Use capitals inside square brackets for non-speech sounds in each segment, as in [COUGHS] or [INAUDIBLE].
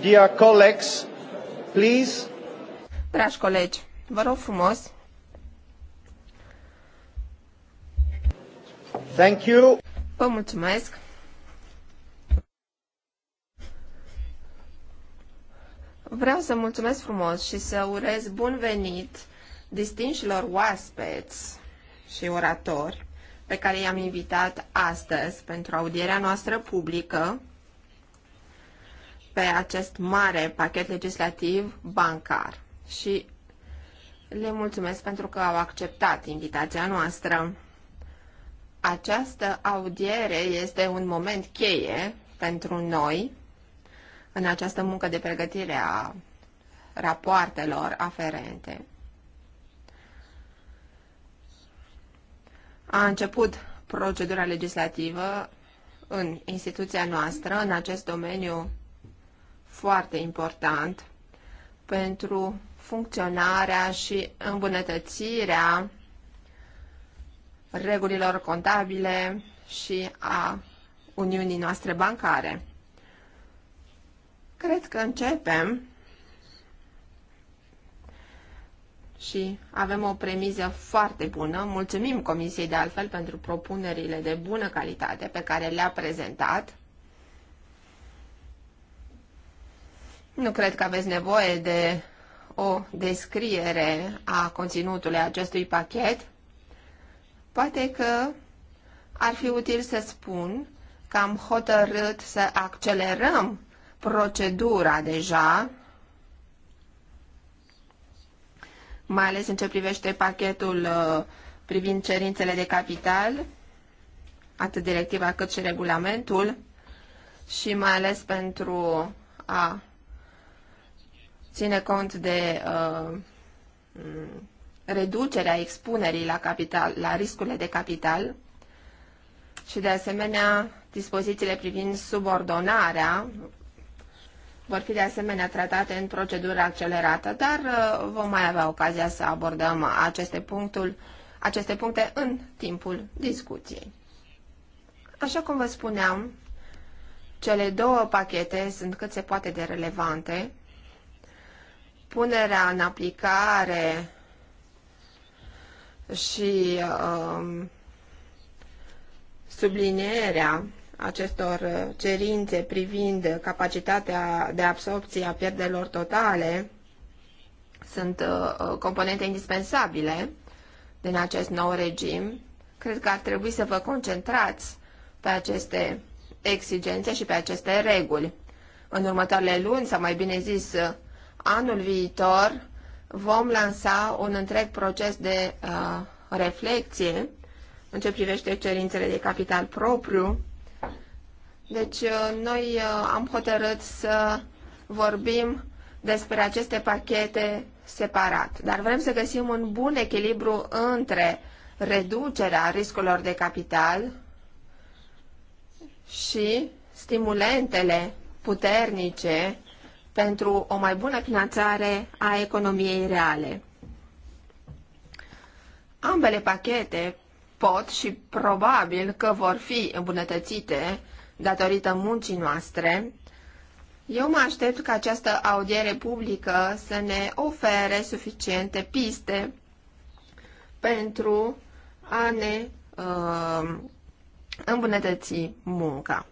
Dear colleagues, please. Dragi colegi, vă rog frumos. Thank you. Vă mulțumesc. Vreau să mulțumesc frumos și să urez bun venit distinșilor oaspeți și oratori pe care i-am invitat astăzi pentru audierea noastră publică pe acest mare pachet legislativ bancar și le mulțumesc pentru că au acceptat invitația noastră. Această audiere este un moment cheie pentru noi în această muncă de pregătire a rapoartelor aferente. A început procedura legislativă în instituția noastră, în acest domeniu foarte important pentru funcționarea și îmbunătățirea regulilor contabile și a Uniunii noastre bancare. Cred că începem și avem o premiză foarte bună. Mulțumim Comisiei de altfel pentru propunerile de bună calitate pe care le-a prezentat Nu cred că aveți nevoie de o descriere a conținutului acestui pachet. Poate că ar fi util să spun că am hotărât să accelerăm procedura deja, mai ales în ce privește pachetul uh, privind cerințele de capital, atât directiva cât și regulamentul, și mai ales pentru a ține cont de uh, reducerea expunerii la, capital, la riscurile de capital și, de asemenea, dispozițiile privind subordonarea vor fi, de asemenea, tratate în procedură accelerată, dar uh, vom mai avea ocazia să abordăm aceste, punctul, aceste puncte în timpul discuției. Așa cum vă spuneam, cele două pachete sunt cât se poate de relevante punerea în aplicare și um, sublinierea acestor cerințe privind capacitatea de absorpție a pierderilor totale sunt uh, componente indispensabile din acest nou regim. Cred că ar trebui să vă concentrați pe aceste exigențe și pe aceste reguli. În următoarele luni, sau mai bine zis, anul viitor vom lansa un întreg proces de uh, reflexie în ce privește cerințele de capital propriu. Deci uh, noi uh, am hotărât să vorbim despre aceste pachete separat, dar vrem să găsim un bun echilibru între reducerea riscurilor de capital și stimulentele puternice pentru o mai bună finanțare a economiei reale. Ambele pachete pot și probabil că vor fi îmbunătățite datorită muncii noastre. Eu mă aștept ca această audiere publică să ne ofere suficiente piste pentru a ne uh, îmbunătăți munca.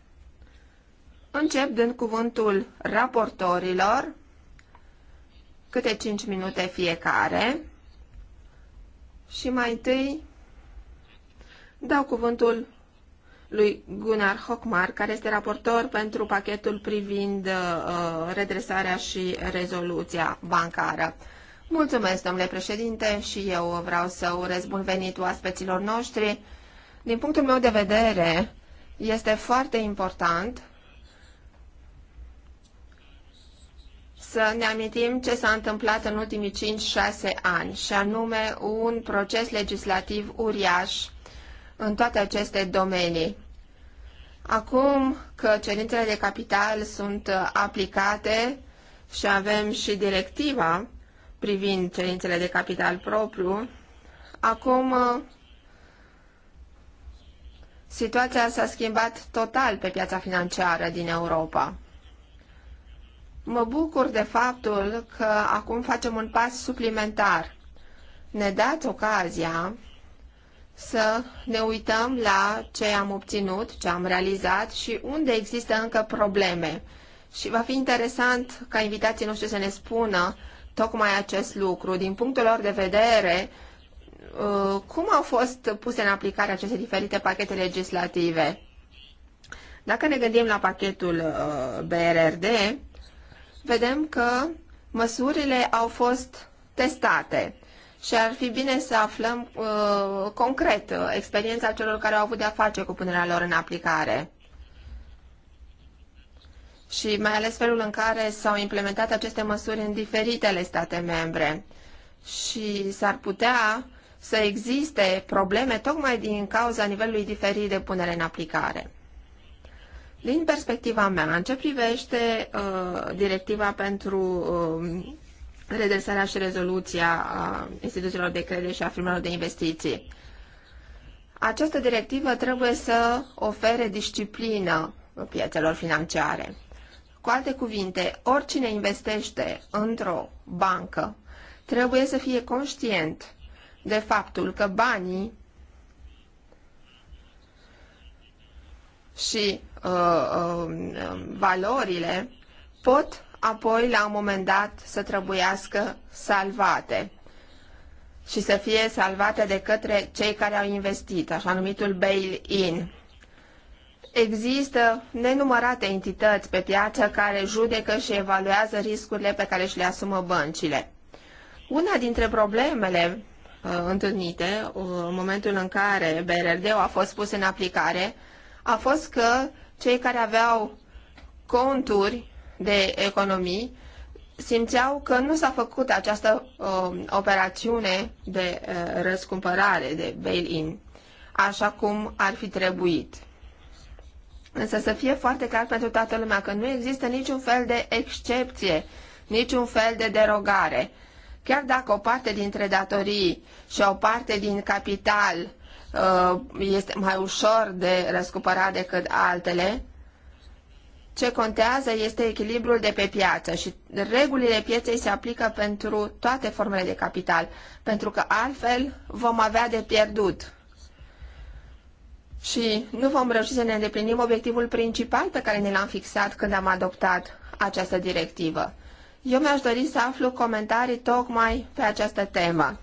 Încep dând cuvântul raportorilor, câte 5 minute fiecare, și mai întâi dau cuvântul lui Gunnar Hockmar, care este raportor pentru pachetul privind uh, redresarea și rezoluția bancară. Mulțumesc, domnule președinte, și eu vreau să urez bun venit oaspeților noștri. Din punctul meu de vedere, este foarte important să ne amintim ce s-a întâmplat în ultimii 5-6 ani, și anume un proces legislativ uriaș în toate aceste domenii. Acum că cerințele de capital sunt uh, aplicate și avem și directiva privind cerințele de capital propriu, acum uh, situația s-a schimbat total pe piața financiară din Europa. Mă bucur de faptul că acum facem un pas suplimentar. Ne dați ocazia să ne uităm la ce am obținut, ce am realizat și unde există încă probleme. Și va fi interesant ca invitații noștri să ne spună tocmai acest lucru. Din punctul lor de vedere, uh, cum au fost puse în aplicare aceste diferite pachete legislative? Dacă ne gândim la pachetul uh, BRRD, vedem că măsurile au fost testate și ar fi bine să aflăm uh, concret uh, experiența celor care au avut de-a face cu punerea lor în aplicare și mai ales felul în care s-au implementat aceste măsuri în diferitele state membre. Și s-ar putea să existe probleme tocmai din cauza nivelului diferit de punere în aplicare. Din perspectiva mea, în ce privește uh, directiva pentru uh, redresarea și rezoluția a uh, instituțiilor de credit și a firmelor de investiții, această directivă trebuie să ofere disciplină piețelor financiare. Cu alte cuvinte, oricine investește într-o bancă trebuie să fie conștient de faptul că banii și Uh, uh, valorile pot apoi la un moment dat să trebuiască salvate și să fie salvate de către cei care au investit, așa numitul bail-in. Există nenumărate entități pe piață care judecă și evaluează riscurile pe care și le asumă băncile. Una dintre problemele uh, întâlnite uh, în momentul în care BRD-ul a fost pus în aplicare a fost că cei care aveau conturi de economii simțeau că nu s-a făcut această uh, operațiune de uh, răscumpărare, de bail-in, așa cum ar fi trebuit. Însă să fie foarte clar pentru toată lumea că nu există niciun fel de excepție, niciun fel de derogare. Chiar dacă o parte dintre datorii și o parte din capital Uh, este mai ușor de răscumpărat decât altele. Ce contează este echilibrul de pe piață și regulile pieței se aplică pentru toate formele de capital, pentru că altfel vom avea de pierdut. Și nu vom reuși să ne îndeplinim obiectivul principal pe care ne l-am fixat când am adoptat această directivă. Eu mi-aș dori să aflu comentarii tocmai pe această temă.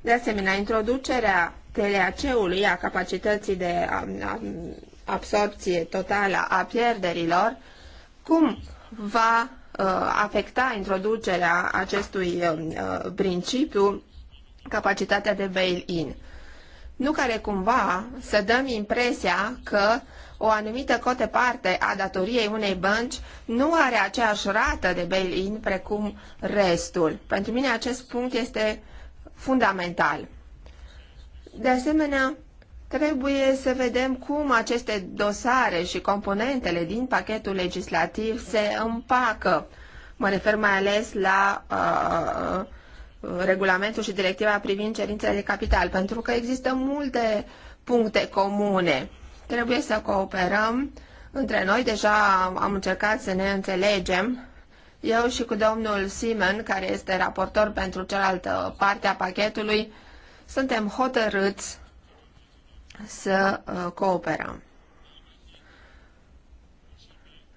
De asemenea, introducerea teleaceului, a capacității de absorpție totală a pierderilor, cum va uh, afecta introducerea acestui uh, uh, principiu capacitatea de bail-in. Nu care cumva să dăm impresia că o anumită cote parte a datoriei unei bănci nu are aceeași rată de bail-in precum restul. Pentru mine acest punct este fundamental. De asemenea, trebuie să vedem cum aceste dosare și componentele din pachetul legislativ se împacă. Mă refer mai ales la uh, uh regulamentul și directiva privind cerințele de capital, pentru că există multe puncte comune. Trebuie să cooperăm între noi, deja am încercat să ne înțelegem, eu și cu domnul Simon, care este raportor pentru cealaltă parte a pachetului, suntem hotărâți să uh, cooperăm.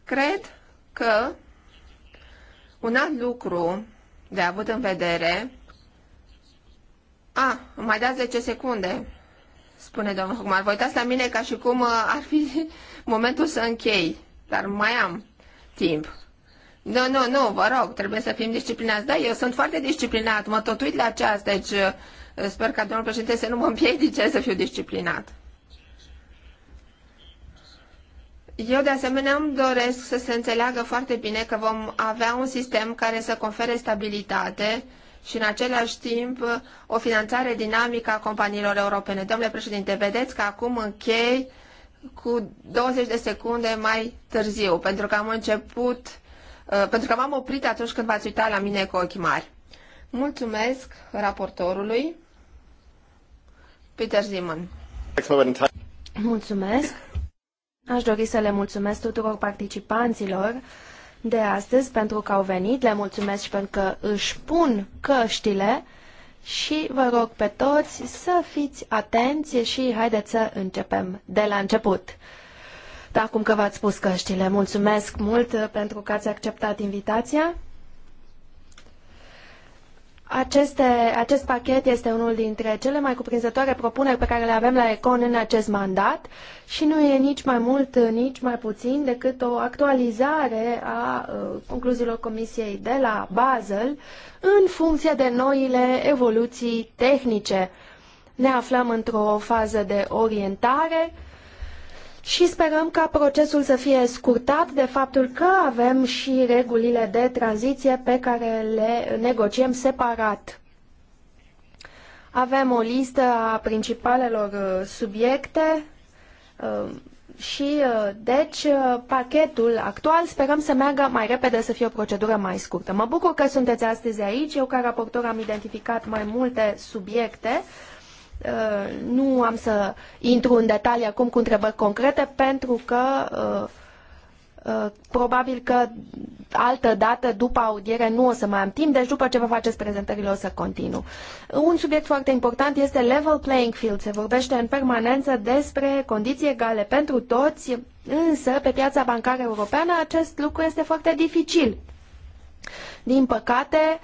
Cred că un alt lucru de avut în vedere... A, mai dați 10 secunde, spune domnul Hucmar. Vă uitați la mine ca și cum uh, ar fi [LAUGHS] momentul să închei, dar mai am timp. Nu, nu, nu, vă rog, trebuie să fim disciplinați. Da, eu sunt foarte disciplinat, mă tot uit la ceas, deci uh, Sper ca domnul președinte să nu mă împiedice să fiu disciplinat. Eu, de asemenea, îmi doresc să se înțeleagă foarte bine că vom avea un sistem care să confere stabilitate și, în același timp, o finanțare dinamică a companiilor europene. Domnule președinte, vedeți că acum închei cu 20 de secunde mai târziu, pentru că am început, uh, pentru că m-am oprit atunci când v-ați uitat la mine cu ochi mari. Mulțumesc raportorului. Peter Simon. Mulțumesc. Aș dori să le mulțumesc tuturor participanților de astăzi pentru că au venit. Le mulțumesc și pentru că își pun căștile și vă rog pe toți să fiți atenți și haideți să începem de la început. Dar acum că v-ați pus căștile, mulțumesc mult pentru că ați acceptat invitația. Aceste, acest pachet este unul dintre cele mai cuprinzătoare propuneri pe care le avem la Econ în acest mandat și nu e nici mai mult, nici mai puțin decât o actualizare a uh, concluziilor Comisiei de la Basel în funcție de noile evoluții tehnice. Ne aflăm într-o fază de orientare și sperăm ca procesul să fie scurtat de faptul că avem și regulile de tranziție pe care le negociem separat. Avem o listă a principalelor uh, subiecte uh, și, uh, deci, pachetul actual sperăm să meargă mai repede, să fie o procedură mai scurtă. Mă bucur că sunteți astăzi aici. Eu, ca raportor, am identificat mai multe subiecte Uh, nu am să intru în detalii acum cu întrebări concrete pentru că uh, uh, probabil că altă dată, după audiere, nu o să mai am timp, deci după ce vă faceți prezentările o să continu. Un subiect foarte important este level playing field. Se vorbește în permanență despre condiții egale pentru toți, însă pe piața bancară europeană acest lucru este foarte dificil. Din păcate,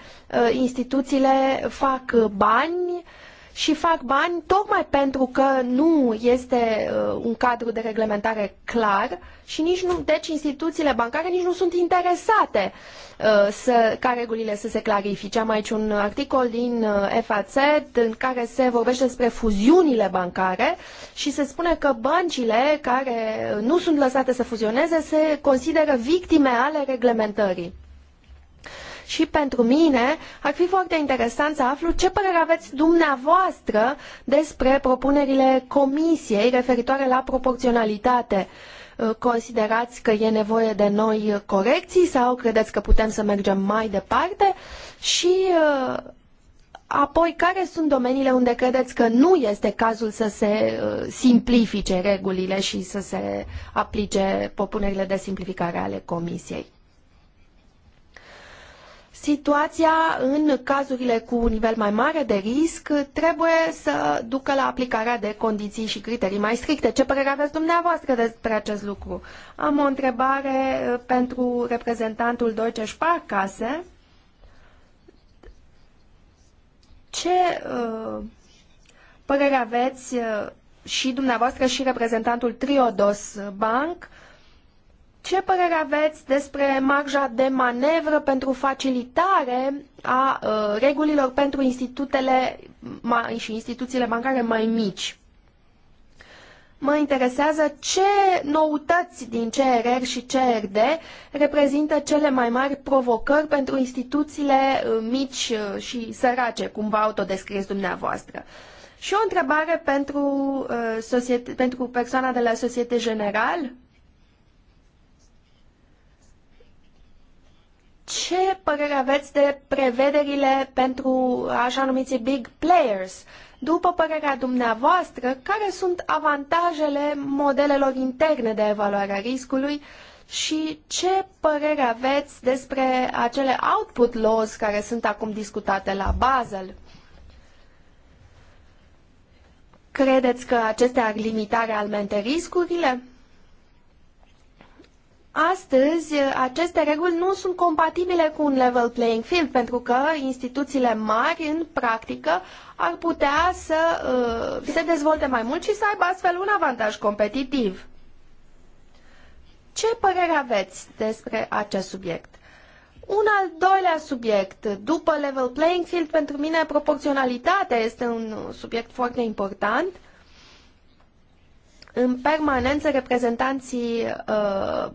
instituțiile fac bani și fac bani tocmai pentru că nu este uh, un cadru de reglementare clar și nici nu, deci instituțiile bancare nici nu sunt interesate uh, să, ca regulile să se clarifice. Am aici un articol din uh, FAZ în care se vorbește despre fuziunile bancare și se spune că băncile care nu sunt lăsate să fuzioneze se consideră victime ale reglementării și pentru mine ar fi foarte interesant să aflu ce părere aveți dumneavoastră despre propunerile comisiei referitoare la proporționalitate. Uh, considerați că e nevoie de noi corecții sau credeți că putem să mergem mai departe? Și uh, apoi, care sunt domeniile unde credeți că nu este cazul să se uh, simplifice regulile și să se aplice propunerile de simplificare ale Comisiei? Situația în cazurile cu un nivel mai mare de risc trebuie să ducă la aplicarea de condiții și criterii mai stricte. Ce părere aveți dumneavoastră despre acest lucru? Am o întrebare uh, pentru reprezentantul Deutsche Sparkasse. Ce uh, părere aveți uh, și dumneavoastră și reprezentantul Triodos Bank ce părere aveți despre marja de manevră pentru facilitare a uh, regulilor pentru institutele mai, și instituțiile bancare mai mici? Mă interesează ce noutăți din CRR și CRD reprezintă cele mai mari provocări pentru instituțiile uh, mici uh, și sărace, cum vă autodescrieți dumneavoastră. Și o întrebare pentru, uh, pentru persoana de la Societe General, ce părere aveți de prevederile pentru așa numiții big players? După părerea dumneavoastră, care sunt avantajele modelelor interne de evaluare a riscului și ce părere aveți despre acele output laws care sunt acum discutate la Basel? Credeți că acestea ar limita realmente riscurile? Astăzi, aceste reguli nu sunt compatibile cu un level playing field, pentru că instituțiile mari, în practică, ar putea să uh, se dezvolte mai mult și să aibă astfel un avantaj competitiv. Ce părere aveți despre acest subiect? Un al doilea subiect, după level playing field, pentru mine proporționalitatea este un subiect foarte important. În permanență, reprezentanții uh,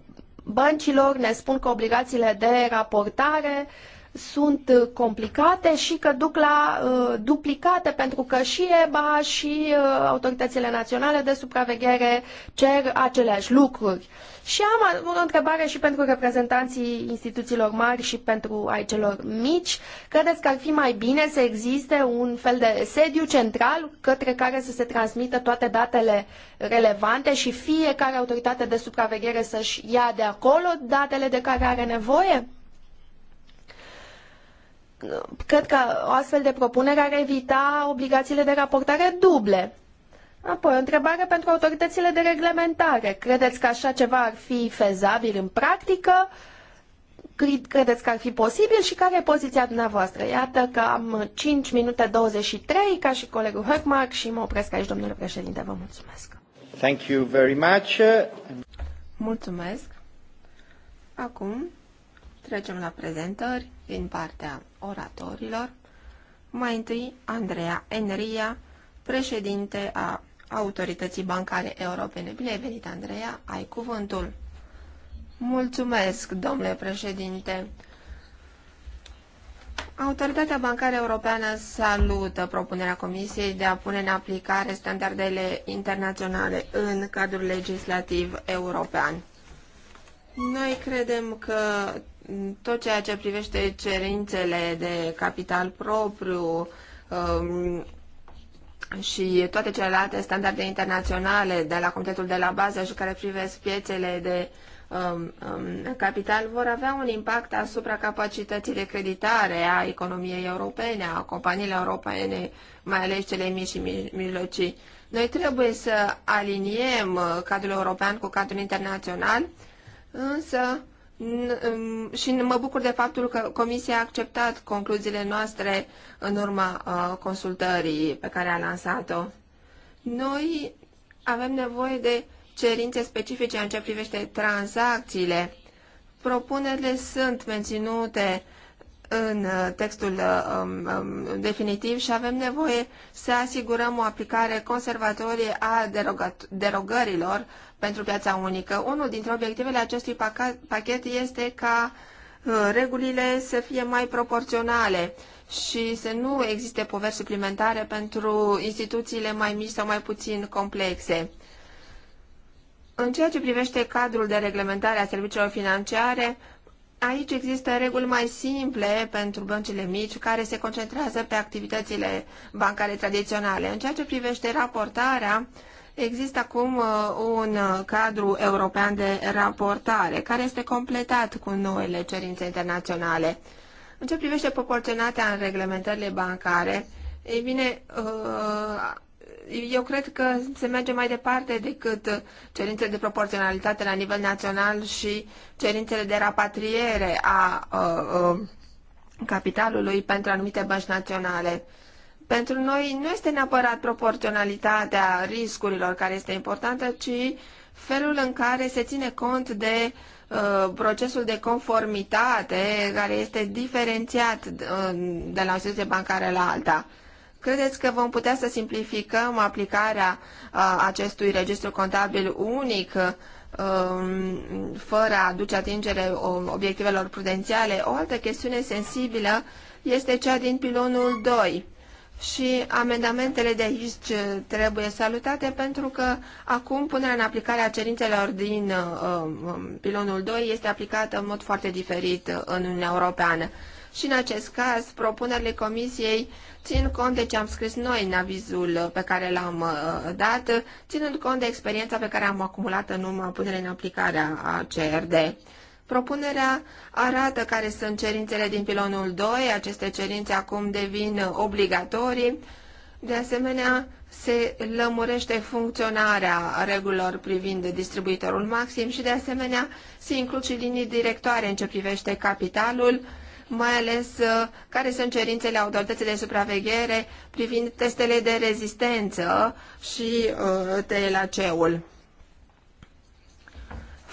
băncilor, ne spun că obligațiile de raportare sunt uh, complicate și că duc la uh, duplicate pentru că și EBA și uh, autoritățile naționale de supraveghere cer aceleași lucruri. Și am o întrebare și pentru reprezentanții instituțiilor mari și pentru ai celor mici. Credeți că ar fi mai bine să existe un fel de sediu central către care să se transmită toate datele relevante și fiecare autoritate de supraveghere să-și ia de acolo datele de care are nevoie? cred că o astfel de propunere ar evita obligațiile de raportare duble. Apoi, o întrebare pentru autoritățile de reglementare. Credeți că așa ceva ar fi fezabil în practică? Credeți că ar fi posibil și care e poziția dumneavoastră? Iată că am 5 minute 23, ca și colegul Hökmark și mă opresc aici, domnule președinte. Vă mulțumesc. Thank you very much. Mulțumesc. Acum trecem la prezentări din partea oratorilor. Mai întâi, Andreea Enria, președinte a Autorității Bancare Europene. Bine ai venit, Andreea, ai cuvântul. Mulțumesc, domnule președinte. Autoritatea Bancară Europeană salută propunerea Comisiei de a pune în aplicare standardele internaționale în cadrul legislativ european. Noi credem că tot ceea ce privește cerințele de capital propriu um, și toate celelalte standarde internaționale de la Comitetul de la Bază și care privesc piețele de um, um, capital vor avea un impact asupra capacității de creditare a economiei europene, a companiilor europene, mai ales cele mici și mijlocii. Noi trebuie să aliniem uh, cadrul european cu cadrul internațional, însă și mă bucur de faptul că Comisia a acceptat concluziile noastre în urma uh, consultării pe care a lansat-o. Noi avem nevoie de cerințe specifice în ce privește tranzacțiile. Propunerile sunt menținute în uh, textul uh, um, um, definitiv și avem nevoie să asigurăm o aplicare conservatorie a derogărilor pentru piața unică. Unul dintre obiectivele acestui pachet este ca uh, regulile să fie mai proporționale și să nu existe poveri suplimentare pentru instituțiile mai mici sau mai puțin complexe. În ceea ce privește cadrul de reglementare a serviciilor financiare, aici există reguli mai simple pentru băncile mici care se concentrează pe activitățile bancare tradiționale. În ceea ce privește raportarea, Există acum uh, un uh, cadru european de raportare, care este completat cu noile cerințe internaționale. În ce privește proporționatea în reglementările bancare, ei bine, uh, eu cred că se merge mai departe decât cerințele de proporționalitate la nivel național și cerințele de rapatriere a capitalului pentru anumite bănci naționale. Pentru noi nu este neapărat proporționalitatea riscurilor care este importantă, ci felul în care se ține cont de uh, procesul de conformitate care este diferențiat uh, de la o instituție bancară la alta. Credeți că vom putea să simplificăm aplicarea uh, acestui registru contabil unic uh, fără a aduce atingere obiectivelor prudențiale? O altă chestiune sensibilă este cea din pilonul 2 și amendamentele de aici trebuie salutate pentru că acum punerea în aplicare a cerințelor din uh, um, pilonul 2 este aplicată în mod foarte diferit în Uniunea Europeană. Și în acest caz, propunerile Comisiei țin cont de ce am scris noi în avizul pe care l-am uh, dat, ținând cont de experiența pe care am acumulat-o în urma punerii în aplicare a CRD. Propunerea arată care sunt cerințele din pilonul 2, aceste cerințe acum devin obligatorii. De asemenea, se lămurește funcționarea regulilor privind distribuitorul maxim și, de asemenea, se includ și linii directoare în ce privește capitalul, mai ales uh, care sunt cerințele autorității de supraveghere privind testele de rezistență și uh, TLAC-ul.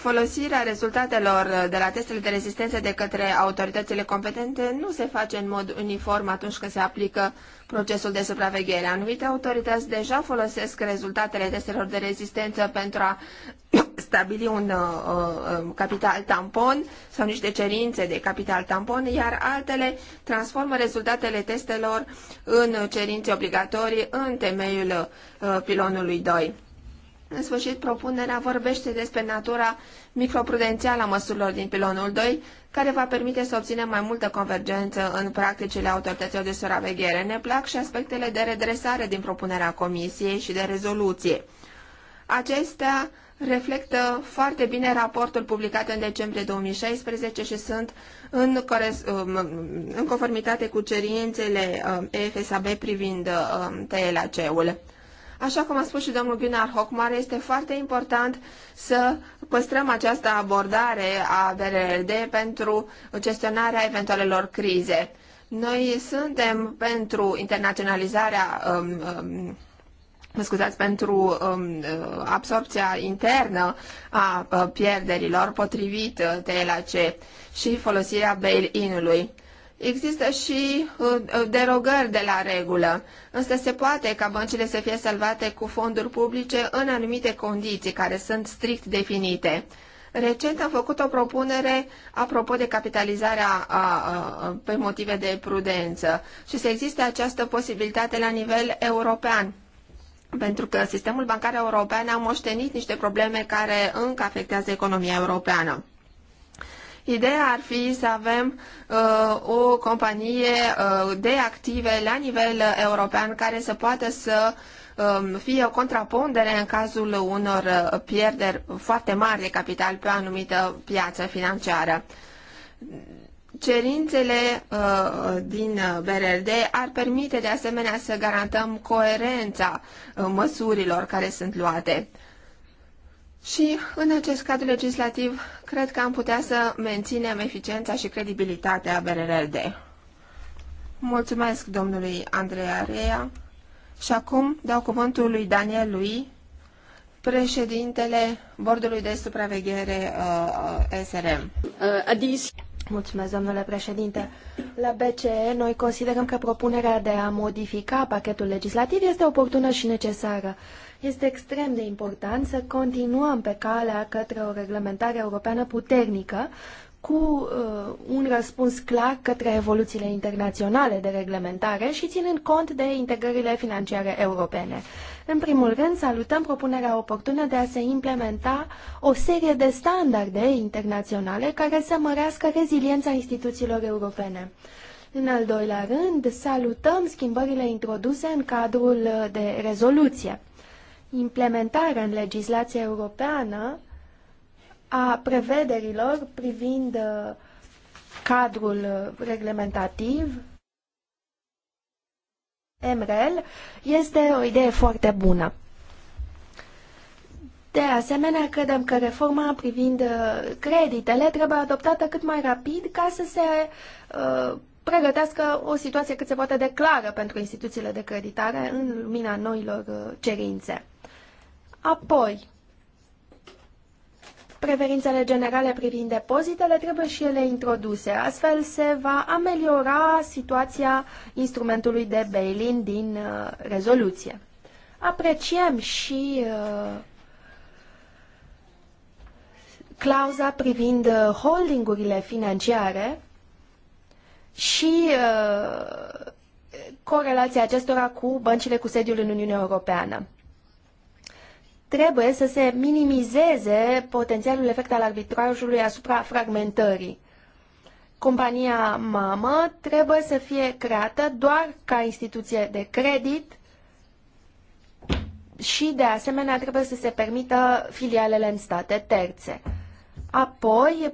Folosirea rezultatelor uh, de la testele de rezistență de către autoritățile competente nu se face în mod uniform atunci când se aplică procesul de supraveghere. Anumite autorități deja folosesc rezultatele testelor de rezistență pentru a [COUGHS] stabili un uh, uh, capital tampon sau niște cerințe de capital tampon, iar altele transformă rezultatele testelor în cerințe obligatorii în temeiul uh, pilonului 2. În sfârșit, propunerea vorbește despre natura microprudențială a măsurilor din pilonul 2, care va permite să obținem mai multă convergență în practicile autorităților de supraveghere. Ne plac și aspectele de redresare din propunerea Comisiei și de rezoluție. Acestea reflectă foarte bine raportul publicat în decembrie 2016 și sunt în, um, în conformitate cu cerințele um, EFSAB privind um, TLAC-ul. Așa cum a spus și domnul Gunnar Hochmar, este foarte important să păstrăm această abordare a BRLD pentru gestionarea eventualelor crize. Noi suntem pentru internaționalizarea, um, um, mă scuzați, pentru um, uh, absorpția internă a uh, pierderilor potrivit TLAC și folosirea bail-in-ului. Există și uh, uh, derogări de la regulă, însă se poate ca băncile să fie salvate cu fonduri publice în anumite condiții care sunt strict definite. Recent am făcut o propunere apropo de capitalizarea a, a, pe motive de prudență și să existe această posibilitate la nivel european. Pentru că sistemul bancar european a moștenit niște probleme care încă afectează economia europeană. Ideea ar fi să avem uh, o companie uh, de active la nivel european care să poată să um, fie o contrapondere în cazul unor uh, pierderi foarte mari de capital pe o anumită piață financiară. Cerințele uh, din BRD ar permite de asemenea să garantăm coerența uh, măsurilor care sunt luate. Și în acest cadru legislativ, cred că am putea să menținem eficiența și credibilitatea BRRD. Mulțumesc domnului Andrei Areia și acum dau cuvântul lui Daniel Lui, președintele Bordului de Supraveghere uh, SRM. Uh, adis. Mulțumesc, domnule președinte. La BCE, noi considerăm că propunerea de a modifica pachetul legislativ este oportună și necesară. Uh, este extrem de important să continuăm pe calea către o reglementare europeană puternică, cu uh, un răspuns clar către evoluțiile internaționale de reglementare și ținând cont de integrările financiare europene. În primul rând, salutăm propunerea oportună de a se implementa o serie de standarde internaționale care să mărească reziliența instituțiilor europene. În al doilea rând, salutăm schimbările introduse în cadrul de rezoluție implementare în legislația europeană a prevederilor privind uh, cadrul uh, reglementativ MREL este o idee foarte bună. De asemenea, credem că reforma privind uh, creditele trebuie adoptată cât mai rapid ca să se uh, pregătească o situație cât se poate de clară pentru instituțiile de creditare în lumina noilor uh, cerințe. Apoi, preferințele generale privind depozitele trebuie și ele introduse. Astfel se va ameliora situația instrumentului de bail-in din uh, rezoluție. Apreciem și uh, clauza privind uh, holdingurile financiare și uh, corelația acestora cu băncile cu sediul în Uniunea Europeană. Trebuie să se minimizeze potențialul efect al arbitrajului asupra fragmentării. Compania mamă trebuie să fie creată doar ca instituție de credit și, de asemenea, trebuie să se permită filialele în state terțe. Apoi,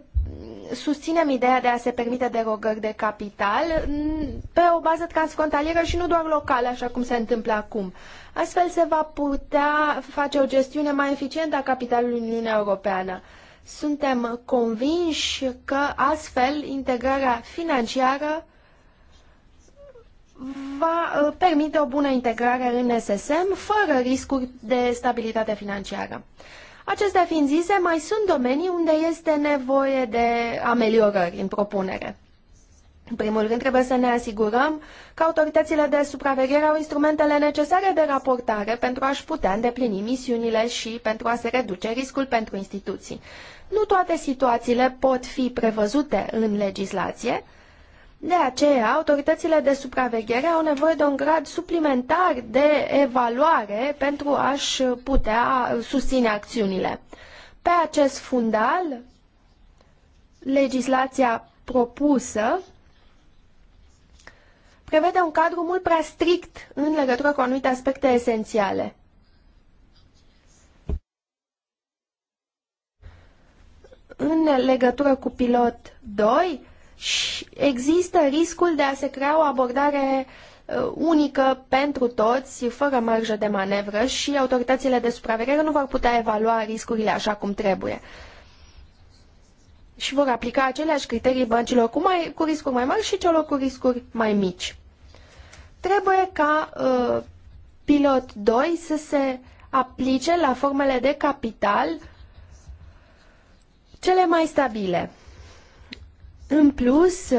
susținem ideea de a se permite derogări de capital mm, pe o bază transfrontalieră și nu doar locală, așa cum se întâmplă acum. Astfel se va putea face o gestiune mai eficientă a capitalului în Uniunea Europeană. Suntem convinși că astfel integrarea financiară va uh, permite o bună integrare în SSM fără riscuri de stabilitate financiară. Acestea fiind zise, mai sunt domenii unde este nevoie de ameliorări în propunere. În primul rând, trebuie să ne asigurăm că autoritățile de supraveghere au instrumentele necesare de raportare pentru a-și putea îndeplini misiunile și pentru a se reduce riscul pentru instituții. Nu toate situațiile pot fi prevăzute în legislație, de aceea, autoritățile de supraveghere au nevoie de un grad suplimentar de evaluare pentru a-și putea susține acțiunile. Pe acest fundal, legislația propusă prevede un cadru mult prea strict în legătură cu anumite aspecte esențiale. În legătură cu pilot 2, există riscul de a se crea o abordare uh, unică pentru toți, fără marjă de manevră și autoritățile de supraveghere nu vor putea evalua riscurile așa cum trebuie. Și vor aplica aceleași criterii băncilor cu, mai, cu riscuri mai mari și celor cu riscuri mai mici. Trebuie ca uh, pilot 2 să se aplice la formele de capital cele mai stabile. În plus,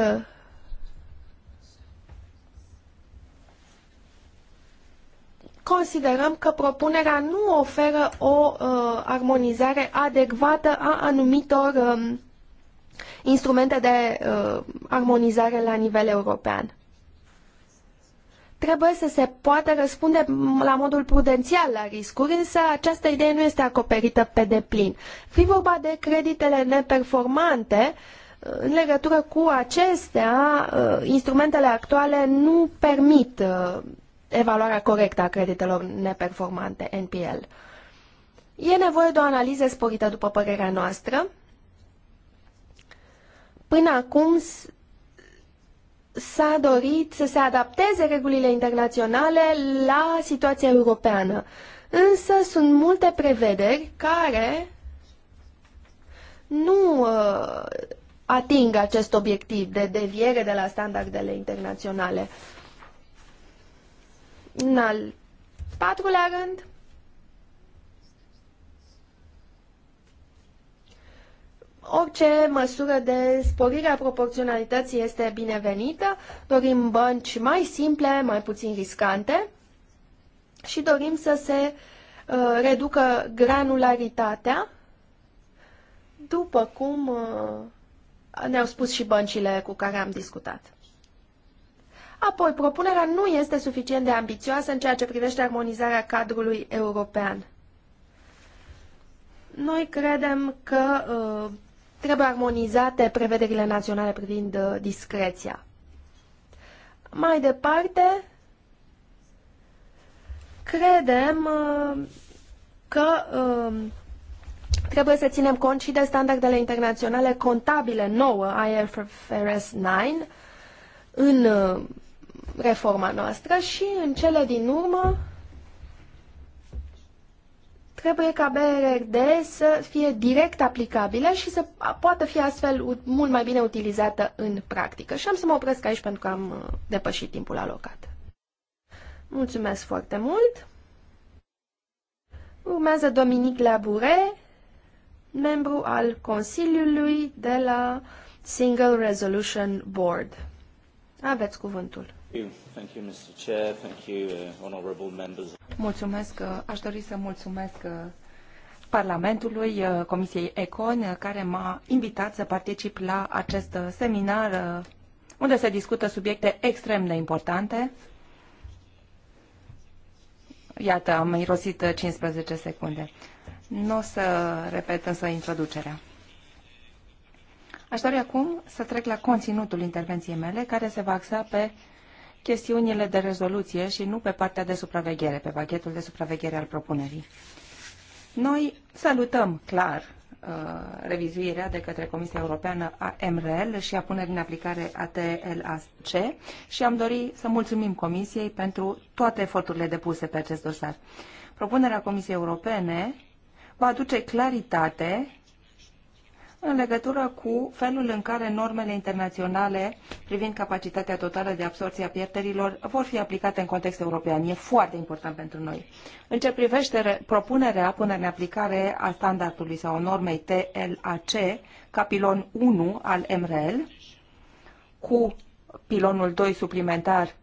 considerăm că propunerea nu oferă o uh, armonizare adecvată a anumitor uh, instrumente de uh, armonizare la nivel european. Trebuie să se poată răspunde la modul prudențial la riscuri, însă această idee nu este acoperită pe deplin. Fi vorba de creditele neperformante, uh, în legătură cu acestea, uh, instrumentele actuale nu permit uh, evaluarea corectă a creditelor neperformante NPL. E nevoie de o analiză sporită, după părerea noastră. Până acum s-a dorit să se adapteze regulile internaționale la situația europeană. Însă sunt multe prevederi care nu uh, atingă acest obiectiv de deviere de la standardele internaționale. În al patrulea rând, Orice măsură de sporire a proporționalității este binevenită. Dorim bănci mai simple, mai puțin riscante și dorim să se uh, reducă granularitatea, după cum uh, ne-au spus și băncile cu care am discutat. Apoi, propunerea nu este suficient de ambițioasă în ceea ce privește armonizarea cadrului european. Noi credem că uh, trebuie armonizate prevederile naționale privind uh, discreția. Mai departe, credem uh, că uh, Trebuie să ținem cont și de standardele internaționale contabile nouă, IFRS 9, în uh, reforma noastră și în cele din urmă trebuie ca BRRD să fie direct aplicabilă și să poată fi astfel mult mai bine utilizată în practică. Și am să mă opresc aici pentru că am uh, depășit timpul alocat. Mulțumesc foarte mult! Urmează Dominic Labure, membru al Consiliului de la Single Resolution Board. Aveți cuvântul. Uh, mulțumesc, uh, aș dori să mulțumesc uh, Parlamentului, Comisiei Econ, care m-a invitat să particip la acest seminar unde se discută subiecte extrem de importante. Iată, am irosit 15 secunde. Nu o să repet însă introducerea. Aș dori acum să trec la conținutul intervenției mele, care se va axa pe chestiunile de rezoluție și nu pe partea de supraveghere, pe pachetul de supraveghere al propunerii. Noi salutăm clar uh, revizuirea de către Comisia Europeană a MRL și a punerii în aplicare a TLAC și am dorit să mulțumim Comisiei pentru toate eforturile depuse pe acest dosar. Propunerea Comisiei Europene va aduce claritate în legătură cu felul în care normele internaționale privind capacitatea totală de absorție a pierderilor vor fi aplicate în context european. E foarte important pentru noi. În ce privește propunerea până în aplicare a standardului sau normei TLAC ca pilon 1 al MRL, cu pilonul 2 suplimentar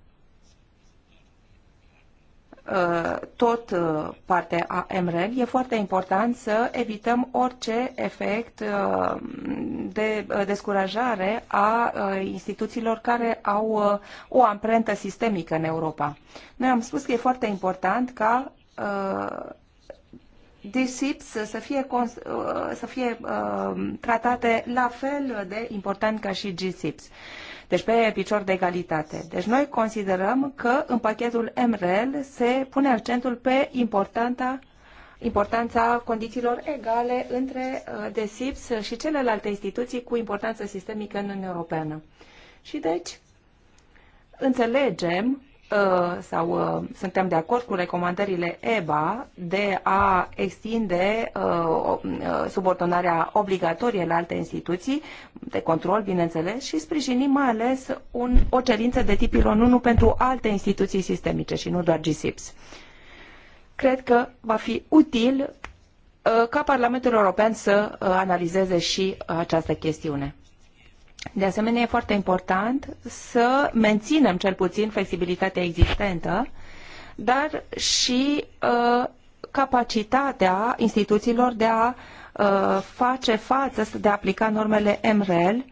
Uh, tot uh, partea a MREL, e foarte important să evităm orice efect uh, de descurajare a instituțiilor care au o amprentă sistemică în Europa. Noi am spus că e foarte important ca DSIPs să fie, să fie tratate la fel de important ca și GSIPs deci pe picior de egalitate. Deci noi considerăm că în pachetul MREL se pune accentul pe importanta importanța condițiilor egale între uh, DESIPS și celelalte instituții cu importanță sistemică în Uniunea Europeană. Și deci, înțelegem Uh, sau uh, suntem de acord cu recomandările EBA de a extinde uh, subordonarea obligatorie la alte instituții de control, bineînțeles, și sprijinim mai ales un, o cerință de tip pilon 1 pentru alte instituții sistemice și nu doar GSIPS. Cred că va fi util ca Parlamentul European să analizeze și această chestiune. De asemenea, e foarte important să menținem cel puțin flexibilitatea existentă, dar și uh, capacitatea instituțiilor de a uh, face față, de a aplica normele MREL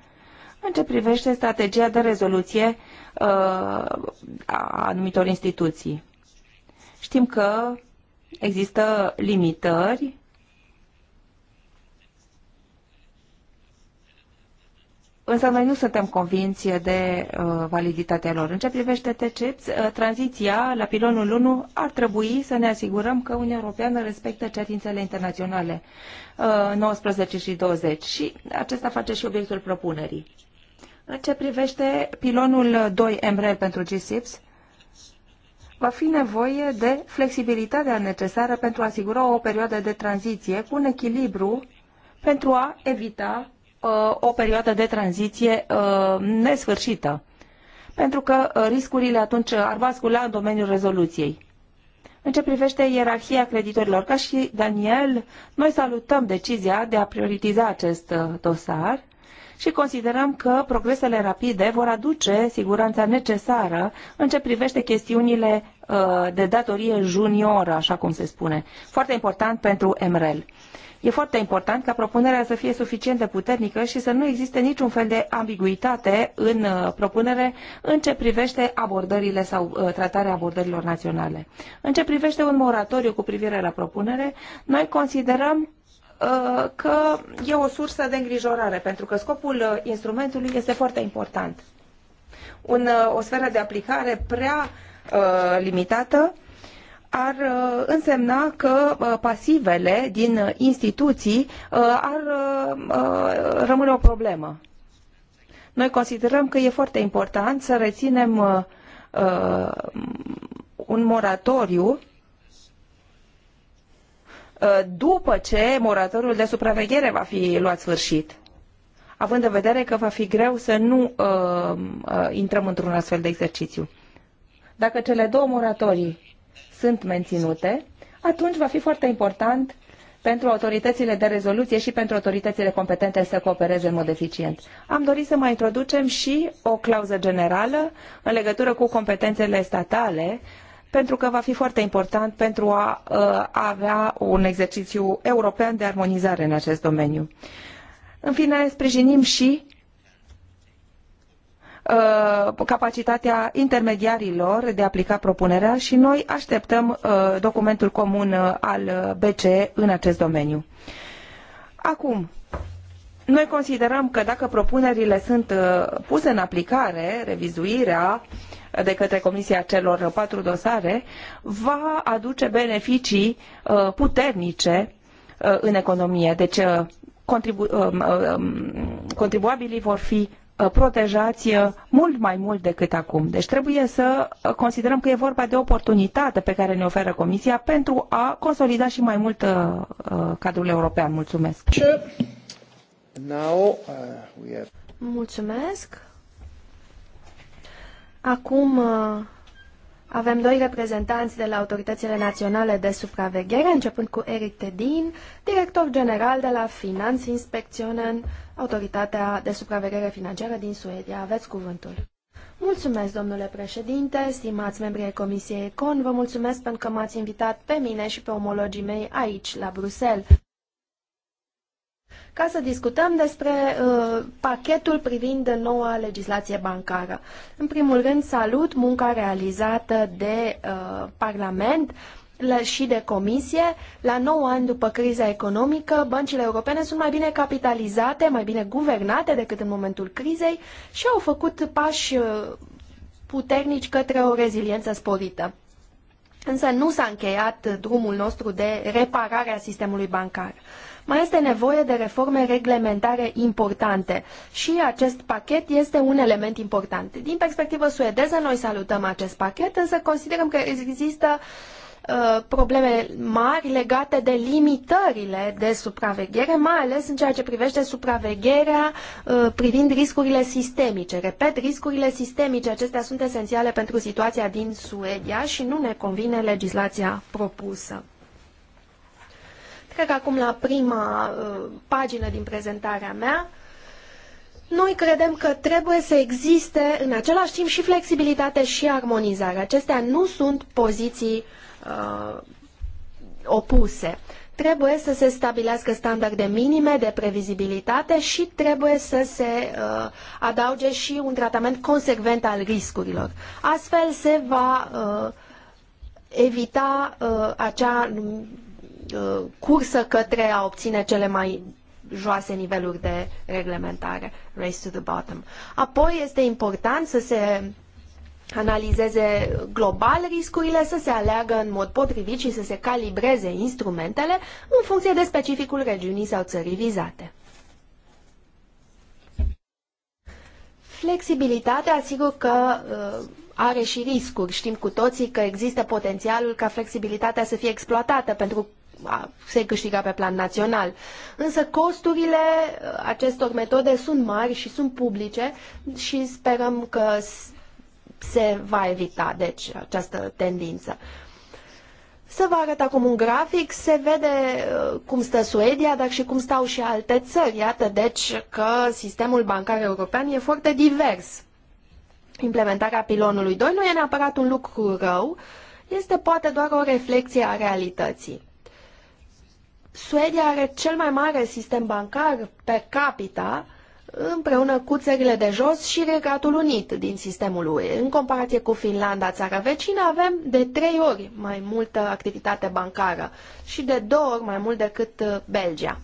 în ce privește strategia de rezoluție uh, a anumitor instituții. Știm că există limitări însă noi nu suntem convinți de uh, validitatea lor. În ce privește TCEPS, uh, tranziția la pilonul 1 ar trebui să ne asigurăm că Uniunea Europeană respectă cerințele internaționale 19 uh, și 20 și acesta face și obiectul propunerii. În ce privește pilonul 2 MREL pentru GSIPS, va fi nevoie de flexibilitatea necesară pentru a asigura o perioadă de tranziție cu un echilibru pentru a evita Uh, o perioadă de tranziție uh, nesfârșită, pentru că uh, riscurile atunci ar bascula în domeniul rezoluției. În ce privește ierarhia creditorilor, ca și Daniel, noi salutăm decizia de a prioritiza acest dosar și considerăm că progresele rapide vor aduce siguranța necesară în ce privește chestiunile de datorie junioră, așa cum se spune, foarte important pentru MREL. E foarte important ca propunerea să fie suficient de puternică și să nu existe niciun fel de ambiguitate în uh, propunere în ce privește abordările sau uh, tratarea abordărilor naționale. În ce privește un moratoriu cu privire la propunere, noi considerăm uh, că e o sursă de îngrijorare, pentru că scopul instrumentului este foarte important. Un, o sferă de aplicare prea uh, limitată uh, ar uh, însemna că uh, pasivele din instituții uh, ar rămâne o problemă. Noi considerăm că e foarte important să reținem un moratoriu după ce moratoriul de supraveghere va fi luat sfârșit, având în vedere că va fi greu să nu uh, intrăm într-un astfel de exercițiu. Dacă cele două moratorii sunt menținute, atunci va fi foarte important pentru autoritățile de rezoluție și pentru autoritățile competente să coopereze în mod eficient. Am dorit să mai introducem și o clauză generală în legătură cu competențele statale, pentru că va fi foarte important pentru a, a ă, avea un exercițiu european de armonizare în acest domeniu. În fine, sprijinim și Uh, capacitatea intermediarilor de a aplica propunerea și noi așteptăm uh, documentul comun uh, al BCE în acest domeniu. Acum, noi considerăm că dacă propunerile sunt puse în aplicare, revizuirea de către Comisia celor patru dosare va aduce beneficii puternice în economie. Deci contribu um, um, contribuabilii vor fi Uh, protejați uh, mult mai mult decât acum. Deci trebuie să uh, considerăm că e vorba de oportunitate pe care ne oferă Comisia pentru a consolida și mai mult cadrul european. Mulțumesc! Mulțumesc! Acum avem doi reprezentanți de la autoritățile naționale de supraveghere, începând cu Eric Tedin, director general de la Finansinspektionen, Autoritatea de Supraveghere Financiară din Suedia. Aveți cuvântul. Mulțumesc, domnule președinte, stimați membri ai Comisiei Econ, vă mulțumesc pentru că m-ați invitat pe mine și pe omologii mei aici, la Bruxelles ca să discutăm despre uh, pachetul privind noua legislație bancară. În primul rând, salut munca realizată de uh, Parlament și de comisie. La 9 ani după criza economică, băncile europene sunt mai bine capitalizate, mai bine guvernate decât în momentul crizei și au făcut pași uh, puternici către o reziliență sporită. Însă nu s-a încheiat drumul nostru de reparare a sistemului bancar. Uh, mai este nevoie de reforme reglementare importante și acest pachet este un element important. Din perspectivă suedeză, noi salutăm acest pachet, însă considerăm că există uh, probleme mari legate de limitările de supraveghere, mai ales în ceea ce privește supravegherea uh, privind riscurile sistemice. Repet, riscurile sistemice, acestea sunt esențiale pentru situația din Suedia și nu ne convine legislația propusă cred că acum la prima uh, pagină din prezentarea mea, noi credem că trebuie să existe în același timp și flexibilitate și armonizare. Acestea nu sunt poziții uh, opuse. Trebuie să se stabilească standarde minime de previzibilitate și trebuie să se uh, adauge și un tratament consecvent al riscurilor. Astfel se va uh, evita uh, acea Uh, cursă către a obține cele mai joase niveluri de reglementare, race to the bottom. Apoi este important să se analizeze global riscurile, să se aleagă în mod potrivit și să se calibreze instrumentele în funcție de specificul regiunii sau țării vizate. Flexibilitatea, sigur că uh, are și riscuri. Știm cu toții că există potențialul ca flexibilitatea să fie exploatată pentru se câștiga pe plan național. Însă costurile uh, acestor metode sunt mari și sunt publice și sperăm că se va evita, deci, această tendință. Să vă arăt acum un grafic, se vede uh, cum stă Suedia, dar și cum stau și alte țări. Iată, deci, că sistemul bancar european e foarte divers. Implementarea pilonului 2 nu e neapărat un lucru rău, este poate doar o reflexie a realității. Suedia are cel mai mare sistem bancar per capita împreună cu țările de jos și Regatul Unit din sistemul UE. În comparație cu Finlanda, țara vecină, avem de trei ori mai multă activitate bancară și de două ori mai mult decât uh, Belgia.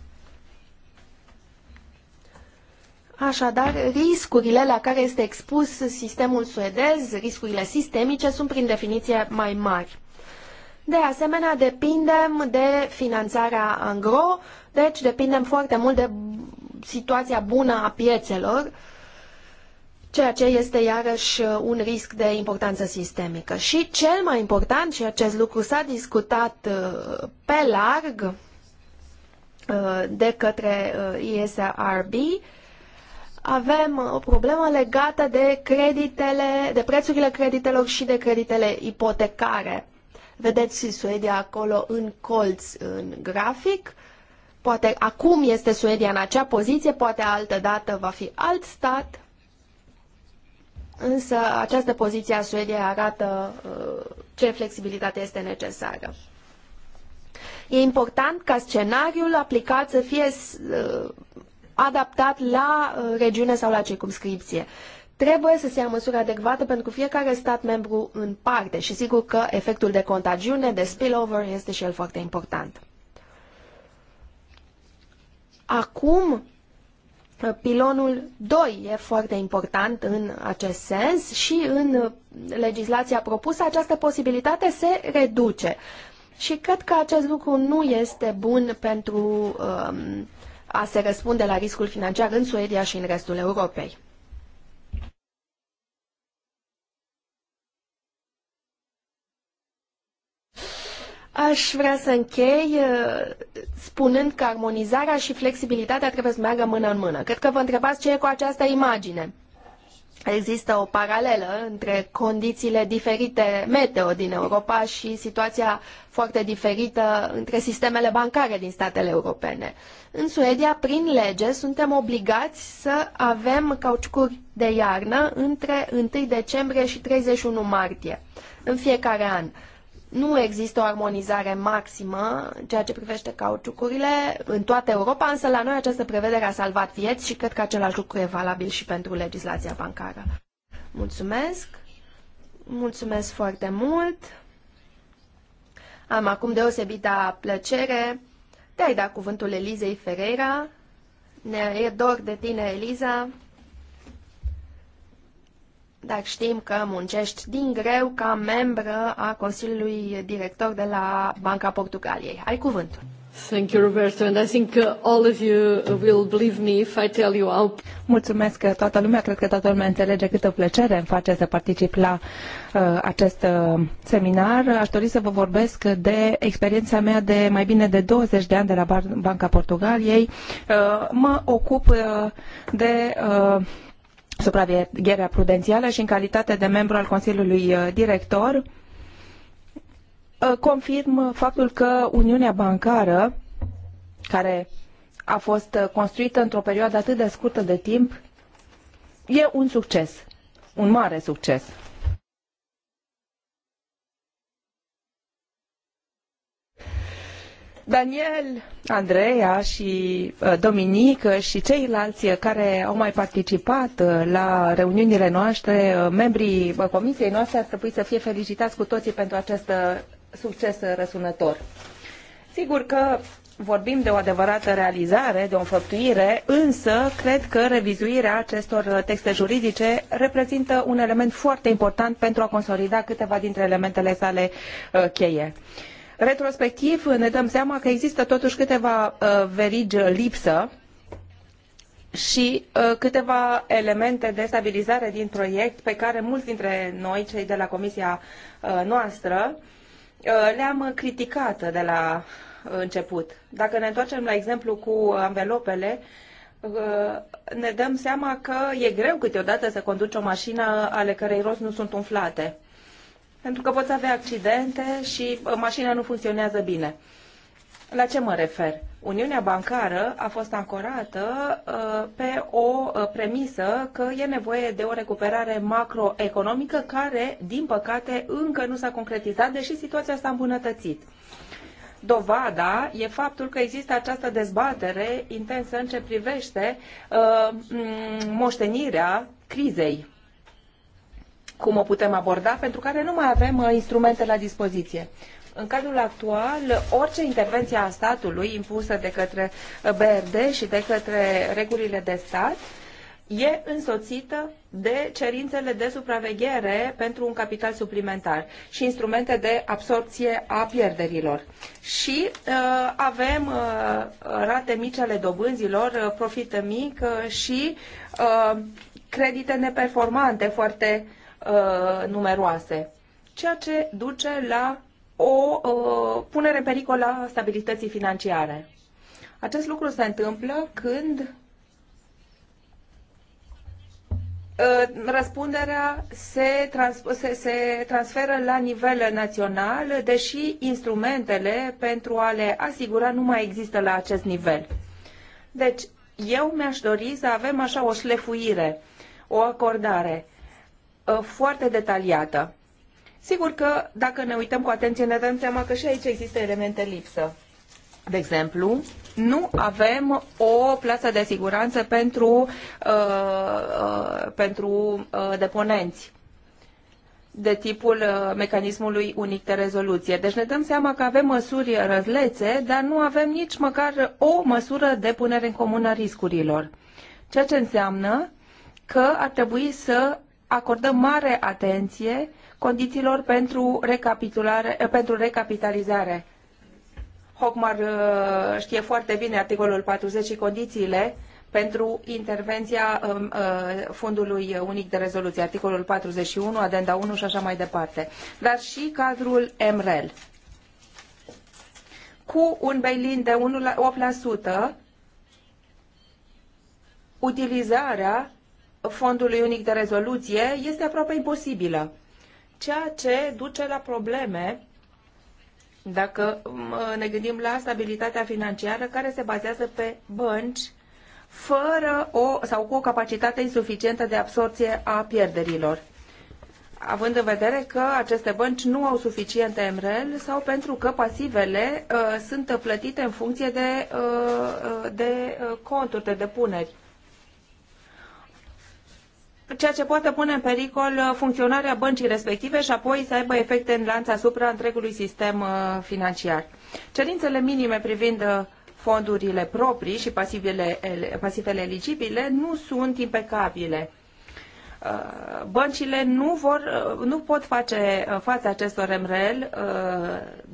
Așadar, riscurile la care este expus sistemul suedez, riscurile sistemice, sunt prin definiție mai mari. De asemenea, depindem de finanțarea angro, deci depindem foarte mult de situația bună a piețelor, ceea ce este iarăși un risc de importanță sistemică. Și cel mai important, și acest lucru s-a discutat uh, pe larg uh, de către ESRB, uh, avem o problemă legată de creditele, de prețurile creditelor și de creditele ipotecare. Vedeți Suedia acolo în colț în grafic. Poate acum este Suedia în acea poziție, poate altă dată va fi alt stat. Însă această poziție a Suediei arată uh, ce flexibilitate este necesară. E important ca scenariul aplicat să fie uh, adaptat la uh, regiune sau la circumscripție. Trebuie să se ia măsuri adecvate pentru fiecare stat membru în parte și sigur că efectul de contagiune, de spillover, este și el foarte important. Acum, pilonul 2 e foarte important în acest sens și în legislația propusă această posibilitate se reduce. Și cred că acest lucru nu este bun pentru um, a se răspunde la riscul financiar în Suedia și în restul Europei. Aș vrea să închei uh, spunând că armonizarea și flexibilitatea trebuie să meargă mână în mână. Cred că vă întrebați ce e cu această imagine. Există o paralelă între condițiile diferite meteo din Europa și situația foarte diferită între sistemele bancare din statele europene. În Suedia, prin lege, suntem obligați să avem cauciucuri de iarnă între 1 decembrie și 31 martie în fiecare an nu există o armonizare maximă în ceea ce privește cauciucurile în toată Europa, însă la noi această prevedere a salvat vieți și cred că același lucru e valabil și pentru legislația bancară. Mulțumesc! Mulțumesc foarte mult! Am acum deosebita plăcere de a-i da cuvântul Elizei Ferreira. Ne e dor de tine, Eliza dar știm că muncești din greu ca membră a Consiliului Director de la Banca Portugaliei. Ai cuvântul. Thank you, Roberto, and I think uh, all of you will believe me if I tell you how. Mulțumesc că uh, toată lumea, cred că toată lumea înțelege câtă plăcere îmi face să particip la uh, acest uh, seminar. Aș dori să vă vorbesc de experiența mea de mai bine de 20 de ani de la Banca Portugaliei. Uh, mă ocup uh, de uh, supravegherea prudențială și în calitate de membru al Consiliului uh, Director, uh, confirm faptul că Uniunea Bancară, care a fost uh, construită într-o perioadă atât de scurtă de timp, e un succes, un mare succes. Daniel, Andreea și uh, Dominic și ceilalți care au mai participat uh, la reuniunile noastre, uh, membrii comisiei noastre, ar trebui să fie felicitați cu toții pentru acest succes răsunător. Sigur că vorbim de o adevărată realizare, de o înfăptuire, însă cred că revizuirea acestor texte juridice reprezintă un element foarte important pentru a consolida câteva dintre elementele sale cheie. Uh, Retrospectiv ne dăm seama că există totuși câteva uh, verigi lipsă și uh, câteva elemente de stabilizare din proiect pe care mulți dintre noi, cei de la comisia uh, noastră, le-am criticat de la început. Dacă ne întoarcem la exemplu cu anvelopele, ne dăm seama că e greu câteodată să conduci o mașină ale cărei roți nu sunt umflate pentru că poți avea accidente și uh, mașina nu funcționează bine. La ce mă refer? Uniunea bancară a fost ancorată uh, pe o uh, premisă că e nevoie de o recuperare macroeconomică care, din păcate, încă nu s-a concretizat, deși situația s-a îmbunătățit. Dovada e faptul că există această dezbatere intensă în ce privește uh, moștenirea crizei cum o putem aborda, pentru care nu mai avem uh, instrumente la dispoziție. În cadrul actual, orice intervenție a statului impusă de către uh, BRD și de către regulile de stat e însoțită de cerințele de supraveghere pentru un capital suplimentar și instrumente de absorpție a pierderilor. Și uh, avem uh, rate mici ale dobânzilor, uh, profit mic uh, și uh, credite neperformante foarte uh, Uh, numeroase, ceea ce duce la o uh, punere în pericol a stabilității financiare. Acest lucru se întâmplă când uh, răspunderea se, trans, se, se, transferă la nivel național, deși instrumentele pentru a le asigura nu mai există la acest nivel. Deci, eu mi-aș dori să avem așa o șlefuire, o acordare Uh, foarte detaliată. Sigur că dacă ne uităm cu atenție ne dăm seama că și aici există elemente lipsă. De exemplu, nu avem o plasă de siguranță pentru, uh, uh, pentru uh, deponenți de tipul uh, mecanismului unic de rezoluție. Deci ne dăm seama că avem măsuri răzlețe, dar nu avem nici măcar o măsură de punere în comun a riscurilor. Ceea ce înseamnă că ar trebui să acordăm mare atenție condițiilor pentru, pentru recapitalizare. Hochmar uh, știe foarte bine articolul 40 și condițiile pentru intervenția um, uh, Fondului Unic de Rezoluție, articolul 41, adenda 1 și așa mai departe, dar și cadrul MREL. Cu un bail-in de 1 la 8%, utilizarea fondului unic de rezoluție este aproape imposibilă, ceea ce duce la probleme dacă um, ne gândim la stabilitatea financiară care se bazează pe bănci fără o sau cu o capacitate insuficientă de absorție a pierderilor având în vedere că aceste bănci nu au suficiente MREL sau pentru că pasivele uh, sunt plătite în funcție de, uh, uh de uh, conturi, de depuneri ceea ce poate pune în pericol uh, funcționarea băncii respective și apoi să aibă efecte în lanț asupra întregului sistem uh, financiar. Cerințele minime privind uh, fondurile proprii și pasivele, pasivele eligibile nu sunt impecabile Uh, băncile nu, vor, uh, nu pot face uh, față acestor MREL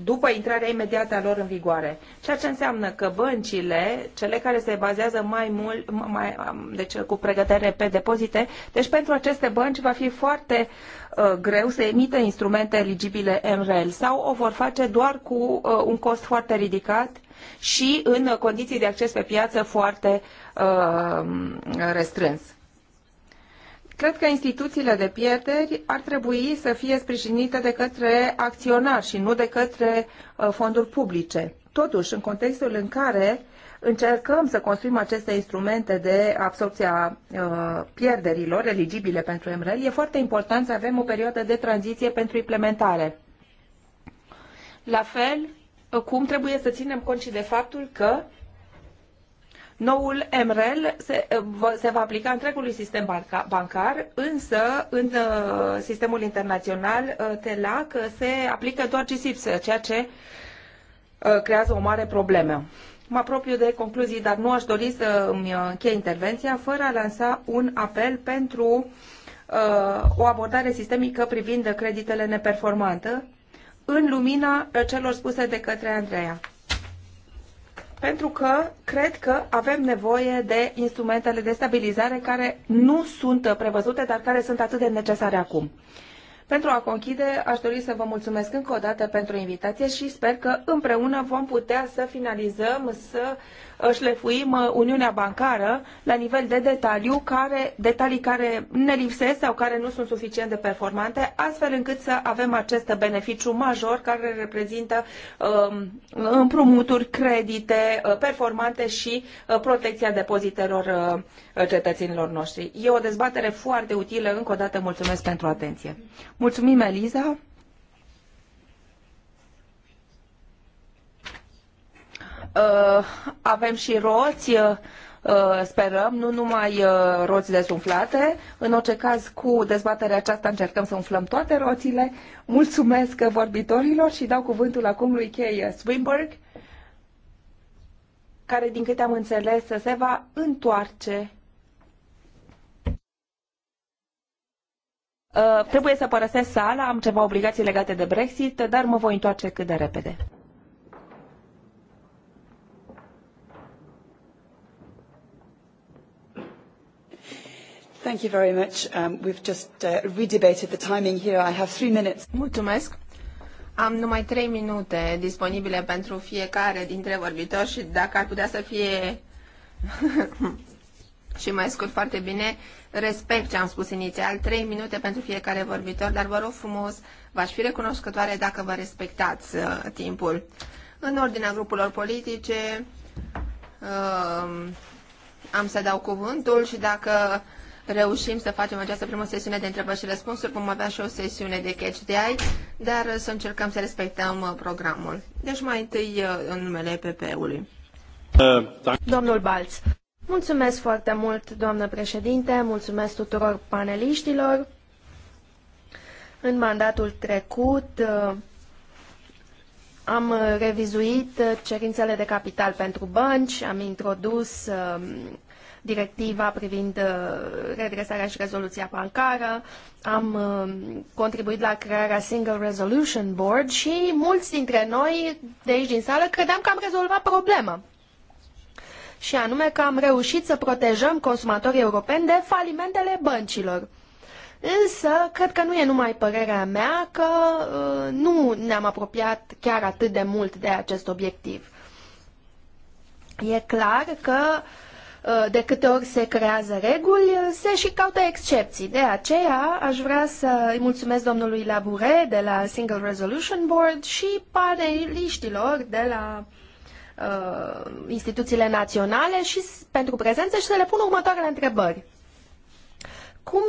după intrarea imediată a lor în vigoare. Ceea ce înseamnă că băncile, cele care se bazează mai mult, mai, deci cu pregătire pe depozite, deci pentru aceste bănci va fi foarte greu să emită instrumente eligibile MREL sau o vor face doar cu un cost foarte ridicat și în condiții de acces pe piață foarte restrâns. Cred că instituțiile de pierderi ar trebui să fie sprijinite de către acționari și nu de către uh, fonduri publice. Totuși, în contextul în care încercăm să construim aceste instrumente de absorpție a uh, pierderilor eligibile pentru MREL, e foarte important să avem o perioadă de tranziție pentru implementare. La fel, uh, cum trebuie să ținem cont și de faptul că Noul MREL se, se va aplica întregului sistem banca, bancar, însă în uh, sistemul internațional uh, TELAC se aplică doar CISIPS, ceea ce uh, creează o mare problemă. Mă apropiu de concluzii, dar nu aș dori să îmi închei intervenția fără a lansa un apel pentru o abordare sistemică privind creditele neperformante în lumina celor spuse de către Andreea pentru că cred că avem nevoie de instrumentele de stabilizare care nu sunt prevăzute, dar care sunt atât de necesare acum. Pentru a conchide, aș dori să vă mulțumesc încă o dată pentru invitație și sper că împreună vom putea să finalizăm, să șlefuim uh, Uniunea Bancară la nivel de detaliu, care, detalii care ne lipsesc sau care nu sunt suficient de performante, astfel încât să avem acest beneficiu major care reprezintă um, împrumuturi, credite uh, performante și uh, protecția depozitelor cetățenilor noștri. E o dezbatere foarte utilă. Încă o dată mulțumesc pentru atenție. Mulțumim, Eliza. Uh, avem și roți, uh, uh, sperăm, nu numai roți desumflate. În orice caz, cu dezbaterea aceasta încercăm să umflăm toate roțile. Mulțumesc vorbitorilor și dau cuvântul acum lui Kay Swinburg, care, din câte am înțeles, se va întoarce Uh, trebuie să părăsesc sala, am ceva obligații legate de Brexit, dar mă voi întoarce cât de repede. Thank you very much. Um, we've just uh, redebated the timing here. I have three minutes. Mulțumesc. Am numai trei minute disponibile pentru fiecare dintre vorbitori și dacă ar putea să fie [LAUGHS] și mai scurt foarte bine, respect ce am spus inițial, trei minute pentru fiecare vorbitor, dar vă rog frumos, v-aș fi recunoscătoare dacă vă respectați uh, timpul. În ordinea grupurilor politice uh, am să dau cuvântul și dacă reușim să facem această primă sesiune de întrebări și răspunsuri, vom avea și o sesiune de catch de ai, dar să încercăm să respectăm uh, programul. Deci mai întâi uh, în numele PP-ului. Domnul Balț. Mulțumesc foarte mult, doamnă președinte, mulțumesc tuturor paneliștilor. În mandatul trecut uh, am revizuit cerințele de capital pentru bănci, am introdus directiva privind uh, redresarea și rezoluția bancară, am uh, contribuit la crearea Single Resolution Board și mulți dintre noi de aici din sală credeam că am rezolvat problema. Și anume că am reușit să protejăm consumatorii europeni de falimentele băncilor. Însă, cred că nu e numai părerea mea că uh, nu ne-am apropiat chiar atât de mult de acest obiectiv. E clar că Uh, de câte ori se creează reguli, uh, se și caută excepții. De aceea aș vrea să îi mulțumesc domnului Labure de la Single Resolution Board și paneliștilor de la uh, instituțiile naționale și pentru prezență și să le pun următoarele întrebări. Cum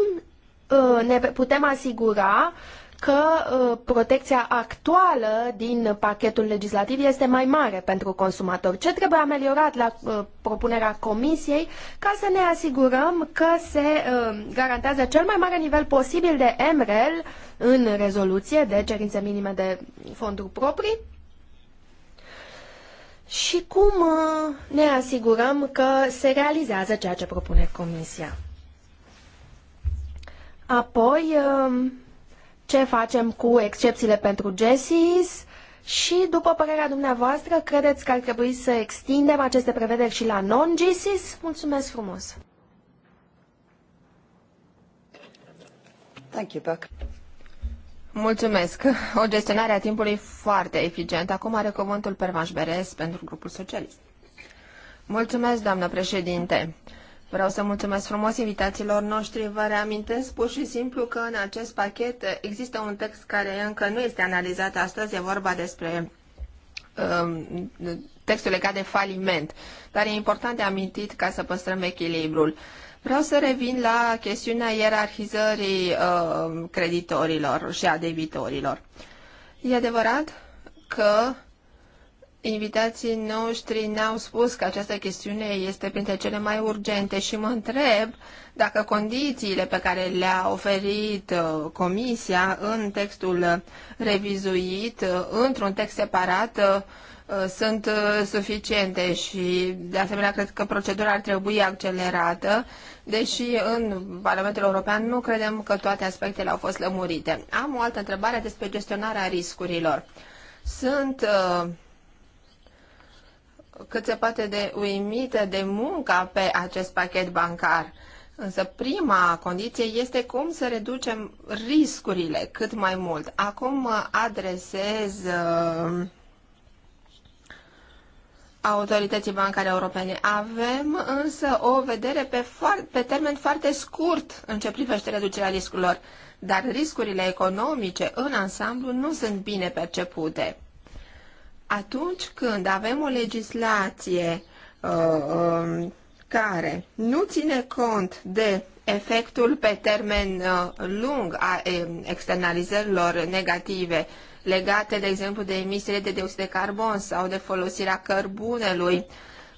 uh, ne putem asigura uh, că uh, protecția actuală din pachetul legislativ este mai mare pentru consumator. Ce trebuie ameliorat la uh, propunerea comisiei ca să ne asigurăm că se uh, garantează cel mai mare nivel posibil de MREL în rezoluție de cerințe minime de fonduri proprii? Și cum ne asigurăm că se realizează ceea ce propune Comisia? Apoi, ce facem cu excepțiile pentru GESIS și, după părerea dumneavoastră, credeți că ar trebui să extindem aceste prevederi și la non-GESIS? Mulțumesc frumos! Thank you, Buck. Mulțumesc. O gestionare a timpului foarte eficientă. Acum are cuvântul Pervaș Beres pentru grupul socialist. Mulțumesc, doamnă președinte. Vreau să mulțumesc frumos invitațiilor noștri. Vă reamintesc pur și simplu că în acest pachet există un text care încă nu este analizat astăzi. E vorba despre um, textul legat de faliment, dar e important de amintit ca să păstrăm echilibrul. Vreau să revin la chestiunea ierarhizării uh, creditorilor și a debitorilor. E adevărat că invitații noștri ne-au spus că această chestiune este printre cele mai urgente și mă întreb dacă condițiile pe care le-a oferit uh, Comisia în textul revizuit, uh, într-un text separat, uh, sunt suficiente și, de asemenea, cred că procedura ar trebui accelerată, deși în Parlamentul European nu credem că toate aspectele au fost lămurite. Am o altă întrebare despre gestionarea riscurilor. Sunt uh, cât se poate de uimită de munca pe acest pachet bancar. Însă prima condiție este cum să reducem riscurile cât mai mult. Acum adresez uh, autorității bancare europene. Avem însă o vedere pe, pe termen foarte scurt în ce privește reducerea riscurilor, dar riscurile economice în ansamblu nu sunt bine percepute atunci când avem o legislație uh, uh, care nu ține cont de efectul pe termen uh, lung a externalizărilor negative legate, de exemplu, de emisiile de dioxid de carbon sau de folosirea cărbunelui,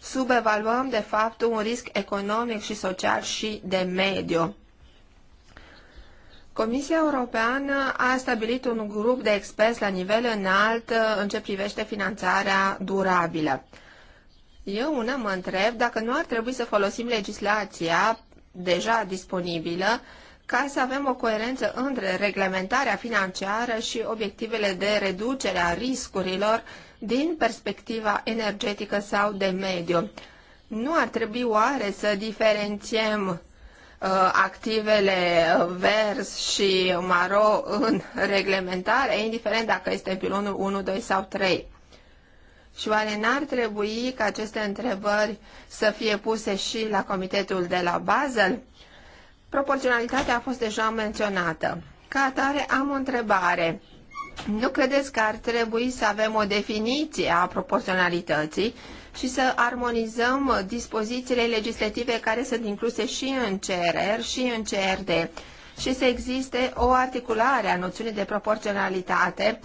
subevaluăm, de fapt, un risc economic și social și de mediu. Comisia Europeană a stabilit un grup de experți la nivel înalt uh, în ce privește finanțarea durabilă. Eu una mă întreb dacă nu ar trebui să folosim legislația deja disponibilă ca să avem o coerență între reglementarea financiară și obiectivele de reducere a riscurilor din perspectiva energetică sau de mediu. Nu ar trebui oare să diferențiem Uh, activele vers și maro în reglementare, indiferent dacă este în pilonul 1, 2 sau 3. Și oare n-ar trebui ca aceste întrebări să fie puse și la comitetul de la Basel? Proporționalitatea a fost deja menționată. Ca atare am o întrebare. Nu credeți că ar trebui să avem o definiție a proporționalității și să armonizăm dispozițiile legislative care sunt incluse și în CRR și în CRD și să existe o articulare a noțiunii de proporționalitate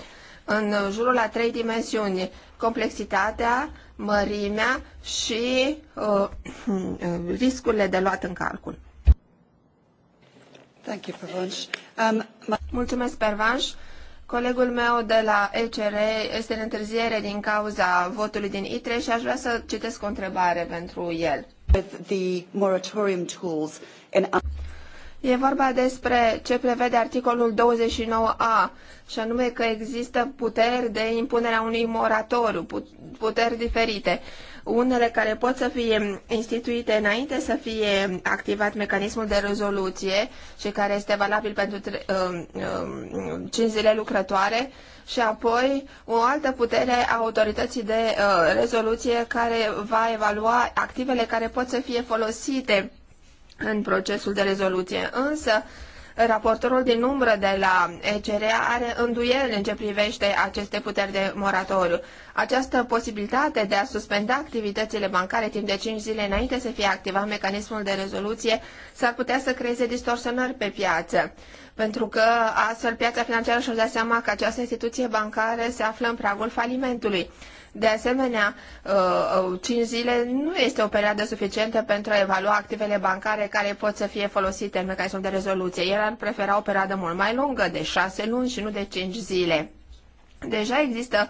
în jurul a trei dimensiuni, complexitatea, mărimea și uh, uh riscurile de luat în calcul. Um, Mulțumesc, Pervanș. Colegul meu de la ECR este în întârziere din cauza votului din ITRE și aș vrea să citesc o întrebare pentru el. E vorba despre ce prevede articolul 29a, și anume că există puteri de impunere a unui moratoriu, puteri diferite unele care pot să fie instituite înainte să fie activat mecanismul de rezoluție și care este valabil pentru 5 um, um, zile lucrătoare și apoi o altă putere a autorității de uh, rezoluție care va evalua activele care pot să fie folosite în procesul de rezoluție. Însă, raportorul din umbră de la ECR are înduieli în ce privește aceste puteri de moratoriu. Această posibilitate de a suspenda activitățile bancare timp de 5 zile înainte să fie activat mecanismul de rezoluție s-ar putea să creeze distorsionări pe piață, pentru că astfel piața financiară și-ar da seama că această instituție bancară se află în pragul falimentului. De asemenea, 5 uh, uh, zile nu este o perioadă suficientă pentru a evalua activele bancare care pot să fie folosite în mecanismul de rezoluție. El ar prefera o perioadă mult mai lungă, de 6 luni și nu de 5 zile. Deja există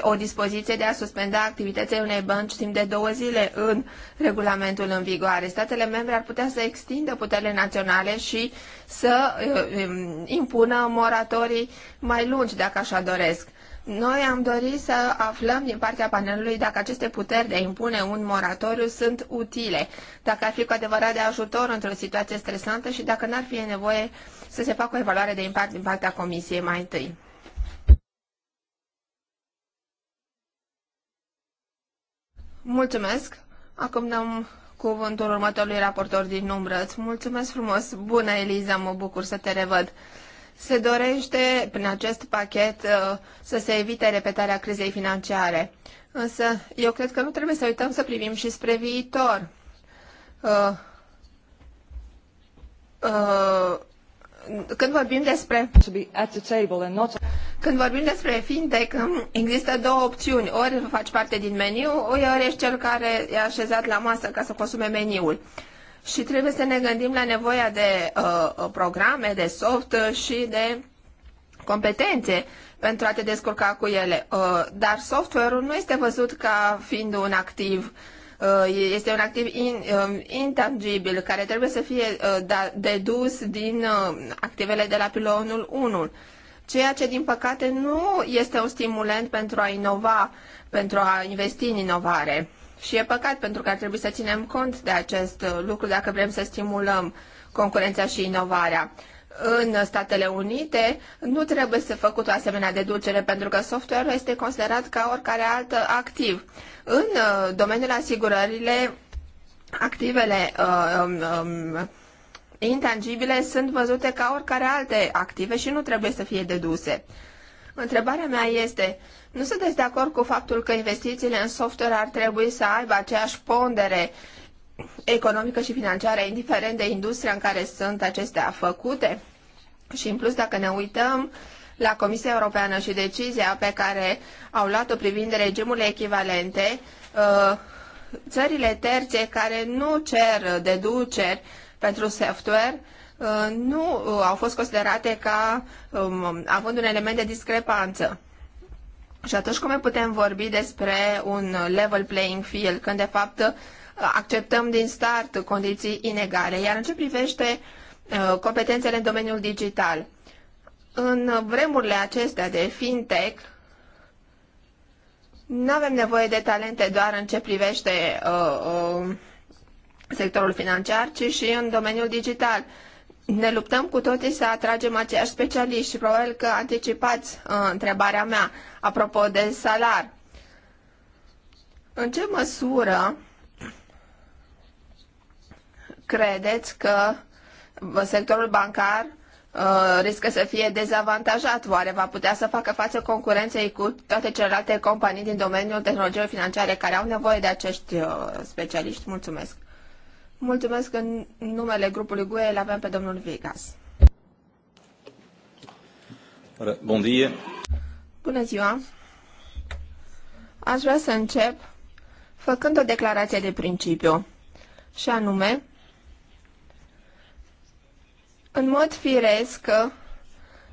o dispoziție de a suspenda activitățile unei bănci timp de două zile în regulamentul în vigoare. Statele membre ar putea să extindă puterile naționale și să uh, um, impună moratorii mai lungi dacă așa doresc. Noi am dorit să aflăm din partea panelului dacă aceste puteri de a impune un moratoriu sunt utile, dacă ar fi cu adevărat de ajutor într-o situație stresantă și dacă n-ar fi nevoie să se facă o evaluare de impact din partea Comisiei mai întâi. Mulțumesc! Acum dăm cuvântul următorului raportor din umbră. Mulțumesc frumos! Bună, Eliza, mă bucur să te revăd! Se dorește prin acest pachet uh, să se evite repetarea crizei financiare. Însă eu cred că nu trebuie să uităm să privim și spre viitor. Uh, uh, când vorbim despre când vorbim despre fintech, um, există două opțiuni. Ori faci parte din meniu, ori ești cel care e așezat la masă ca să consume meniul și trebuie să ne gândim la nevoia de uh, programe, de soft și de competențe pentru a te descurca cu ele. Uh, dar software-ul nu este văzut ca fiind un activ uh, este un activ in, uh, intangibil care trebuie să fie uh, da, dedus din uh, activele de la pilonul 1, ceea ce din păcate nu este un stimulant pentru a inova, pentru a investi în inovare. Și e păcat pentru că ar trebui să ținem cont de acest lucru dacă vrem să stimulăm concurența și inovarea. În Statele Unite nu trebuie să făcut o asemenea deducere pentru că software este considerat ca oricare alt activ. În uh, domeniul asigurările, activele uh, um, um, intangibile sunt văzute ca oricare alte active și nu trebuie să fie deduse. Întrebarea mea este, nu sunteți de acord cu faptul că investițiile în software ar trebui să aibă aceeași pondere economică și financiară, indiferent de industria în care sunt acestea făcute? Și în plus, dacă ne uităm la Comisia Europeană și decizia pe care au luat-o privind regimurile echivalente, uh, țările terțe care nu cer deduceri pentru software uh, nu uh, au fost considerate ca um, având un element de discrepanță. Și atunci cum putem vorbi despre un level playing field, când de fapt acceptăm din start condiții inegale? Iar în ce privește uh, competențele în domeniul digital? În vremurile acestea de fintech, nu avem nevoie de talente doar în ce privește uh, uh, sectorul financiar, ci și în domeniul digital ne luptăm cu toții să atragem aceiași specialiști și probabil că anticipați uh, întrebarea mea apropo de salar. În ce măsură credeți că uh, sectorul bancar uh, riscă să fie dezavantajat? Oare va putea să facă față concurenței cu toate celelalte companii din domeniul tehnologiilor financiare care au nevoie de acești uh, specialiști? Mulțumesc! Mulțumesc în numele grupului GUE, îl avem pe domnul Vigas. Bun Bună ziua! Aș vrea să încep făcând o declarație de principiu, și anume, în mod firesc,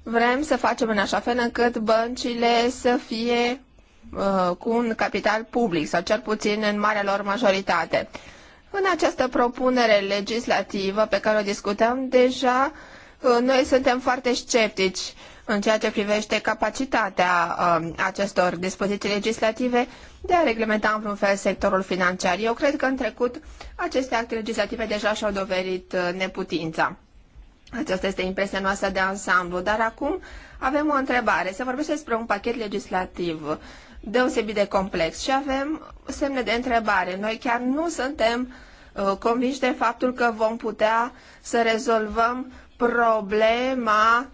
vrem să facem în așa fel încât băncile să fie uh, cu un capital public, sau cel puțin în marea lor majoritate. Uh, în această propunere legislativă pe care o discutăm deja, uh, noi suntem foarte sceptici în ceea ce privește capacitatea um, acestor dispoziții legislative de a reglementa în vreun fel sectorul financiar. Eu cred că în trecut aceste acte legislative deja și-au dovedit uh, neputința. Aceasta este impresia noastră de ansamblu, dar acum avem o întrebare. Se vorbește despre un pachet legislativ. Uh, deosebit de complex și avem semne de întrebare. Noi chiar nu suntem uh, convinși de faptul că vom putea să rezolvăm problema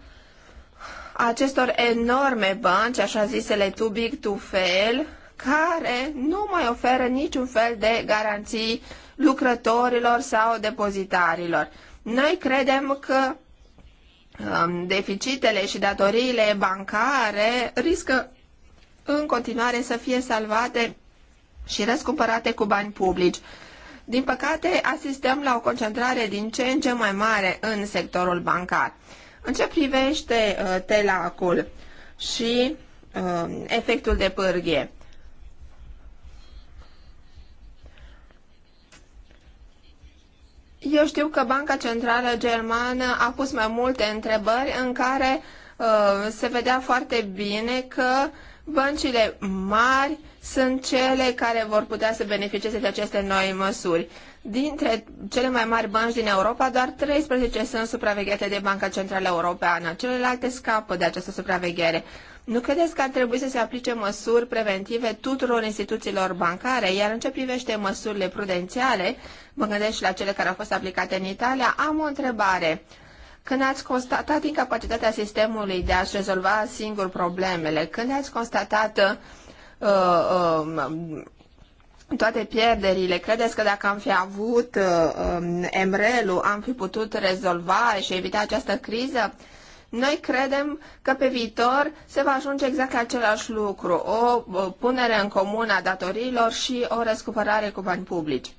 acestor enorme bănci, așa zisele too big to fail, care nu mai oferă niciun fel de garanții lucrătorilor sau depozitarilor. Noi credem că um, deficitele și datoriile bancare riscă în continuare să fie salvate și răscumpărate cu bani publici. Din păcate, asistăm la o concentrare din ce în ce mai mare în sectorul bancar. În ce privește uh, telacul și uh, efectul de pârghie? Eu știu că Banca Centrală Germană a pus mai multe întrebări în care uh, se vedea foarte bine că uh, Băncile mari sunt cele care vor putea să beneficieze de aceste noi măsuri. Dintre cele mai mari bănci din Europa, doar 13 sunt supravegheate de Banca Centrală Europeană. Celelalte scapă de această supraveghere. Nu credeți că ar trebui să se aplice măsuri preventive tuturor instituțiilor bancare, iar în ce privește măsurile prudențiale, mă gândesc și la cele care au fost aplicate în Italia, am o întrebare. Când ați constatat incapacitatea sistemului de a-și rezolva singur problemele, când ați constatat uh, uh, toate pierderile, credeți că dacă am fi avut uh, um, Emrelu, am fi putut rezolva și evita această criză? Noi credem că pe viitor se va ajunge exact la același lucru, o uh, punere în comun a datoriilor și o răscupărare cu bani publici.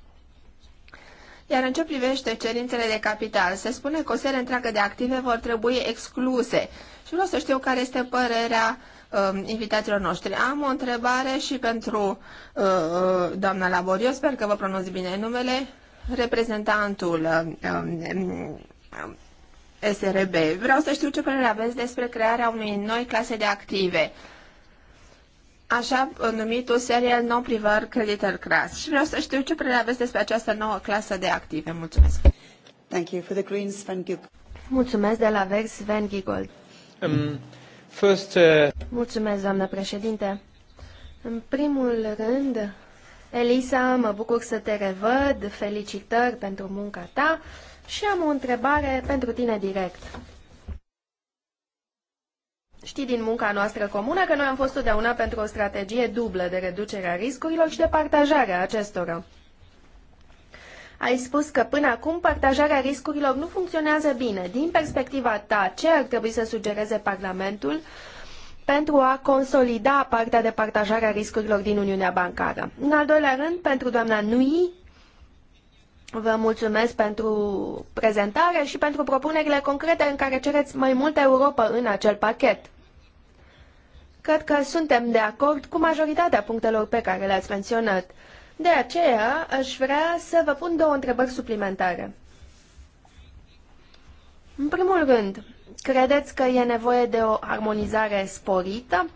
Iar în ce privește cerințele de capital, se spune că o serie întreagă de active vor trebui excluse. Și vreau să știu care este părerea uh, invitațiilor noștri. Am o întrebare și pentru uh, uh doamna Laborio, sper că vă pronunț bine numele, reprezentantul uh, um, uh, um, SRB. Vreau să știu ce părere aveți despre crearea unei noi clase de active. Uh, așa numitul serial non-privar creditor class. Și vreau să știu ce părere aveți despre această nouă clasă de active. Mulțumesc. Thank you for the Sven Mulțumesc de la Vers, Sven Giegold. Um, first, uh... Mulțumesc, doamnă președinte. În primul rând, Elisa, mă bucur să te revăd, felicitări pentru munca ta și am o întrebare pentru tine direct. Știi din munca noastră comună că noi am fost totdeauna pentru o strategie dublă de reducere a riscurilor și de partajare a acestora. Ai spus că până acum partajarea riscurilor nu funcționează bine. Din perspectiva ta, ce ar trebui să sugereze Parlamentul pentru a consolida partea de partajare a riscurilor din Uniunea Bancară? În al doilea rând, pentru doamna Nui, Vă mulțumesc pentru prezentare și pentru propunerile concrete în care cereți mai multă Europa în acel pachet. Cred că suntem de acord cu majoritatea punctelor pe care le-ați menționat. De aceea, aș vrea să vă pun două întrebări suplimentare. În primul rând, credeți că e nevoie de o armonizare sporită?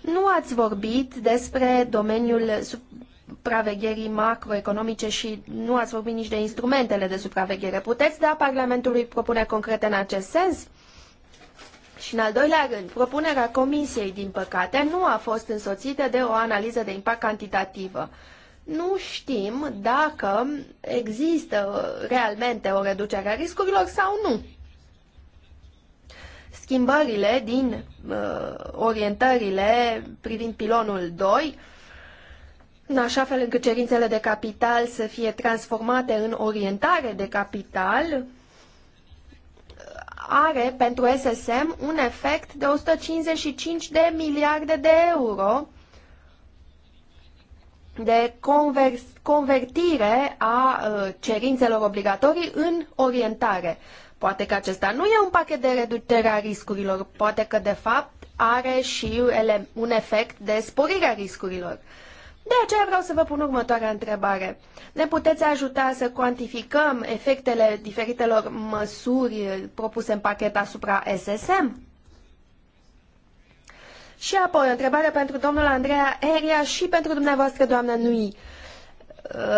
Nu ați vorbit despre domeniul supravegherii macroeconomice și nu ați vorbit nici de instrumentele de supraveghere. Puteți da Parlamentului propuneri concrete în acest sens? Și în al doilea rând, propunerea Comisiei, din păcate, nu a fost însoțită de o analiză de impact cantitativă. Nu știm dacă există realmente o reducere a riscurilor sau nu. Schimbările din uh, orientările privind pilonul 2 în așa fel încât cerințele de capital să fie transformate în orientare de capital, are pentru SSM un efect de 155 de miliarde de euro de convertire a ă, cerințelor obligatorii în orientare. Poate că acesta nu e un pachet de reducere a riscurilor, poate că de fapt are și un efect de sporire a riscurilor. De aceea vreau să vă pun următoarea întrebare. Ne puteți ajuta să cuantificăm efectele diferitelor măsuri propuse în pachet asupra SSM? Și apoi, o întrebare pentru domnul Andreea Eria și pentru dumneavoastră, doamnă Nui.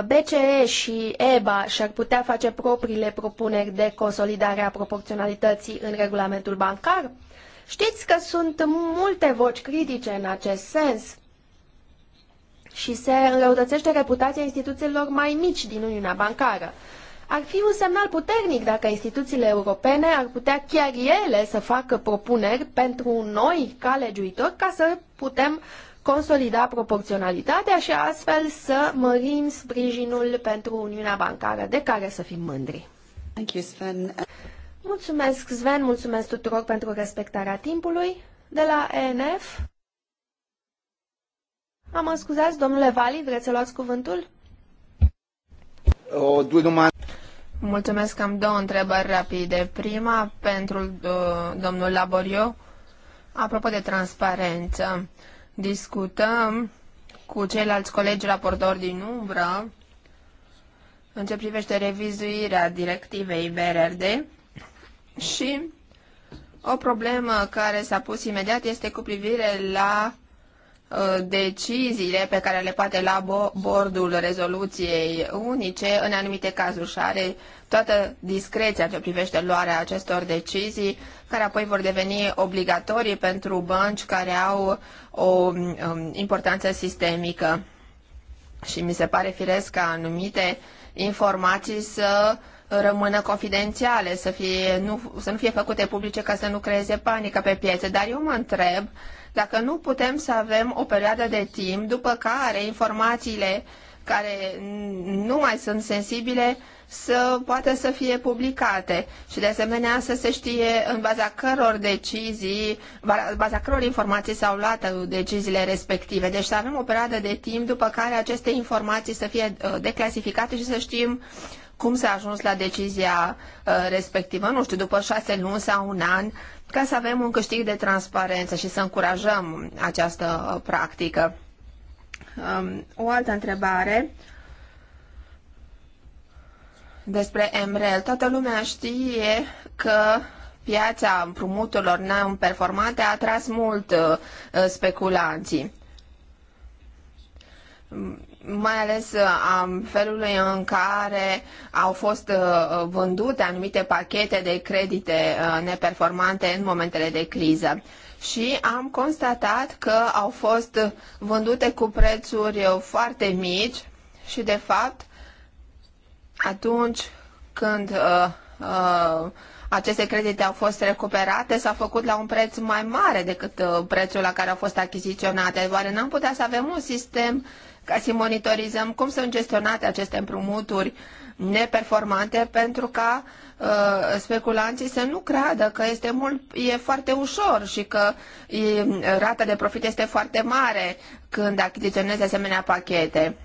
BCE și EBA și-ar putea face propriile propuneri de consolidare a proporționalității în regulamentul bancar? Știți că sunt multe voci critice în acest sens și se înrăutățește reputația instituțiilor mai mici din Uniunea Bancară. Ar fi un semnal puternic dacă instituțiile europene ar putea chiar ele să facă propuneri pentru noi ca legiuitori ca să putem consolida proporționalitatea și astfel să mărim sprijinul pentru Uniunea Bancară, de care să fim mândri. Thank you, Sven. Mulțumesc, Sven, mulțumesc tuturor pentru respectarea timpului. De la ENF, am scuzați, domnule Vali, vreți să luați cuvântul? O, numai... Mulțumesc, am două întrebări rapide. Prima pentru uh, domnul Laborio. Apropo de transparență, discutăm cu ceilalți colegi raportori din umbră în ce privește revizuirea directivei BRRD și o problemă care s-a pus imediat este cu privire la Uh, deciziile pe care le poate la bordul rezoluției unice, în anumite cazuri și are toată discreția ce privește luarea acestor decizii, care apoi vor deveni obligatorii pentru bănci care au o um, importanță sistemică. Și mi se pare firesc ca anumite informații să rămână confidențiale, să, fie, nu, să nu fie făcute publice ca să nu creeze panică pe piețe. Dar eu mă întreb dacă nu putem să avem o perioadă de timp după care informațiile care nu mai sunt sensibile să poată să fie publicate și de asemenea să se știe în baza căror decizii, baza căror informații s-au luat uh, deciziile respective. Deci să avem o perioadă de timp după care aceste informații să fie uh, declasificate și să știm cum s-a ajuns la decizia uh, respectivă, nu știu, după șase luni sau un an, ca să avem un câștig de transparență și să încurajăm această uh, practică. Um, o altă întrebare despre MREL. Toată lumea știe că piața împrumuturilor non-performante a atras mult uh, speculanții mai ales uh, a felului în care au fost uh, vândute anumite pachete de credite uh, neperformante în momentele de criză. Și am constatat că au fost vândute cu prețuri foarte mici și, de fapt, atunci când uh, uh, aceste credite au fost recuperate, s-au făcut la un preț mai mare decât prețul la care au fost achiziționate. Oare n-am putea să avem un sistem uh, ca să monitorizăm cum sunt gestionate aceste împrumuturi neperformante pentru ca uh, speculanții să nu creadă că este mult, e foarte ușor și că e, rata de profit este foarte mare când achiziționezi asemenea pachete.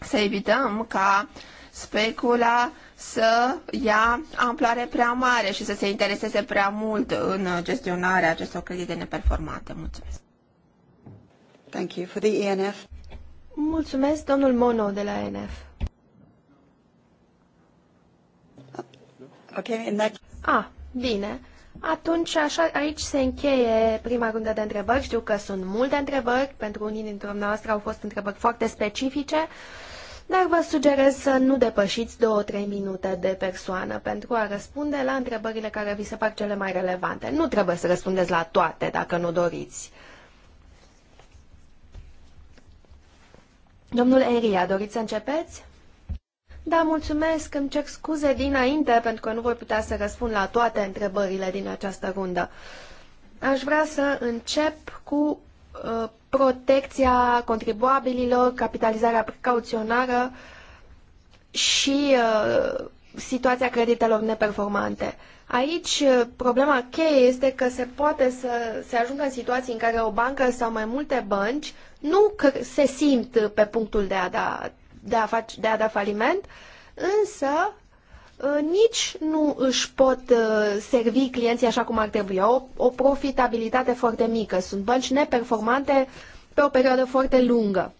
Să evităm ca specula să ia amploare prea mare și să se intereseze prea mult în gestionarea acestor credite neperformante. Mulțumesc! Thank you. For the ENF. Mulțumesc, domnul Mono de la ENF. Okay, in that... Ah, bine. Atunci, așa, aici se încheie prima rundă de întrebări. Știu că sunt multe întrebări, pentru unii dintre dumneavoastră au fost întrebări foarte specifice, dar vă sugerez să nu depășiți 2-3 minute de persoană pentru a răspunde la întrebările care vi se par cele mai relevante. Nu trebuie să răspundeți la toate dacă nu doriți. Domnul Eria, doriți să începeți? Da, mulțumesc. Îmi cer scuze dinainte pentru că nu voi putea să răspund la toate întrebările din această rundă. Aș vrea să încep cu uh, protecția contribuabililor, capitalizarea precauționară și uh, situația creditelor neperformante. Aici uh, problema cheie este că se poate să se ajungă în situații în care o bancă sau mai multe bănci nu că se simt uh, pe punctul de a da, de a, face, de a da faliment, însă uh, nici nu își pot uh, servi clienții așa cum ar trebui. O, o profitabilitate foarte mică. Sunt bănci neperformante pe o perioadă foarte lungă.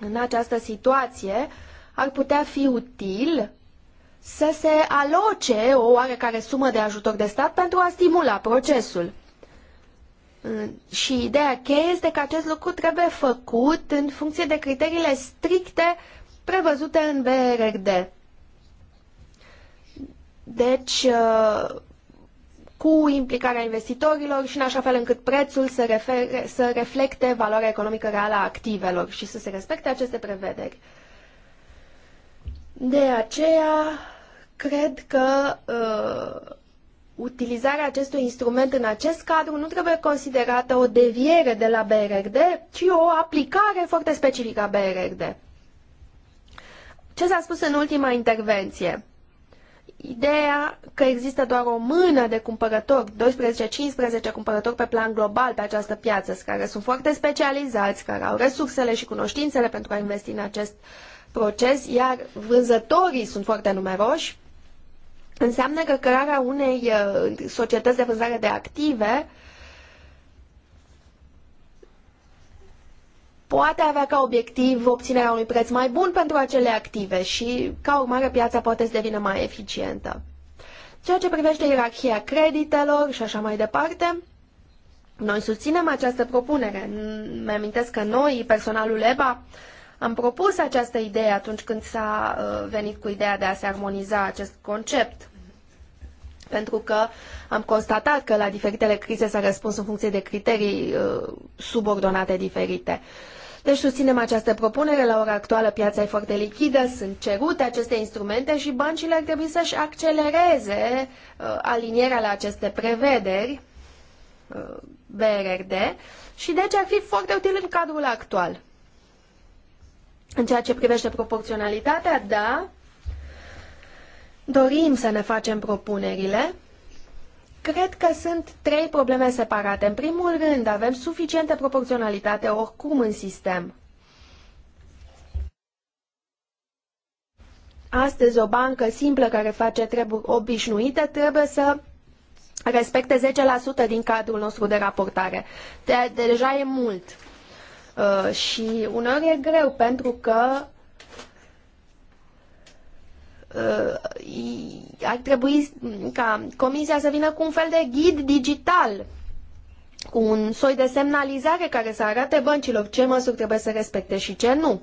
În această situație ar putea fi util să se aloce o oarecare sumă de ajutor de stat pentru a stimula procesul. Și ideea cheie este că acest lucru trebuie făcut în funcție de criteriile stricte prevăzute în BRD. Deci, uh, cu implicarea investitorilor și în așa fel încât prețul să, refere, să reflecte valoarea economică reală a activelor și să se respecte aceste prevederi. De aceea, cred că uh, utilizarea acestui instrument în acest cadru nu trebuie considerată o deviere de la BRRD, ci o aplicare foarte specifică a BRRD. Ce s-a spus în ultima intervenție? Ideea că există doar o mână de cumpărători, 12-15 cumpărători pe plan global pe această piață, care sunt foarte specializați, care au resursele și cunoștințele pentru a investi în acest proces, iar vânzătorii sunt foarte numeroși, înseamnă că crearea unei uh, societăți de vânzare de active poate avea ca obiectiv obținerea unui preț mai bun pentru acele active și, ca urmare, piața poate să devină mai eficientă. Ceea ce privește ierarhia creditelor și așa mai departe, noi susținem această propunere. Mi-amintesc că noi, personalul EBA, am propus această idee atunci când s-a uh, venit cu ideea de a se armoniza acest concept, pentru că am constatat că la diferitele crize s-a răspuns în funcție de criterii uh, subordonate diferite. Deci susținem această propunere. La ora actuală piața e foarte lichidă, sunt cerute aceste instrumente și băncile ar trebui să-și accelereze uh, alinierea la aceste prevederi uh, BRD și deci ar fi foarte util în cadrul actual. În ceea ce privește proporționalitatea, da, dorim să ne facem propunerile. Cred că sunt trei probleme separate. În primul rând, avem suficientă proporționalitate oricum în sistem. Astăzi, o bancă simplă care face treburi obișnuite trebuie să respecte 10% din cadrul nostru de raportare. De, deja e mult. Uh, și uneori e greu pentru că uh, ar trebui ca comisia să vină cu un fel de ghid digital cu un soi de semnalizare care să arate băncilor ce măsuri trebuie să respecte și ce nu.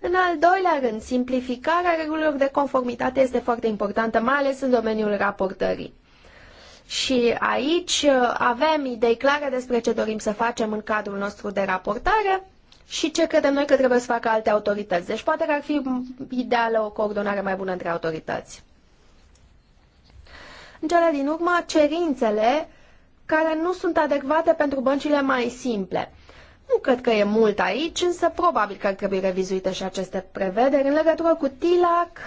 În al doilea rând, simplificarea regulilor de conformitate este foarte importantă, mai ales în domeniul raportării. Și aici uh, avem idei clare despre ce dorim să facem în cadrul nostru de raportare și ce credem noi că trebuie să facă alte autorități. Deci poate că ar fi ideală o coordonare mai bună între autorități. În cele din urmă, cerințele care nu sunt adecvate pentru băncile mai simple. Nu cred că e mult aici, însă probabil că ar trebui revizuite și aceste prevederi în legătură cu TILAC,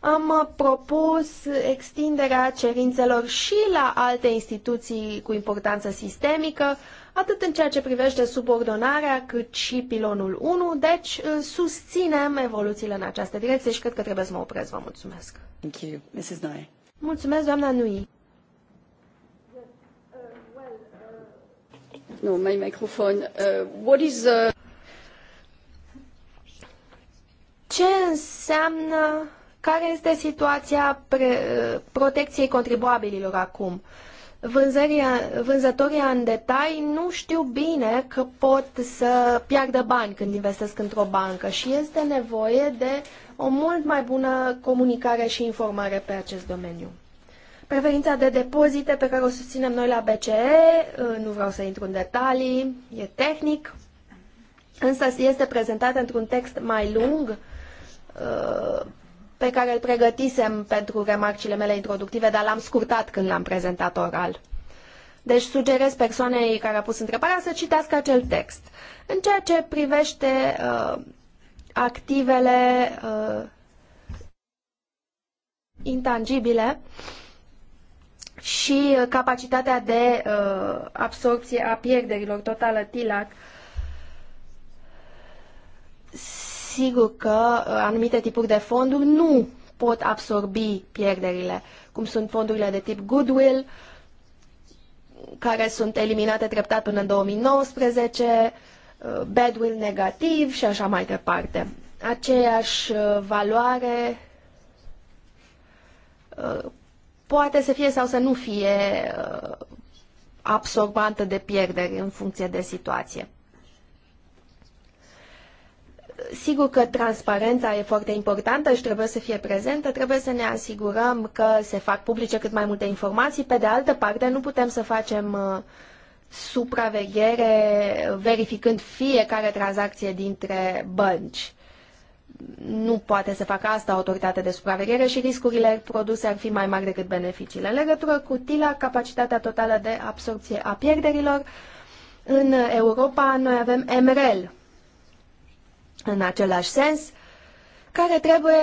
am uh, propus extinderea cerințelor și la alte instituții cu importanță sistemică, atât în ceea ce privește subordonarea, cât și pilonul 1. Deci uh, susținem evoluțiile în această direcție și cred că trebuie să mă opresc. Vă mulțumesc. Thank you. Mrs. Noe. Mulțumesc, doamna Nui. No, my microphone. Uh, what is the... Uh, ce înseamnă care este situația protecției contribuabililor acum? Vânzării, vânzătorii în detai nu știu bine că pot să piardă bani când investesc într-o bancă și este nevoie de o mult mai bună comunicare și informare pe acest domeniu. Preferința de depozite pe care o susținem noi la BCE, nu vreau să intru în detalii, e tehnic, însă este prezentată într-un text mai lung uh, pe care îl pregătisem pentru remarcile mele introductive, dar l-am scurtat când l-am prezentat oral. Deci sugerez persoanei care a pus întrebarea să citească acel text. În ceea ce privește uh, activele uh, intangibile și uh, capacitatea de uh, absorpție a pierderilor totală TILAC, uh, sigur că uh, anumite tipuri de fonduri nu pot absorbi pierderile, cum sunt fondurile de tip Goodwill, care sunt eliminate treptat până în 2019, uh, Badwill negativ și așa mai departe. Aceeași uh, valoare poate să fie sau să nu fie absorbantă de pierderi în funcție de situație. Sigur că transparența e foarte importantă și trebuie să fie prezentă, trebuie să ne asigurăm că se fac publice cât mai multe informații. Pe de altă parte, nu putem să facem uh, supraveghere verificând fiecare tranzacție dintre bănci. Nu poate să facă asta autoritatea de supraveghere și riscurile produse ar fi mai mari decât beneficiile. În legătură cu TILA, capacitatea totală de absorpție a pierderilor, în Europa noi avem MRL, în același sens, care trebuie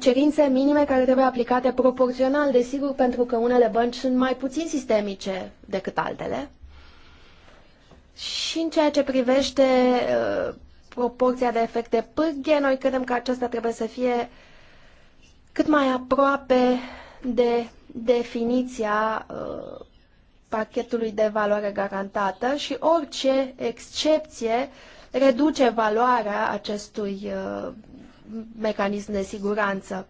cerințe minime care trebuie aplicate proporțional, desigur, pentru că unele bănci sunt mai puțin sistemice decât altele. Și în ceea ce privește proporția de efecte pârghe, noi credem că aceasta trebuie să fie cât mai aproape de definiția pachetului de valoare garantată și orice excepție uh, reduce valoarea acestui uh, mecanism de siguranță.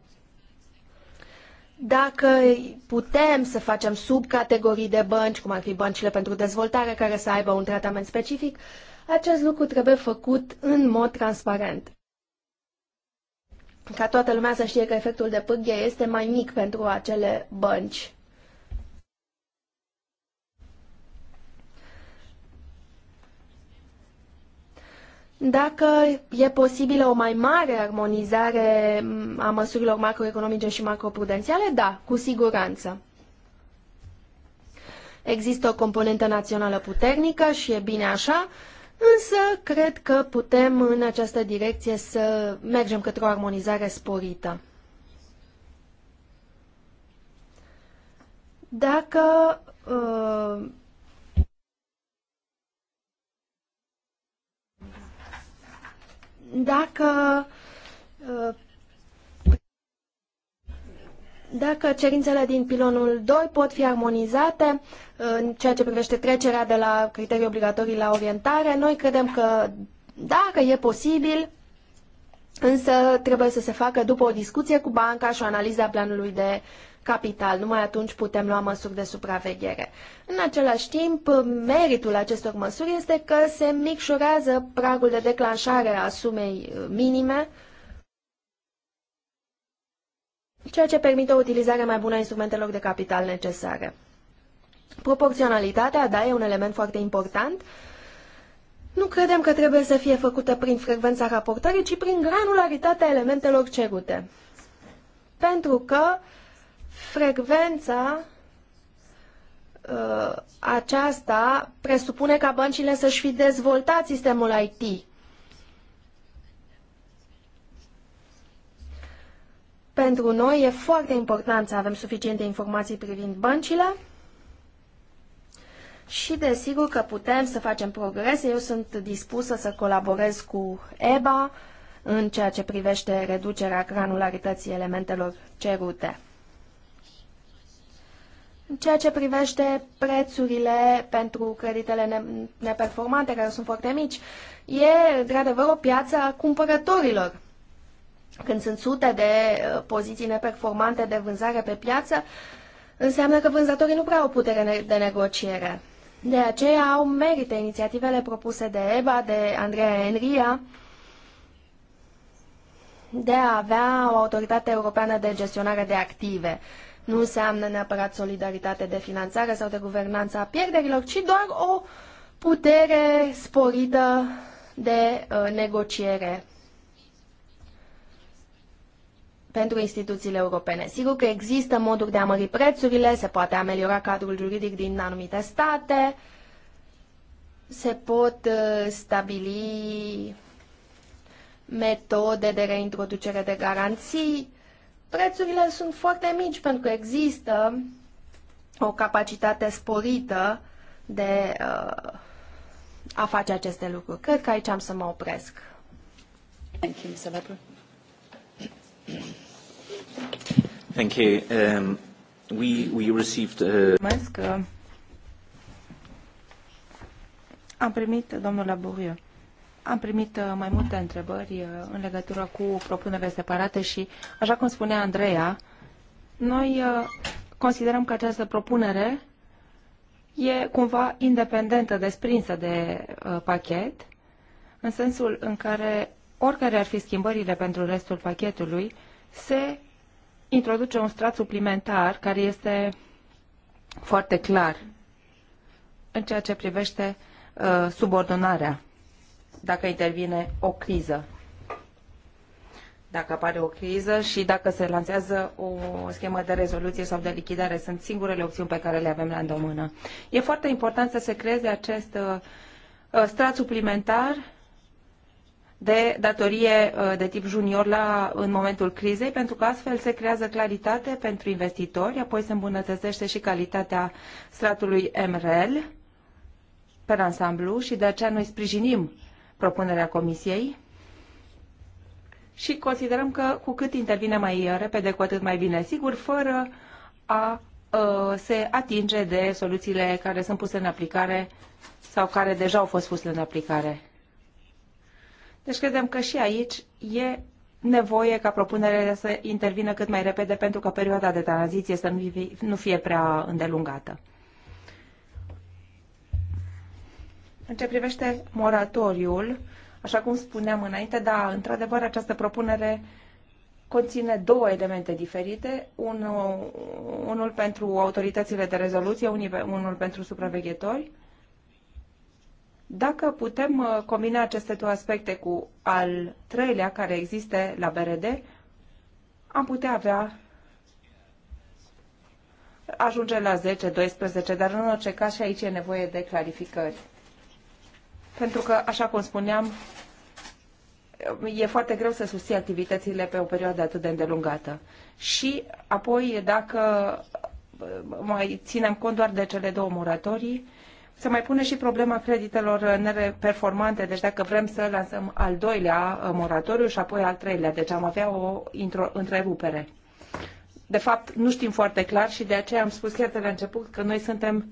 Dacă putem să facem subcategorii de bănci, cum ar fi băncile pentru dezvoltare, care să aibă un tratament specific, acest lucru trebuie făcut în mod transparent. Ca toată lumea să știe că efectul de pârghie este mai mic pentru acele bănci dacă e posibilă o mai mare armonizare a măsurilor macroeconomice și macroprudențiale, da, cu siguranță. Există o componentă națională puternică și e bine așa, însă cred că putem în această direcție să mergem către o armonizare sporită. Dacă uh, dacă uh, dacă cerințele din pilonul 2 pot fi armonizate uh, în ceea ce privește trecerea de la criterii obligatorii la orientare, noi credem că dacă e posibil, însă trebuie să se facă după o discuție cu banca și o analiză a planului de capital. Numai atunci putem lua măsuri de supraveghere. În același timp, meritul acestor măsuri este că se micșorează pragul de declanșare a sumei uh, minime, ceea ce permite o utilizare mai bună a instrumentelor de capital necesare. Proporționalitatea, da, e un element foarte important. Nu credem că trebuie să fie făcută prin frecvența raportării, ci prin granularitatea elementelor cerute. Pentru că uh, Frecvența uh, aceasta presupune ca băncile să-și fi dezvoltat sistemul IT. Pentru noi e foarte important să avem suficiente informații privind băncile și desigur că putem să facem progrese. Eu sunt dispusă să colaborez cu EBA în ceea ce privește reducerea granularității elementelor cerute. În ceea ce privește prețurile pentru creditele neperformante, care sunt foarte mici, e, într-adevăr, o piață a cumpărătorilor. Când sunt sute de uh, poziții neperformante de vânzare pe piață, înseamnă că vânzătorii nu prea au putere de negociere. De aceea au merite inițiativele propuse de EBA, de Andreea Enria, de a avea o autoritate europeană de gestionare de active nu înseamnă neapărat solidaritate de finanțare sau de guvernanță a pierderilor, ci doar o putere sporită de uh, negociere pentru instituțiile europene. Sigur că există moduri de a mări prețurile, se poate ameliora cadrul juridic din anumite state, se pot uh, stabili metode de reintroducere de garanții, prețurile sunt foarte mici pentru că există o capacitate sporită de uh, a face aceste lucruri. Cred că aici am să mă opresc. Thank you, Mr. Weber. Thank you. Um, we, we received... Uh... Mulțumesc. Am primit, domnul Laburiu. Am primit uh, mai multe întrebări uh, în legătură cu propunerile separate și, așa cum spunea Andreea, noi uh, considerăm că această propunere e cumva independentă, desprinsă de pachet, în sensul în care, oricare ar fi schimbările pentru restul pachetului, se introduce un strat suplimentar care este foarte clar în ceea ce privește subordonarea dacă intervine o criză. Dacă apare o criză și dacă se lansează o schemă de rezoluție sau de lichidare, sunt singurele opțiuni pe care le avem la îndomână. E foarte important să se creeze acest uh, uh, strat suplimentar de datorie uh, de tip junior la, în momentul crizei, pentru că astfel se creează claritate pentru investitori, apoi se îmbunătățește și calitatea stratului MREL pe ansamblu și de aceea noi sprijinim propunerea Comisiei și considerăm că cu cât intervine mai repede, cu atât mai bine, sigur, fără a ă, se atinge de soluțiile care sunt puse în aplicare sau care deja au fost puse în aplicare. Deci credem că și aici e nevoie ca propunerea să intervină cât mai repede pentru că perioada de tranziție să nu fie prea îndelungată. În ce privește moratoriul, așa cum spuneam înainte, da, într-adevăr, această propunere conține două elemente diferite, unul, unul pentru autoritățile de rezoluție, unul pentru supraveghetori. Dacă putem uh, combina aceste două aspecte cu al treilea care există la BRD, am putea avea ajunge la 10-12, dar în orice caz și aici e nevoie de clarificări pentru că, așa cum spuneam, e foarte greu să susții activitățile pe o perioadă atât de îndelungată. Și apoi, dacă uh, mai ținem cont doar de cele două moratorii, se mai pune și problema creditelor nereperformante, deci dacă vrem să lansăm al doilea uh, moratoriu și apoi al treilea, deci am avea o întrerupere. De fapt, nu știm foarte clar și de aceea am spus chiar de la început că noi suntem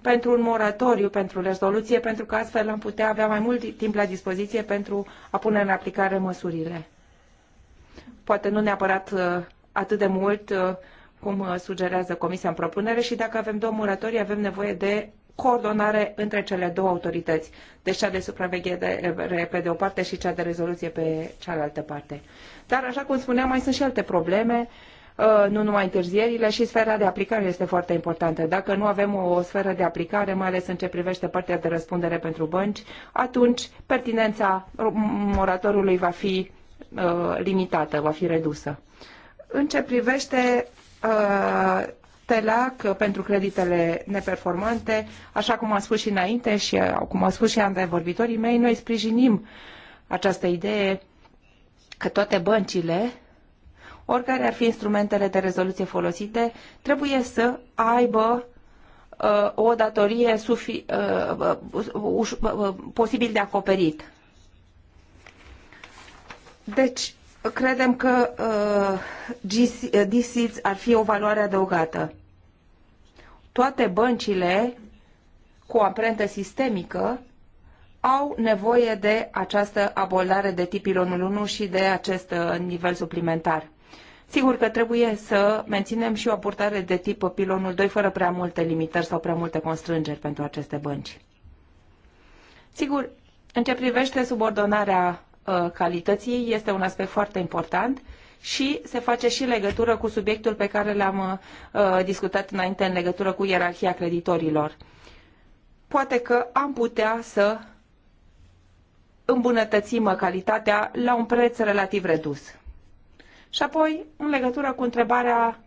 pentru un moratoriu, pentru rezoluție, pentru că astfel am putea avea mai mult timp la dispoziție pentru a pune în aplicare măsurile. Poate nu neapărat uh, atât de mult uh, cum uh, sugerează Comisia în propunere și dacă avem două moratorii, avem nevoie de coordonare între cele două autorități, deci cea de supraveghere pe de o parte și cea de rezoluție pe cealaltă parte. Dar, așa cum spuneam, mai sunt și alte probleme uh, Uh, nu numai întârzierile, și sfera de aplicare este foarte importantă. Dacă nu avem o sferă de aplicare, mai ales în ce privește partea de răspundere pentru bănci, atunci pertinența moratorului va fi uh, limitată, va fi redusă. În ce privește uh, TELAC pentru creditele neperformante, așa cum am spus și înainte și cum au spus și antevorbitorii mei, noi sprijinim această idee că toate băncile oricare ar fi instrumentele de rezoluție folosite, trebuie să aibă uh, o datorie sufi, uh, uh, uh, posibil de acoperit. Deci, credem că uh, DCIDS ar fi o valoare adăugată. Toate băncile cu amprentă sistemică au nevoie de această abordare de tip 1 și de acest nivel suplimentar. Sigur că trebuie să menținem și o abordare de tip pilonul 2 fără prea multe limitări sau prea multe constrângeri pentru aceste bănci. Sigur, în ce privește subordonarea uh, calității, este un aspect foarte important și se face și legătură cu subiectul pe care l-am uh, discutat înainte în legătură cu ierarhia creditorilor. Poate că am putea să îmbunătățim calitatea la un preț relativ redus. Și apoi, în legătură cu întrebarea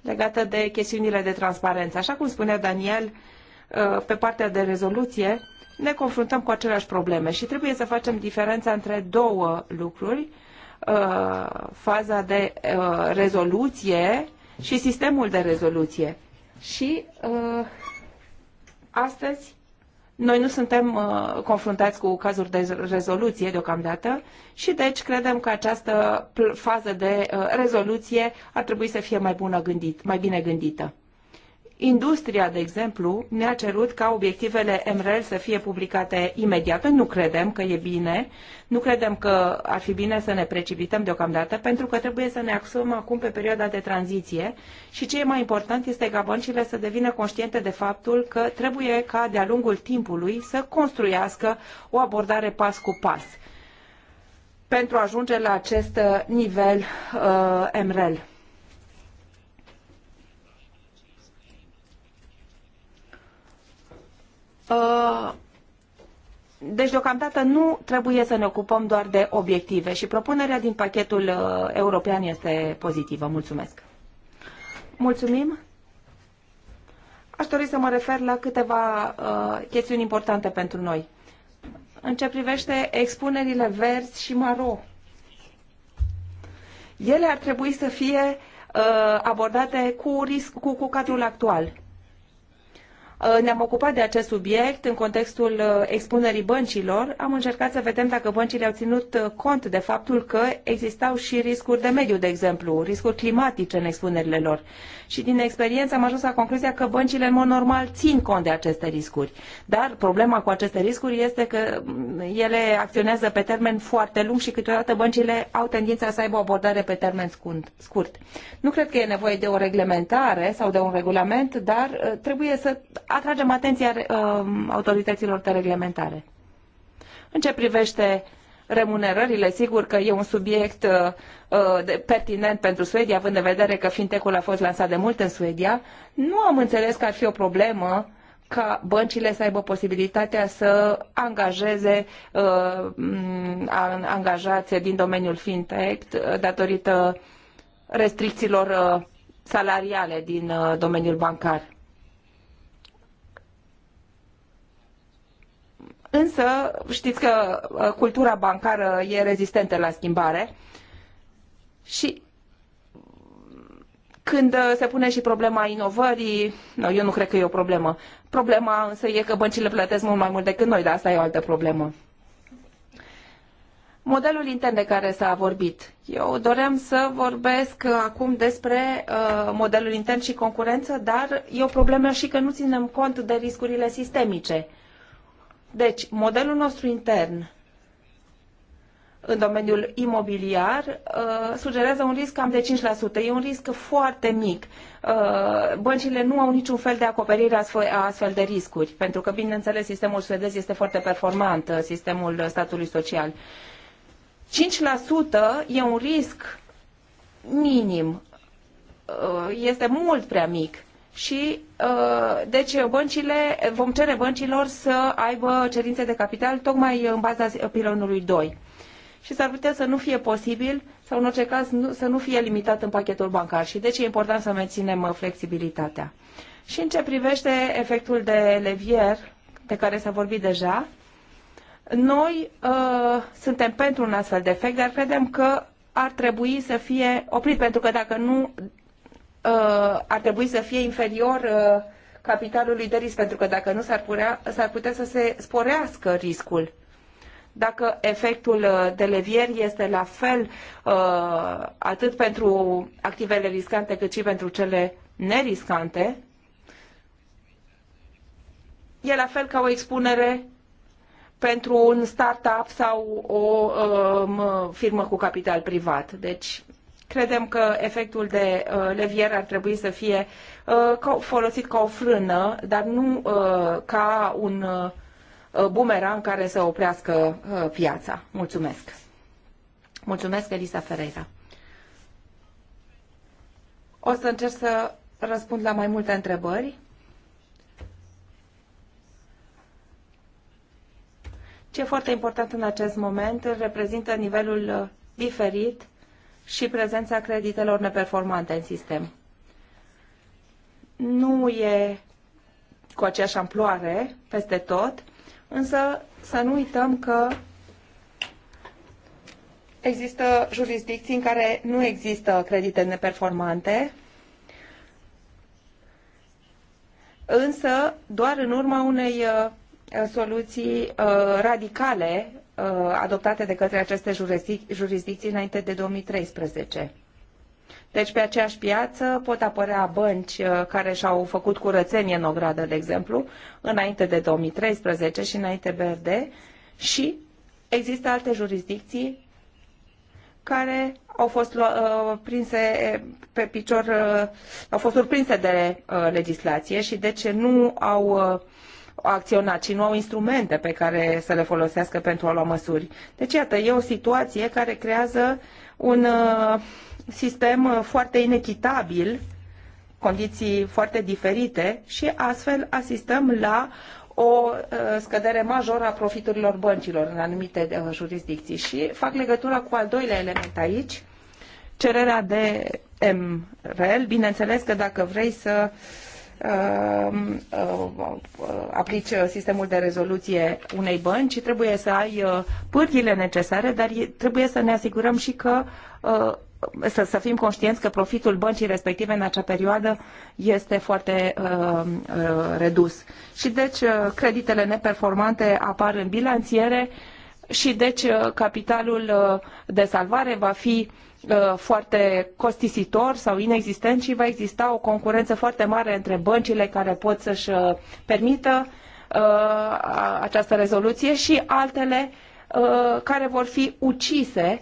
legată de chestiunile de transparență. Așa cum spunea Daniel, uh, pe partea de rezoluție, ne confruntăm cu aceleași probleme și trebuie să facem diferența între două lucruri, uh, faza de uh, rezoluție și sistemul de rezoluție. Și astăzi noi nu suntem uh, confruntați cu cazuri de rezoluție deocamdată și deci credem că această fază de uh, rezoluție ar trebui să fie mai bună gândit, mai bine gândită. Industria, de exemplu, ne-a cerut ca obiectivele MREL să fie publicate imediat. Noi nu credem că e bine, nu credem că ar fi bine să ne precipităm deocamdată, pentru că trebuie să ne axăm acum pe perioada de tranziție și ce e mai important este ca băncile să devină conștiente de faptul că trebuie ca de-a lungul timpului să construiască o abordare pas cu pas pentru a ajunge la acest nivel uh, MREL. Uh, deci, deocamdată, nu trebuie să ne ocupăm doar de obiective și propunerea din pachetul uh, european este pozitivă. Mulțumesc! Mulțumim! Aș dori să mă refer la câteva uh, chestiuni importante pentru noi. În ce privește expunerile verzi și maro, ele ar trebui să fie uh, abordate cu, risc, cu, cu cadrul actual Uh, ne-am ocupat de acest subiect în contextul uh, expunerii băncilor. Am încercat să vedem dacă băncile au ținut uh, cont de faptul că existau și riscuri de mediu, de exemplu, riscuri climatice în expunerile lor. Și din experiență am ajuns la concluzia că băncile, în mod normal, țin cont de aceste riscuri. Dar problema cu aceste riscuri este că mm, ele acționează pe termen foarte lung și câteodată băncile au tendința să aibă o abordare pe termen scurt. Nu cred că e nevoie de o reglementare sau de un regulament, dar trebuie să atragem atenția um, autorităților de reglementare. În ce privește remunerările, sigur că e un subiect uh, uh de, pertinent pentru Suedia, având în vedere că fintecul a fost lansat de mult în Suedia, nu am înțeles că ar fi o problemă ca băncile să aibă posibilitatea să angajeze uh, angajați din domeniul fintech uh, datorită restricțiilor uh, salariale din uh, domeniul bancar. Însă știți că uh, cultura bancară e rezistentă la schimbare și când uh, se pune și problema inovării, no, uh, eu nu cred că e o problemă. Problema însă e că băncile plătesc mult mai mult decât noi, dar asta e o altă problemă. Modelul intern de care s-a vorbit. Eu doream să vorbesc acum despre uh, modelul intern și concurență, dar e o problemă și că nu ținem cont de riscurile sistemice. Uh, deci, modelul nostru intern în domeniul imobiliar uh, sugerează un risc cam de 5%. E un risc foarte mic. Uh, băncile nu au niciun fel de acoperire a astfel de riscuri, pentru că, bineînțeles, sistemul suedez este foarte performant, uh, sistemul statului social. 5% e un risc minim. Este mult prea mic și uh, deci băncile, vom cere băncilor să aibă cerințe de capital tocmai în baza pilonului 2. Și s-ar putea să nu fie posibil sau în orice caz nu, să nu fie limitat în pachetul bancar și deci e important să menținem uh, flexibilitatea. Și în ce privește efectul de levier, de care s-a vorbit deja, noi uh, suntem pentru un astfel de efect, dar credem că ar trebui să fie oprit, pentru că dacă nu Uh, ar trebui să fie inferior uh, capitalului de risc, pentru că dacă nu s-ar putea, putea să se sporească riscul. Dacă efectul uh, de levier este la fel atât pentru activele riscante cât și pentru cele neriscante, e la fel ca o expunere pentru un startup sau o um, firmă cu capital privat. Deci Credem că efectul de uh, levier ar trebui să fie uh, folosit ca o frână, dar nu uh, ca un bumerang care să oprească piața. Mulțumesc! Mulțumesc, Elisa Ferreira! O să încerc să răspund la mai multe întrebări. Ce e foarte important în acest moment reprezintă nivelul diferit și prezența creditelor neperformante în sistem. Nu e cu aceeași amploare peste tot, însă să nu uităm că există jurisdicții în care nu există credite neperformante, însă doar în urma unei uh, soluții uh, radicale Uh, adoptate de către aceste jurisdicții înainte de 2013. Deci pe aceeași piață pot apărea bănci uh, care și-au făcut curățenie în ogradă, de exemplu, înainte de 2013 și înainte BRD și există alte jurisdicții care au fost uh, prinse pe picior, uh, au fost surprinse de uh, legislație și deci nu au uh, acționat și nu au instrumente pe care să le folosească pentru a lua măsuri. Deci, iată, e o situație care creează un uh, sistem uh, foarte inechitabil, condiții foarte diferite și astfel asistăm la o uh, scădere majoră a profiturilor băncilor în anumite jurisdicții. Și fac legătura cu al doilea element aici, cererea de MREL. Bineînțeles că dacă vrei să uh, Uh, aplici uh, sistemul de rezoluție unei bănci, trebuie să ai uh, pârghile necesare, dar trebuie să ne asigurăm și că să, să fim conștienți că profitul băncii respective în acea perioadă este foarte uh, uh, redus. Și deci uh, creditele neperformante apar în bilanțiere și deci uh, capitalul uh, de salvare va fi Uh, foarte costisitor sau inexistent și va exista o concurență foarte mare între băncile care pot să-și uh, permită uh, această rezoluție și altele care vor fi ucise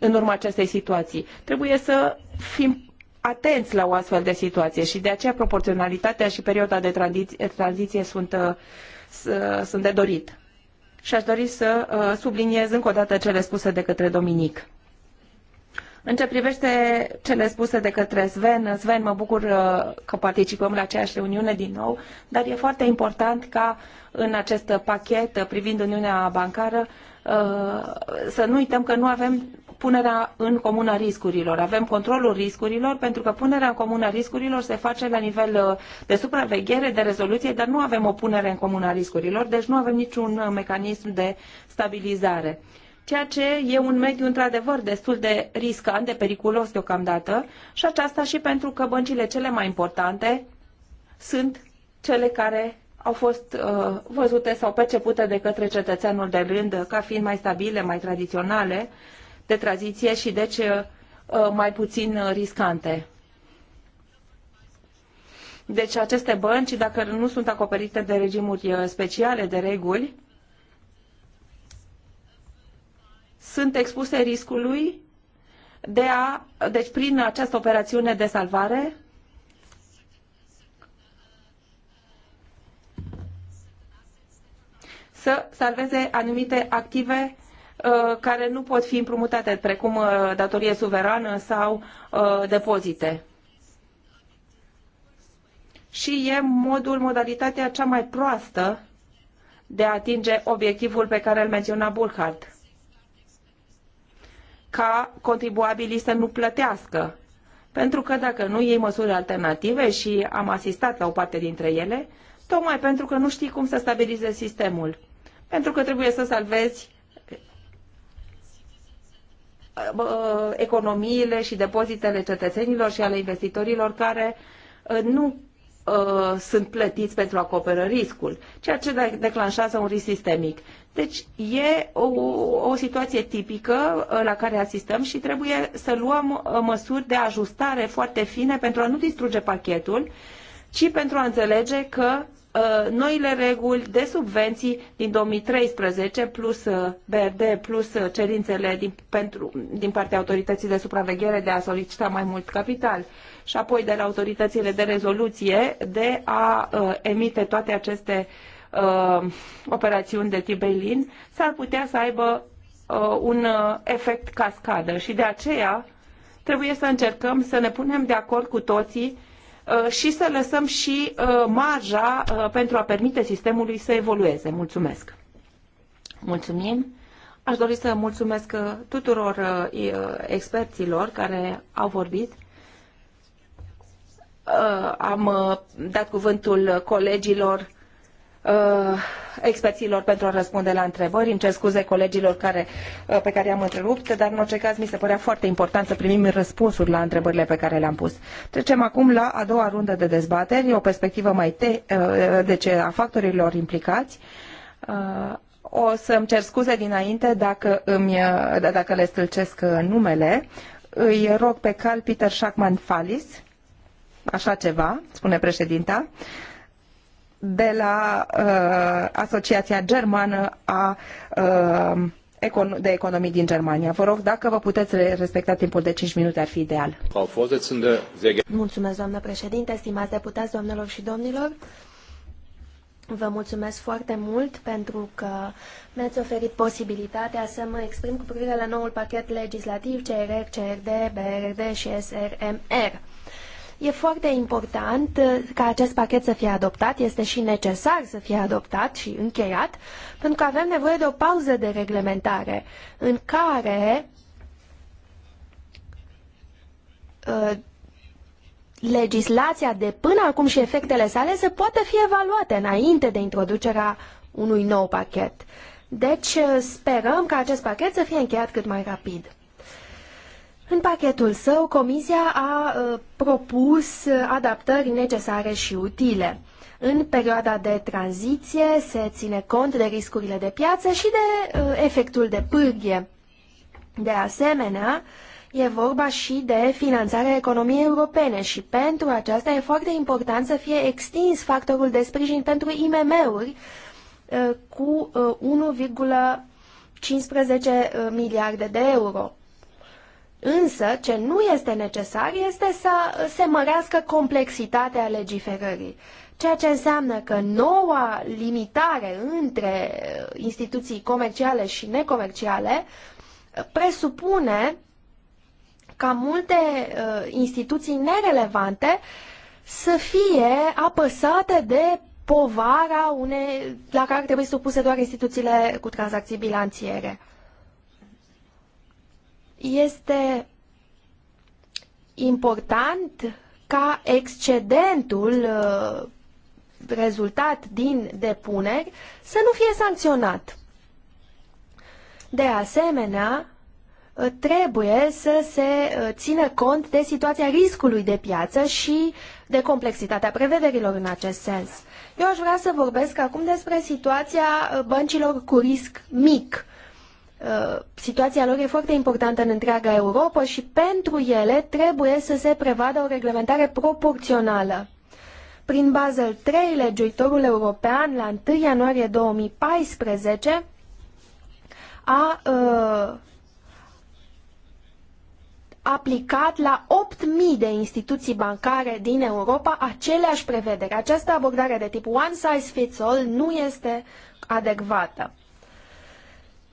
în urma acestei situații. Trebuie să fim atenți la o astfel de situație și de aceea proporționalitatea și perioada de tranziție sunt, sunt de dorit și aș dori să uh, subliniez încă o dată cele spuse de către Dominic. În ce privește cele spuse de către Sven, Sven, mă bucur uh, că participăm la aceeași reuniune din nou, dar e foarte important ca în acest pachet privind Uniunea Bancară uh, să nu uităm că nu avem punerea în comună riscurilor. Avem controlul riscurilor, pentru că punerea în comună riscurilor se face la nivel uh, de supraveghere, de rezoluție, dar nu avem o punere în comună a riscurilor, deci nu avem niciun uh, mecanism de stabilizare. Ceea ce e un mediu într-adevăr destul de riscant, de periculos deocamdată, și aceasta și pentru că băncile cele mai importante sunt cele care au fost uh, văzute sau percepute de către cetățeanul de rând ca fiind mai stabile, mai tradiționale, uh, de tranziție și deci uh, uh, mai puțin riscante. Deci aceste bănci, dacă nu sunt acoperite de regimuri uh, speciale, de reguli, sunt expuse riscului de a, deci prin această operațiune de salvare, să salveze anumite active Uh, care nu pot fi împrumutate, precum uh, datorie suverană sau uh, depozite. Și e modul, modalitatea cea mai proastă de a atinge obiectivul pe care îl menționa Burkhardt ca contribuabilii să nu plătească. Pentru că dacă nu iei măsuri alternative și am asistat la o parte dintre ele, tocmai pentru că nu știi cum să stabilizezi sistemul. Pentru că trebuie să salvezi Uh, economiile și depozitele cetățenilor și ale investitorilor care uh, nu uh, sunt plătiți pentru a acoperă riscul, ceea ce declanșează un risc sistemic. Deci e o, o situație tipică la care asistăm și trebuie să luăm măsuri de ajustare foarte fine pentru a nu distruge pachetul, ci pentru a înțelege că Uh, noile reguli de subvenții din 2013 plus uh, BRD plus uh, cerințele din, pentru, din partea autorității de supraveghere de a solicita mai mult capital și apoi de la autoritățile de rezoluție de a uh, emite toate aceste uh, operațiuni de tip bail-in s-ar putea să aibă uh, un efect cascadă și de aceea trebuie să încercăm să ne punem de acord cu toții uh, Uh, și să lăsăm și uh, marja uh, pentru a permite sistemului să evolueze. Mulțumesc! Mulțumim! Aș dori să mulțumesc tuturor experților care au vorbit am dat cuvântul colegilor Uh, experților pentru a răspunde la întrebări. Îmi cer scuze colegilor care, uh, pe care i-am întrerupt, dar în orice caz mi se părea foarte important să primim răspunsuri la întrebările pe care le-am pus. Trecem acum la a doua rundă de dezbateri, o perspectivă mai te, uh, ce deci, a factorilor implicați. O să-mi cer scuze dinainte dacă, îmi, dacă le stâlcesc numele. Îi rog pe cal Peter Schachman Falis, așa ceva, spune președinta, de la uh, Asociația Germană a, uh, econ de Economii din Germania. Vă rog, dacă vă puteți respecta timpul de 5 minute, ar fi ideal. Mulțumesc, doamnă președinte, stimați deputați, doamnelor și domnilor. Vă mulțumesc foarte mult pentru că mi-ați oferit posibilitatea să mă exprim cu privire la noul pachet legislativ CRR, CRD, BRD și SRMR. E foarte important uh, ca acest pachet să fie adoptat, este și necesar să fie adoptat și încheiat, pentru că avem nevoie de o pauză de reglementare în care uh, legislația de până acum și efectele sale să poată fi evaluate înainte de introducerea unui nou pachet. Deci uh, sperăm ca acest pachet să fie încheiat cât mai rapid. În pachetul său, Comisia a ă, propus adaptări necesare și utile. În perioada de tranziție se ține cont de riscurile de piață și de ă, efectul de pârghie. De asemenea, e vorba și de finanțarea economiei europene și pentru aceasta e foarte important să fie extins factorul de sprijin pentru IMM-uri ă, cu 1,15 miliarde de euro. Însă, ce nu este necesar este să se mărească complexitatea legiferării, ceea ce înseamnă că noua limitare între instituții comerciale și necomerciale presupune ca multe uh, instituții nerelevante să fie apăsate de povara unei, la care ar trebui supuse doar instituțiile cu tranzacții bilanțiere. Este important ca excedentul uh, rezultat din depuneri să nu fie sancționat. De asemenea, uh, trebuie să se uh, țină cont de situația riscului de piață și de complexitatea prevederilor în acest sens. Eu aș vrea să vorbesc acum despre situația băncilor cu risc mic. Uh, Uh, situația lor e foarte importantă în întreaga Europa și pentru ele trebuie să se prevadă o reglementare proporțională. Prin Basel III, legiuitorul european, la 1 ianuarie 2014, a uh, aplicat la 8.000 de instituții bancare din Europa aceleași prevederi. Această abordare de tip one size fits all nu este adecvată.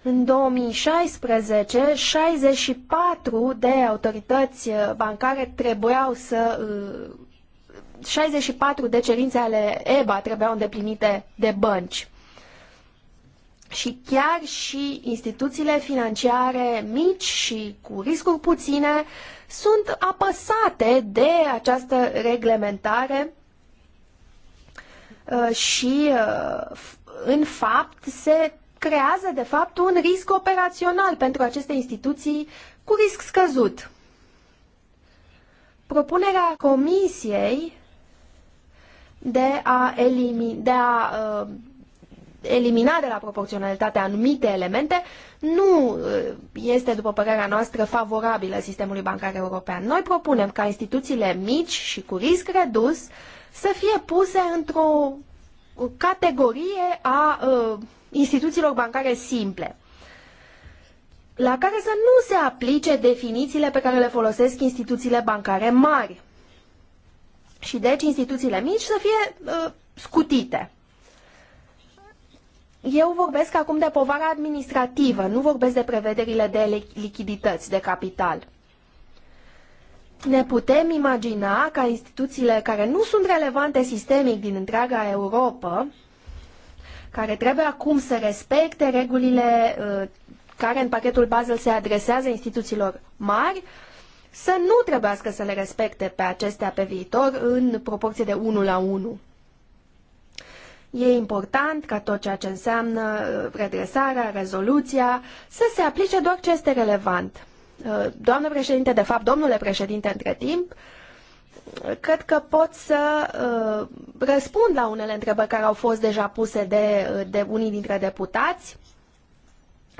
În 2016, 64 de autorități uh, bancare trebuiau să 64 uh, de cerințe ale EBA trebuiau îndeplinite de bănci. Și chiar și instituțiile financiare mici și cu riscuri puține sunt apăsate de această reglementare uh, și în fapt se creează, de fapt, un risc operațional pentru aceste instituții cu risc scăzut. Propunerea Comisiei de a, elimi, de a uh, elimina de la proporționalitate anumite elemente nu uh, este, după părerea noastră, favorabilă sistemului bancar european. Noi propunem ca instituțiile mici și cu risc redus să fie puse într-o categorie a uh, instituțiilor bancare simple la care să nu se aplice definițiile pe care le folosesc instituțiile bancare mari. Și deci instituțiile mici să fie uh, scutite. Eu vorbesc acum de povara administrativă, nu vorbesc de prevederile de lichidități, de capital. Ne putem imagina ca instituțiile care nu sunt relevante sistemic din întreaga Europa, care trebuie acum să respecte regulile uh, care în pachetul Basel se adresează instituțiilor mari, să nu trebuiască să le respecte pe acestea pe viitor în proporție de 1 la 1. E important ca tot ceea ce înseamnă uh, redresarea, rezoluția, să se aplice doar ce este relevant. Uh, doamnă președinte, de fapt, domnule președinte, între timp, cred că pot să uh, răspund la unele întrebări care au fost deja puse de, uh, de unii dintre deputați.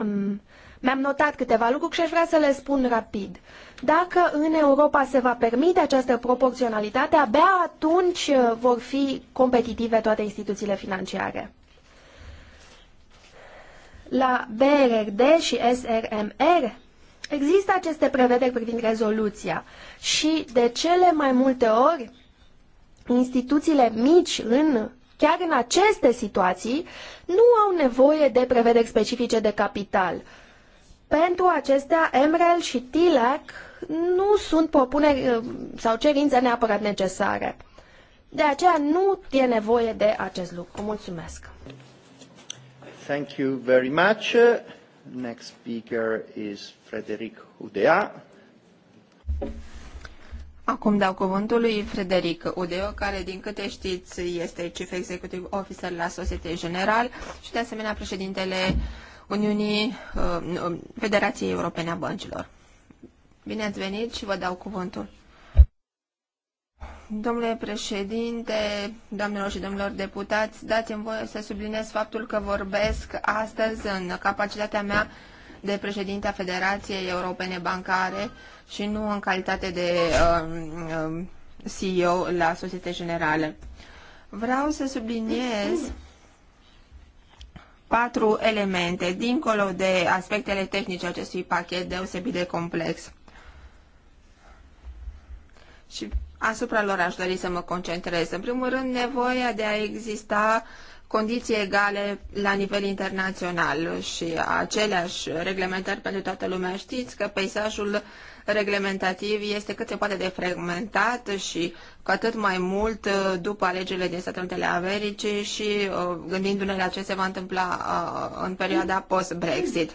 Mm, mi-am notat câteva lucruri și aș vrea să le spun rapid. Dacă în Europa se va permite această proporționalitate, abia atunci uh, vor fi competitive toate instituțiile financiare. La BRD și SRMR Există aceste prevederi privind rezoluția și de cele mai multe ori instituțiile mici în chiar în aceste situații nu au nevoie de prevederi specifice de capital. Pentru acestea, MREL și TILAC nu sunt propuneri uh, sau cerințe neapărat necesare. De aceea nu e nevoie de acest lucru. Mulțumesc! Thank you very much. Next speaker is Frederic Udea. Acum dau cuvântul lui Frederic Udeo, care, din câte știți, este Chief Executive Officer la Societe General și, de asemenea, președintele Uniunii uh, Federației Europene a Băncilor. Bine ați venit și vă dau cuvântul. Domnule președinte, doamnelor și domnilor deputați, dați-mi voie să subliniez faptul că vorbesc astăzi în capacitatea mea de președinte a Federației Europene Bancare și nu în calitate de uh, um, um, CEO la Societe Generale. Vreau să subliniez patru elemente, dincolo de aspectele tehnice acestui pachet deosebit de complex. Și Asupra lor aș dori să mă concentrez. În primul rând, nevoia de a exista condiții egale la nivel internațional și aceleași reglementări pentru toată lumea. Știți că peisajul reglementativ este cât se poate de fragmentat și cu atât mai mult uh, după alegerile din Statele Unite ale Americii și uh, gândindu-ne la ce se va întâmpla uh, în perioada post-Brexit.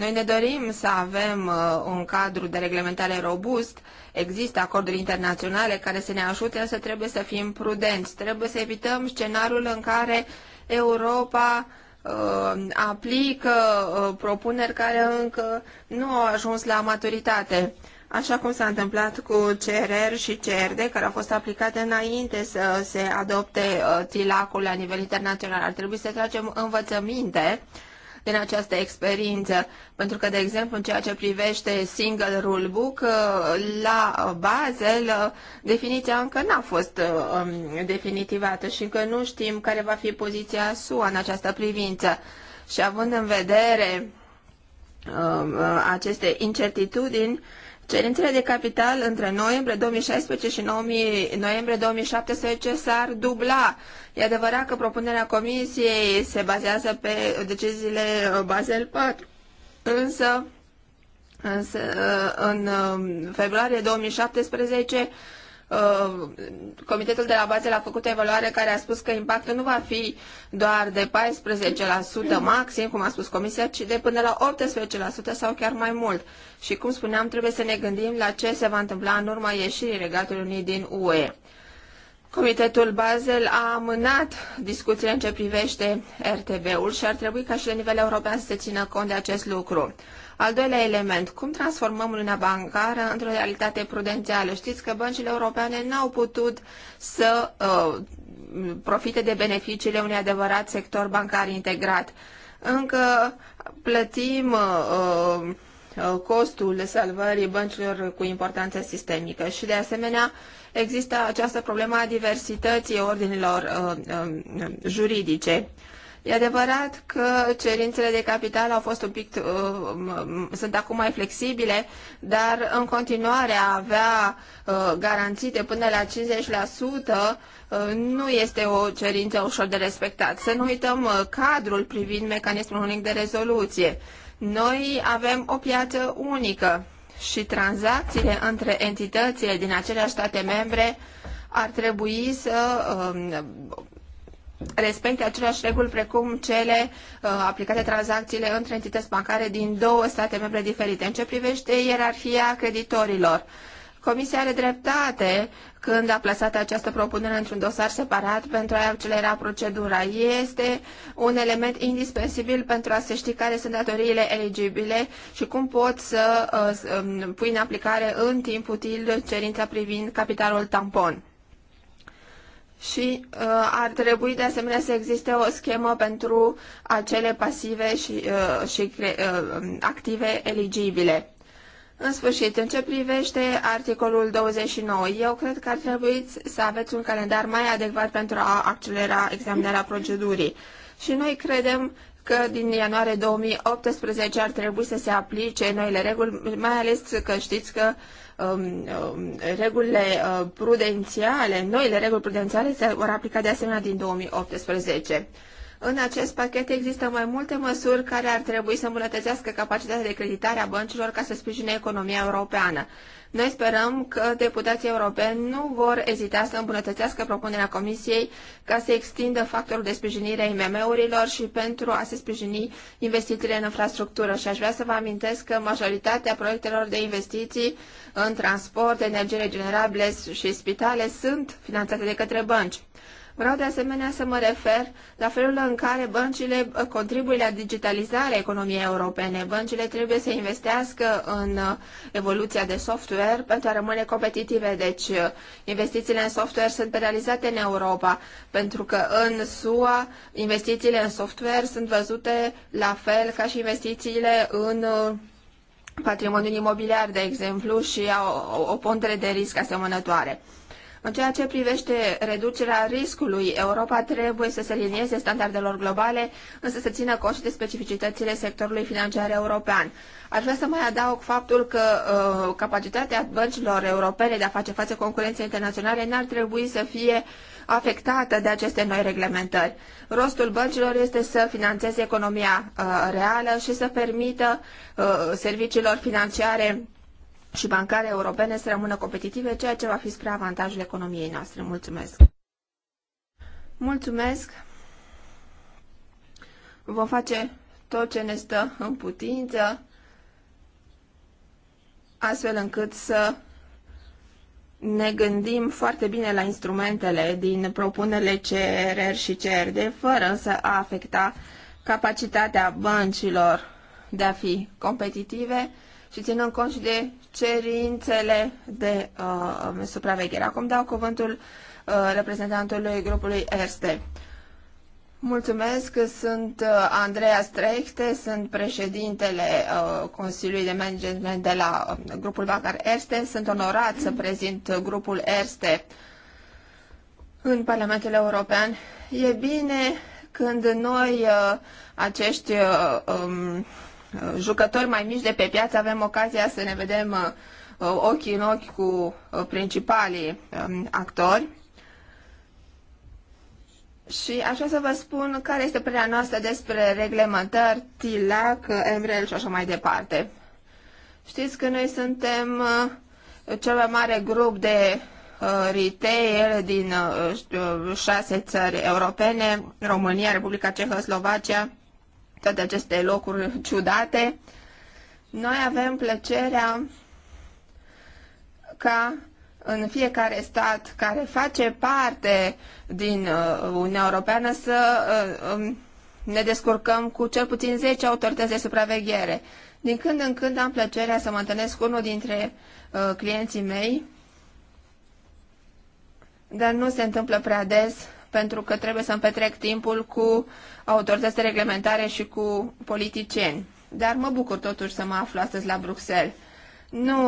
Noi ne dorim să avem uh, un cadru de reglementare robust, există acorduri internaționale care să ne ajute, însă trebuie să fim prudenți, trebuie să evităm scenariul în care Europa uh, aplică uh, propuneri care încă nu au ajuns la maturitate așa cum s-a întâmplat cu CRR și CRD, care au fost aplicate înainte să se adopte tilacul la nivel internațional. Ar trebui să tragem învățăminte din această experiență, pentru că, de exemplu, în ceea ce privește single rule book, uh, la Basel, uh, definiția încă n-a fost uh, um, definitivată și încă nu știm care va fi poziția SUA în această privință. Și având în vedere aceste incertitudini, Cerințele de capital între noiembrie 2016 și noiembrie 2017 s-ar dubla. E adevărat că propunerea Comisiei se bazează pe deciziile uh, Basel 4, însă, însă uh, în uh, februarie 2017 Uh, Comitetul de la Basel a făcut o evaluare care a spus că impactul nu va fi doar de 14% maxim, cum a spus Comisia, ci de până la 18% sau chiar mai mult. Și cum spuneam, trebuie să ne gândim la ce se va întâmpla în urma ieșirii Regatului unii din UE. Comitetul Basel a amânat discuțiile în ce privește RTB-ul și ar trebui ca și la nivel european să se țină cont de acest lucru. Al doilea element, cum transformăm luna Bancară într-o realitate prudențială? Știți că băncile europene n-au putut să uh, profite de beneficiile unui adevărat sector bancar integrat. Încă plătim uh, uh costul salvării băncilor cu importanță sistemică și de asemenea există această problemă a diversității ordinilor uh, uh, juridice. Uh, E adevărat că cerințele de capital au fost un pic, uh, sunt acum mai flexibile, dar în continuare a avea uh, garanțite până la 50% uh, nu este o cerință ușor de respectat. Să nu uităm uh, cadrul privind mecanismul unic de rezoluție. Noi avem o piață unică și tranzacțiile între entitățile din aceleași state membre ar trebui să um, respecte aceleași reguli precum cele uh, aplicate tranzacțiile între entități bancare din două state membre diferite. În ce privește ierarhia creditorilor, Comisia are dreptate când a plasat această propunere într-un dosar separat pentru a accelera procedura. Este un element indispensabil pentru a se ști care sunt datoriile eligibile și cum pot să uh, um, pui în aplicare în timp util cerința privind capitalul tampon și uh, ar trebui de asemenea să existe o schemă pentru acele pasive și, uh, și uh, active eligibile. În sfârșit, în ce privește articolul 29, eu cred că ar trebui să aveți un calendar mai adecvat pentru a accelera examinarea procedurii. Și noi credem că din ianuarie 2018 ar trebui să se aplice noile reguli, mai ales că știți că um, um regulile uh, prudențiale, noile reguli prudențiale se vor aplica de asemenea din 2018. În acest pachet există mai multe măsuri care ar trebui să îmbunătățească capacitatea de creditare a băncilor ca să sprijine economia europeană. Noi sperăm că deputații europeni nu vor ezita să îmbunătățească propunerea Comisiei ca să extindă factorul de sprijinire a IMM-urilor și pentru a se sprijini investițiile în infrastructură. Și aș vrea să vă amintesc că majoritatea proiectelor de investiții în transport, energie regenerabile și spitale sunt finanțate de către bănci. Vreau de asemenea să mă refer la felul în care băncile contribuie la digitalizarea economiei europene. Băncile trebuie să investească în uh, evoluția de software pentru a rămâne competitive. Deci uh, investițiile în software sunt penalizate în Europa, pentru că în SUA investițiile în software sunt văzute la fel ca și investițiile în uh, patrimoniul imobiliar, de exemplu, și au o pondere de risc asemănătoare. În ceea ce privește reducerea riscului, Europa trebuie să se linieze standardelor globale, însă să țină cont și de specificitățile sectorului financiar european. Aș vrea să mai adaug faptul că uh, capacitatea băncilor europene de a face față concurenței internaționale n-ar trebui să fie afectată de aceste noi reglementări. Rostul băncilor este să financeze economia uh, reală și să permită uh, serviciilor financiare și bancare europene să rămână competitive, ceea ce va fi spre avantajul economiei noastre. Mulțumesc! Mulțumesc! Vom face tot ce ne stă în putință, astfel încât să ne gândim foarte bine la instrumentele din propunerile CRR și CRD, fără să afecta capacitatea băncilor de a fi competitive și ținând cont și de cerințele de uh, supraveghere. Acum dau cuvântul uh, reprezentantului grupului ERSTE. Mulțumesc, sunt uh, Andreea Strechte, sunt președintele uh, Consiliului de Management de la uh, grupul Bacar Erste. Sunt onorat să prezint grupul Erste în Parlamentul European. E bine când noi, acești um, Uh, jucători mai mici de pe piață avem ocazia să ne vedem uh, uh, ochii în ochi cu principalii um, actori. Și aș vrea să vă spun care este părerea noastră despre reglementări, TILAC, MREL și așa mai departe. Știți că noi suntem cel mai mare grup de retail din șase țări europene, România, Republica Cehă, Slovacia, toate aceste locuri ciudate, noi avem plăcerea ca în fiecare stat care face parte din uh, Uniunea Europeană să uh, um, ne descurcăm cu cel puțin 10 autorități de supraveghere. Din când în când am plăcerea să mă întâlnesc cu unul dintre uh, clienții mei, dar nu se întâmplă prea des pentru că trebuie să-mi petrec timpul cu autorități de reglementare și cu politicieni. Dar mă bucur totuși să mă aflu astăzi la Bruxelles. Nu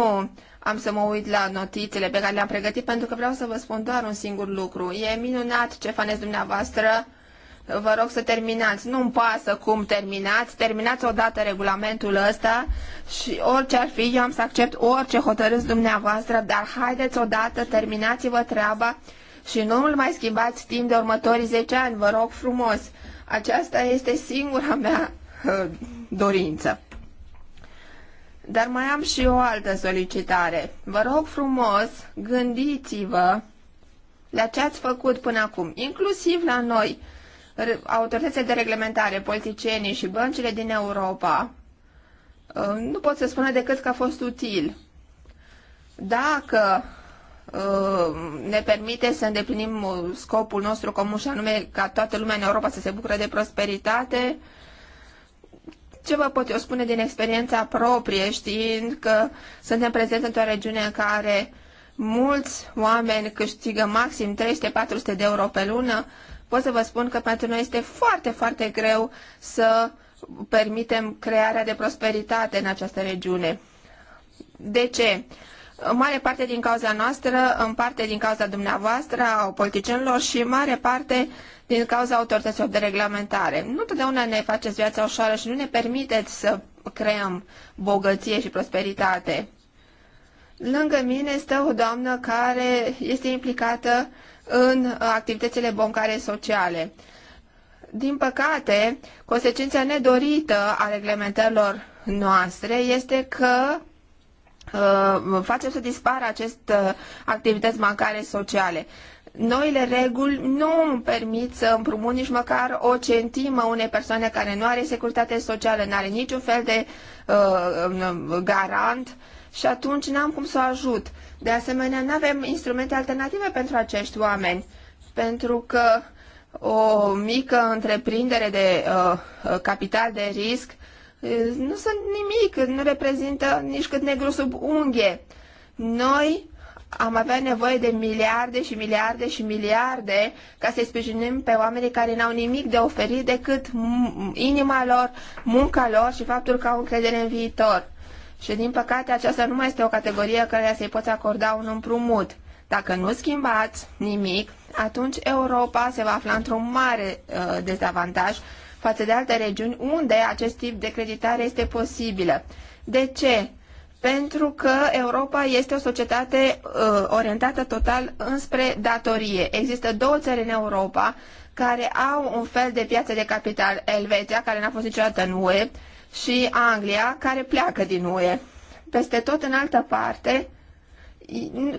am să mă uit la notițele pe care le-am pregătit, pentru că vreau să vă spun doar un singur lucru. E minunat ce faneți dumneavoastră. Vă rog să terminați. Nu-mi pasă cum terminați. Terminați odată regulamentul ăsta și orice ar fi, eu am să accept orice hotărâți dumneavoastră, dar haideți odată, terminați-vă treaba și nu-l mai schimbați timp de următorii 10 ani, vă rog frumos. Aceasta este singura mea dorință. Dar mai am și o altă solicitare. Vă rog frumos, gândiți-vă la ce ați făcut până acum, inclusiv la noi, autoritățile de reglementare, politicienii și băncile din Europa. Nu pot să spună decât că a fost util. Dacă ne permite să îndeplinim uh, scopul nostru comun și anume ca toată lumea în Europa să se bucure de prosperitate. Ce vă pot eu spune din experiența proprie, știind că suntem prezenți într-o regiune în care mulți oameni câștigă maxim 300-400 de euro pe lună, pot să vă spun că pentru noi este foarte, foarte greu să permitem crearea de prosperitate în această regiune. De ce? în mare parte din cauza noastră, în parte din cauza dumneavoastră, a politicienilor și în mare parte din cauza autorităților de reglementare. Nu totdeauna ne faceți viața ușoară și nu ne permiteți să creăm bogăție și prosperitate. Lângă mine stă o doamnă care este implicată în activitățile bancare sociale. Din păcate, consecința nedorită a reglementărilor noastre este că Uh, facem să dispară aceste uh, activități bancare sociale. Noile reguli nu îmi permit să împrumut nici măcar o centimă unei persoane care nu are securitate socială, nu are niciun fel de uh, garant și atunci n-am cum să o ajut. De asemenea, nu avem instrumente alternative pentru acești oameni, pentru că o mică întreprindere de uh, capital de risc Eh, nu sunt nimic, nu reprezintă nici cât negru sub unghie. Noi am avea nevoie de miliarde și miliarde și miliarde ca să-i sprijinim pe oamenii care n-au nimic de oferit decât inima lor, munca lor și faptul că au încredere în viitor. Și din păcate aceasta nu mai este o categorie care să-i poți acorda un împrumut. Dacă nu schimbați nimic, atunci Europa se va afla într-un mare uh, dezavantaj față de alte regiuni unde acest tip de creditare este posibilă. De ce? Pentru că Europa este o societate uh, orientată total înspre datorie. Există două țări în Europa care au un fel de piață de capital, Elveția, care n-a fost niciodată în UE, și Anglia, care pleacă din UE. Peste tot în altă parte,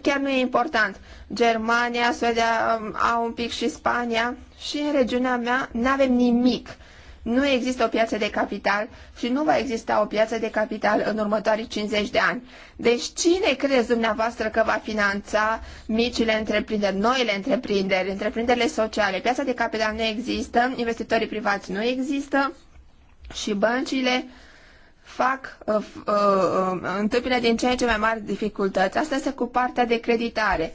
chiar nu e important. Germania, Suedia um, au un pic și Spania și în regiunea mea nu avem nimic. Nu există o piață de capital și nu va exista o piață de capital în următorii 50 de ani. Deci cine crezi dumneavoastră că va finanța micile întreprinderi, noile întreprinderi, întreprinderile sociale? Piața de capital nu există, investitorii privați nu există și băncile fac uh, uh, uh, întâmpină din ce în ce mai mari dificultăți. Asta este cu partea de creditare.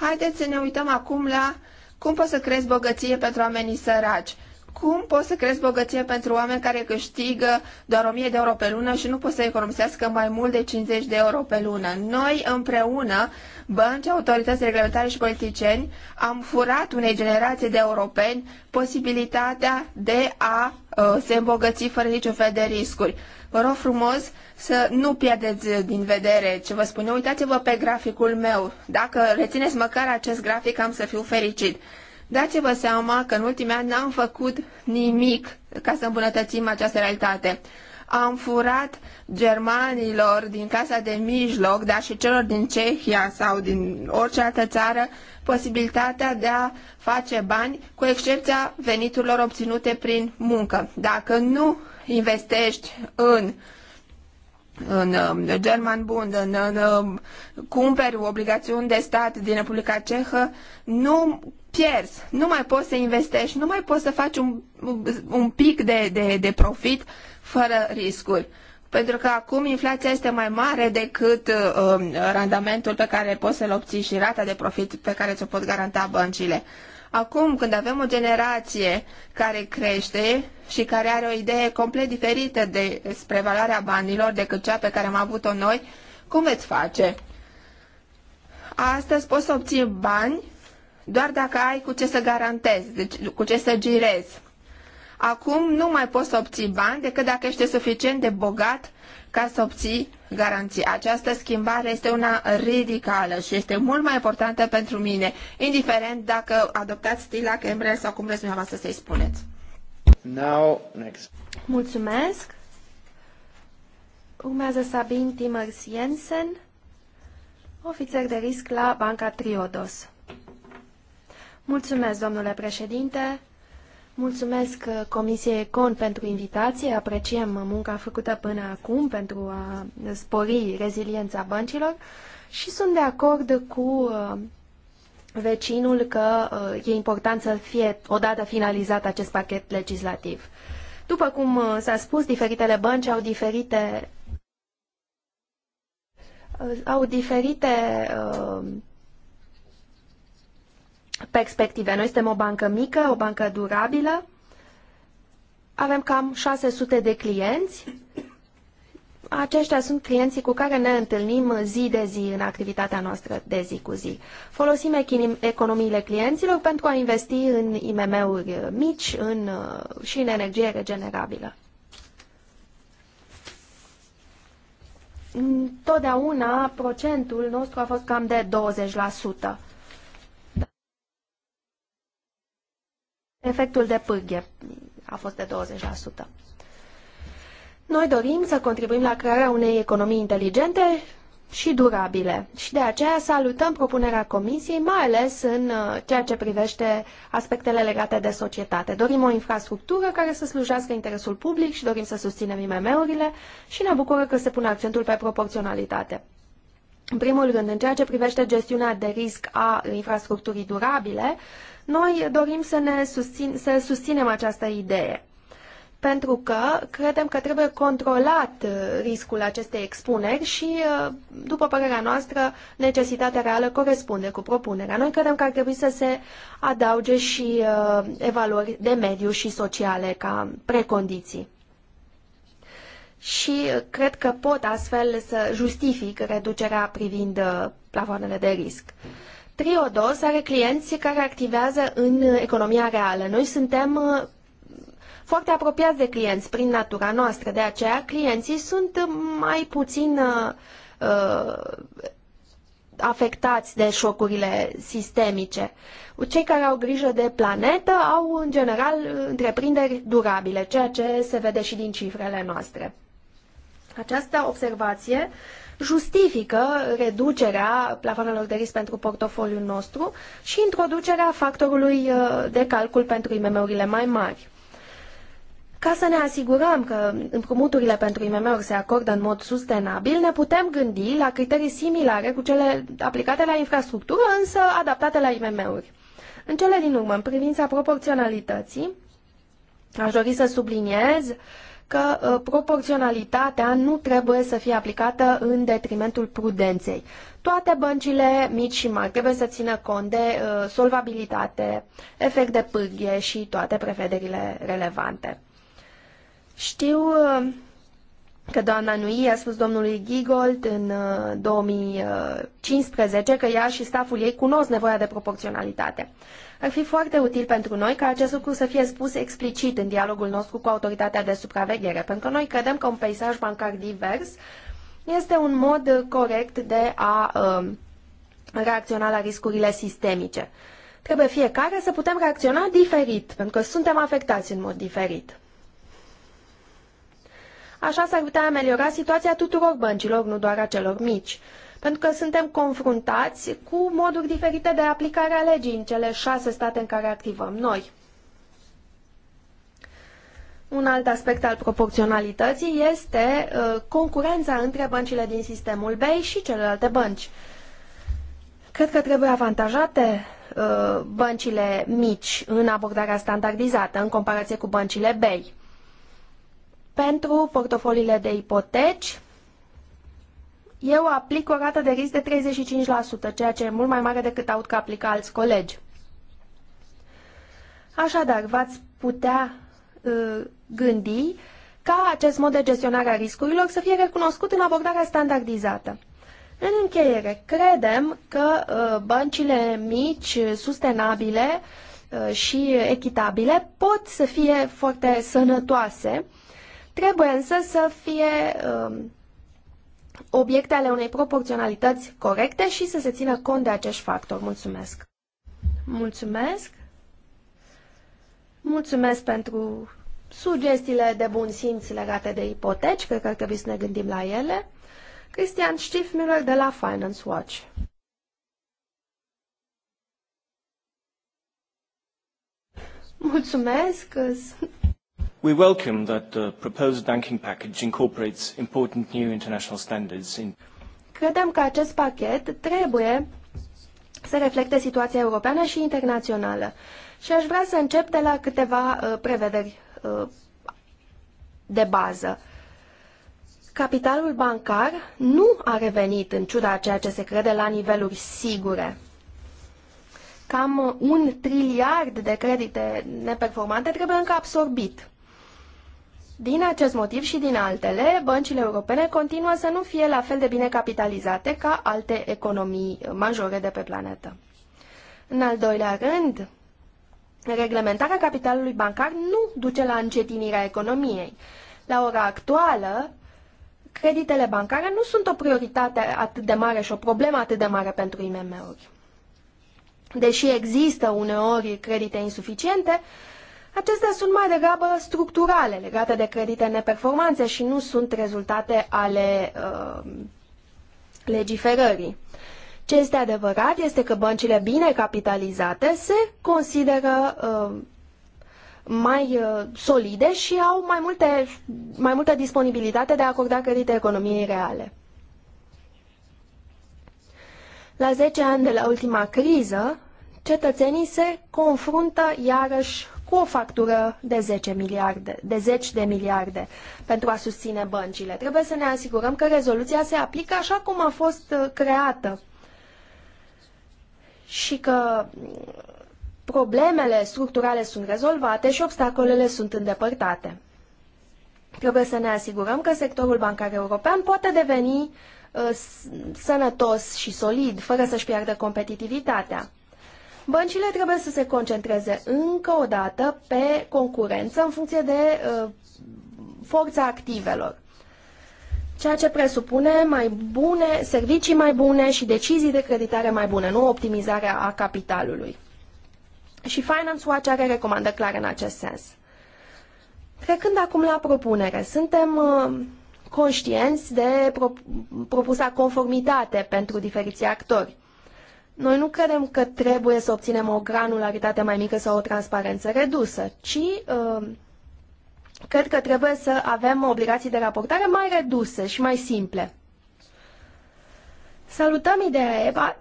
Haideți să ne uităm acum la cum poți să crezi bogăție pentru oamenii săraci. Cum poți să crezi bogăție pentru oameni care câștigă doar 1000 de euro pe lună și nu poți să economisească mai mult de 50 de euro pe lună? Noi împreună, bănci, autorități reglementare și politicieni, am furat unei generații de europeni posibilitatea de a uh, se îmbogăți fără niciun fel de riscuri. Vă rog frumos să nu pierdeți din vedere ce vă spun eu. Uitați-vă pe graficul meu. Dacă rețineți măcar acest grafic, am să fiu fericit. Dați-vă seama că în ultimii ani n-am făcut nimic ca să îmbunătățim această realitate. Am furat germanilor din casa de mijloc, dar și celor din Cehia sau din orice altă țară, posibilitatea de a face bani, cu excepția veniturilor obținute prin muncă. Dacă nu investești în uh, în um, German Bund, în, în, um, cumperi obligațiuni de stat din Republica Cehă, nu pierzi, nu mai poți să investești, nu mai poți să faci un, un pic de, de, de profit fără riscuri. Pentru că acum inflația este mai mare decât uh, randamentul pe care poți să-l obții și rata de profit pe care ți-o pot garanta băncile. Uh, Acum, când avem o generație care crește și care are o idee complet diferită despre valoarea banilor decât cea pe care am avut-o noi, cum veți face? Astăzi poți să obții bani doar dacă ai cu ce să garantezi, deci cu ce să girezi. Acum nu mai poți să obții bani decât dacă ești suficient de bogat ca să obții garanții. Această schimbare este una radicală și este mult mai importantă pentru mine, indiferent dacă adoptați stila Campbell sau cum vreți dumneavoastră să-i spuneți. Now, next. Mulțumesc. Urmează Sabin Timers Jensen, ofițer de risc la Banca Triodos. Mulțumesc, domnule președinte. Mulțumesc uh, Comisiei Econ pentru invitație, apreciem munca făcută până acum pentru a spori reziliența băncilor și sunt de acord cu uh, vecinul că uh, e important să fie odată finalizat acest pachet legislativ. După cum s-a spus, diferitele bănci au diferite au diferite uh, perspective. Noi suntem o bancă mică, o bancă durabilă, avem cam 600 de clienți. Aceștia sunt clienții cu care ne întâlnim zi de zi în activitatea noastră de zi cu zi. Folosim economiile clienților pentru a investi în IMM-uri mici în, uh, și în energie regenerabilă. Totdeauna procentul nostru a fost cam de 20%. Efectul de pârghie a fost de 20%. Noi dorim să contribuim la crearea unei economii inteligente și durabile și de aceea salutăm propunerea Comisiei, mai ales în uh, ceea ce privește aspectele legate de societate. Dorim o infrastructură care să slujească interesul public și dorim să susținem IMM-urile și ne bucură că se pune accentul pe proporționalitate. În primul rând, în ceea ce privește gestiunea de risc a infrastructurii durabile, noi dorim să, ne susțin, să susținem această idee, pentru că credem că trebuie controlat uh, riscul acestei expuneri și, uh, după părerea noastră, necesitatea reală corespunde cu propunerea. Noi credem că ar trebui să se adauge și uh, evaluări de mediu și sociale ca precondiții și cred că pot astfel să justific reducerea privind plafoanele de risc. Triodos are clienți care activează în economia reală. Noi suntem uh, foarte apropiați de clienți prin natura noastră, de aceea clienții sunt mai puțin uh, uh, afectați de șocurile sistemice. Cei care au grijă de planetă au, în general, întreprinderi durabile, ceea ce se vede și din cifrele noastre. Această observație justifică reducerea plafonelor de risc pentru portofoliul nostru și introducerea factorului uh, de calcul pentru IMM-urile mai mari. Ca să ne asigurăm că împrumuturile pentru IMM-uri se acordă în mod sustenabil, ne putem gândi la criterii similare cu cele aplicate la infrastructură, însă adaptate la IMM-uri. În cele din urmă, în privința proporționalității, aș dori să subliniez uh, că uh, proporționalitatea nu trebuie să fie aplicată în detrimentul prudenței. Toate băncile mici și mari trebuie să țină cont de uh, solvabilitate, efect de pârghie și toate prevederile relevante. Știu uh, că doamna Nui a spus domnului Gigold în 2015 că ea și staful ei cunosc nevoia de proporționalitate. Ar fi foarte util pentru noi ca acest lucru să fie spus explicit în dialogul nostru cu autoritatea de supraveghere, pentru că noi credem că un peisaj bancar divers este un mod corect de a um, reacționa la riscurile sistemice. Trebuie fiecare să putem reacționa diferit, pentru că suntem afectați în mod diferit. Așa s-ar putea ameliora situația tuturor băncilor, nu doar a celor mici pentru că suntem confruntați cu moduri diferite de aplicare a legii în cele șase state în care activăm noi. Un alt aspect al proporționalității este uh, concurența între băncile din sistemul BEI și celelalte bănci. Cred că trebuie avantajate uh, băncile mici în abordarea standardizată în comparație cu băncile BEI. Pentru portofoliile de ipoteci, eu aplic o rată de risc de 35%, ceea ce e mult mai mare decât aud că aplică alți colegi. Așadar, v-ați putea uh, gândi ca acest mod de gestionare a riscurilor să fie recunoscut în abordarea standardizată. În încheiere, credem că uh, băncile mici, sustenabile uh, și echitabile pot să fie foarte sănătoase, trebuie însă să fie um, obiecte ale unei proporționalități corecte și să se țină cont de acești factori. Mulțumesc! Mulțumesc! Mulțumesc pentru sugestiile de bun simț legate de ipoteci, cred că ar trebui să ne gândim la ele. Cristian Schiffmüller de la Finance Watch. Mulțumesc, We welcome that the proposed banking package incorporates important new international standards in Credem că acest pachet trebuie să reflecte situația europeană și internațională. Și aș vrea să încep de la câteva uh, prevederi uh, de bază. Capitalul bancar nu a revenit în ciuda ceea ce se crede la niveluri sigure. Cam un triliard de credite neperformante trebuie încă absorbit. Din acest motiv și din altele, băncile europene continuă să nu fie la fel de bine capitalizate ca alte economii majore de pe planetă. În al doilea rând, reglementarea capitalului bancar nu duce la încetinirea economiei. La ora actuală, creditele bancare nu sunt o prioritate atât de mare și o problemă atât de mare pentru IMM-uri. Deși există uneori credite insuficiente, Acestea sunt mai degrabă structurale, legate de credite neperformanțe și nu sunt rezultate ale uh, legiferării. Ce este adevărat este că băncile bine capitalizate se consideră uh, mai uh, solide și au mai, multe, mai multă disponibilitate de a acorda credite economiei reale. La 10 ani de la ultima criză, cetățenii se confruntă iarăși cu o factură de 10 miliarde, de 10 de miliarde pentru a susține băncile. Trebuie să ne asigurăm că rezoluția se aplică așa cum a fost uh, creată și că mm, problemele structurale sunt rezolvate și obstacolele sunt îndepărtate. Trebuie să ne asigurăm că sectorul bancar european poate deveni uh, sănătos și solid, fără să-și piardă competitivitatea. Băncile trebuie să se concentreze încă o dată pe concurență în funcție de uh, forța activelor, ceea ce presupune mai bune, servicii mai bune și decizii de creditare mai bune, nu optimizarea a capitalului. Și Finance Watch are recomandări clare în acest sens. Trecând acum la propunere, suntem uh, conștienți de pro propusa conformitate pentru diferiții actori. Noi nu credem că trebuie să obținem o granularitate mai mică sau o transparență redusă, ci uh, cred că trebuie să avem obligații de raportare mai reduse și mai simple. Salutăm ideea EBA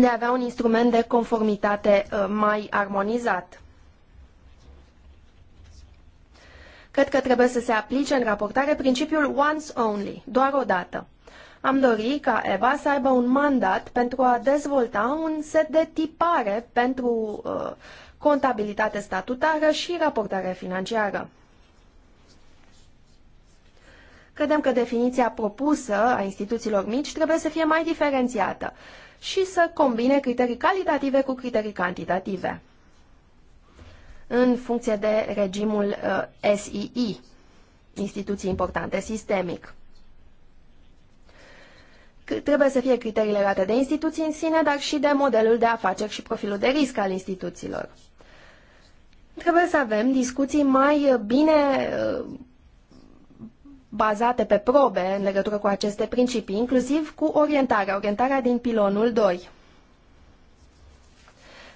de a avea un instrument de conformitate uh, mai armonizat. Cred că trebuie să se aplice în raportare principiul once only, doar o dată. Am dori ca Eva să aibă un mandat pentru a dezvolta un set de tipare pentru uh, contabilitate statutară și raportare financiară. Credem că definiția propusă a instituțiilor mici trebuie să fie mai diferențiată și să combine criterii calitative cu criterii cantitative în funcție de regimul uh, SII, instituții importante sistemic. Trebuie să fie criterii legate de instituții în sine, dar și de modelul de afaceri și profilul de risc al instituțiilor. Trebuie să avem discuții mai uh, bine uh, bazate pe probe în legătură cu aceste principii, inclusiv cu orientarea, orientarea din pilonul 2.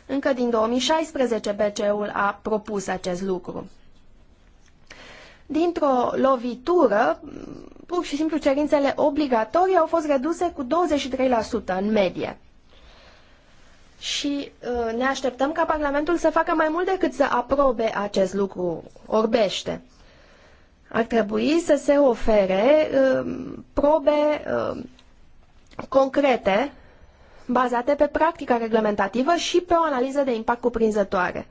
Încă din 2016 BCE-ul a propus acest lucru dintr-o lovitură, pur și simplu cerințele obligatorii au fost reduse cu 23% în medie. Și uh, ne așteptăm ca Parlamentul să facă mai mult decât să aprobe acest lucru orbește. Ar trebui să se ofere uh, probe uh, concrete bazate pe practica reglementativă și pe o analiză de impact cuprinzătoare,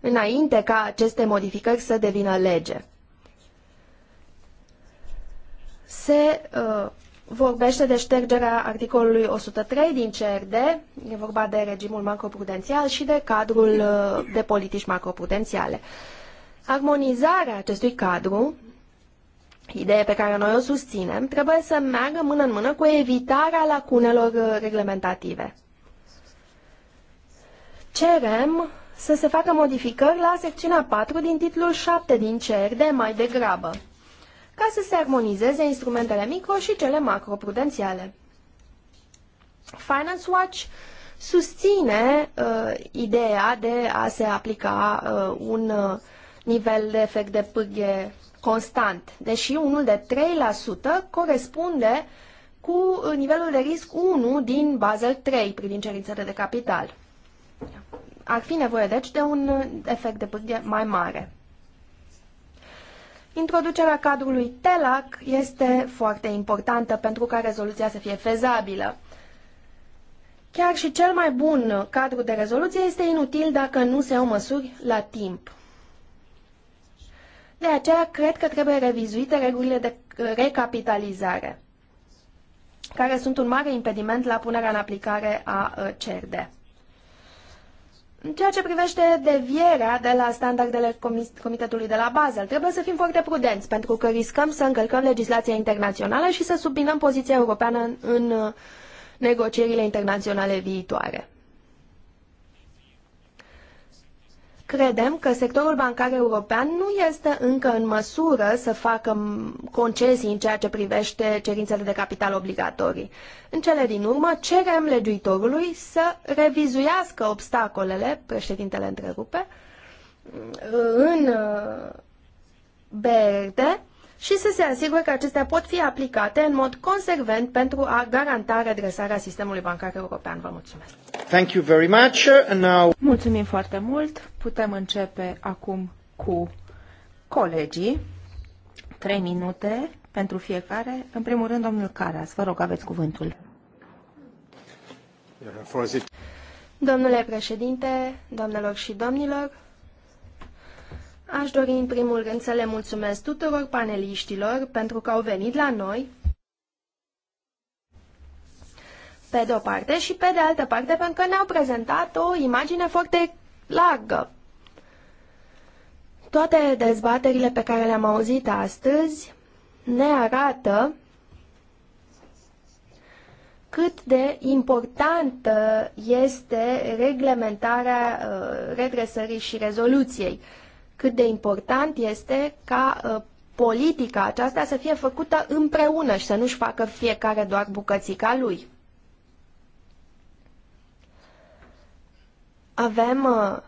înainte ca aceste modificări să devină lege se uh, vorbește de ștergerea articolului 103 din CRD, e vorba de regimul macroprudențial și de cadrul uh, de politici macroprudențiale. Armonizarea acestui cadru, idee pe care noi o susținem, trebuie să meargă mână în mână cu evitarea lacunelor uh, reglementative. Cerem să se facă modificări la secțiunea 4 din titlul 7 din CRD mai degrabă ca să se armonizeze instrumentele micro și cele macroprudențiale. Finance Watch susține uh, ideea de a se aplica uh, un uh, nivel de efect de pârghie constant, deși unul de 3% corespunde cu uh, nivelul de risc 1 din Basel 3 privind cerințele de capital. Ar fi nevoie, deci, de un uh, efect de pârghie mai mare. Introducerea cadrului TELAC este foarte importantă pentru ca rezoluția să fie fezabilă. Chiar și cel mai bun cadru de rezoluție este inutil dacă nu se iau măsuri la timp. De aceea, cred că trebuie revizuite regulile de uh, recapitalizare, care sunt un mare impediment la punerea în aplicare a uh, CERDE. În ceea ce privește devierea de la standardele Comitetului de la Basel, trebuie să fim foarte prudenți, pentru că riscăm să încălcăm legislația internațională și să subminăm poziția europeană în, în uh, negocierile internaționale viitoare. Credem că sectorul bancar european nu este încă în măsură să facă concesii în ceea ce privește cerințele de capital obligatorii. În cele din urmă, cerem legiuitorului să revizuiască obstacolele, președintele întrerupe, în uh, BRD, și să se asigure că acestea pot fi aplicate în mod consecvent pentru a garanta redresarea sistemului bancar european. Vă mulțumesc! Thank you very much. And now... Mulțumim foarte mult! Putem începe acum cu colegii. Trei minute pentru fiecare. În primul rând, domnul Caras, vă rog, aveți cuvântul. Domnule președinte, doamnelor și domnilor, Aș dori în primul rând să le mulțumesc tuturor paneliștilor pentru că au venit la noi, pe de o parte, și pe de altă parte pentru că ne-au prezentat o imagine foarte largă. Toate dezbaterile pe care le-am auzit astăzi ne arată cât de importantă este reglementarea uh, redresării și rezoluției cât de important este ca uh, politica aceasta să fie făcută împreună și să nu-și facă fiecare doar bucățica lui. Avem uh,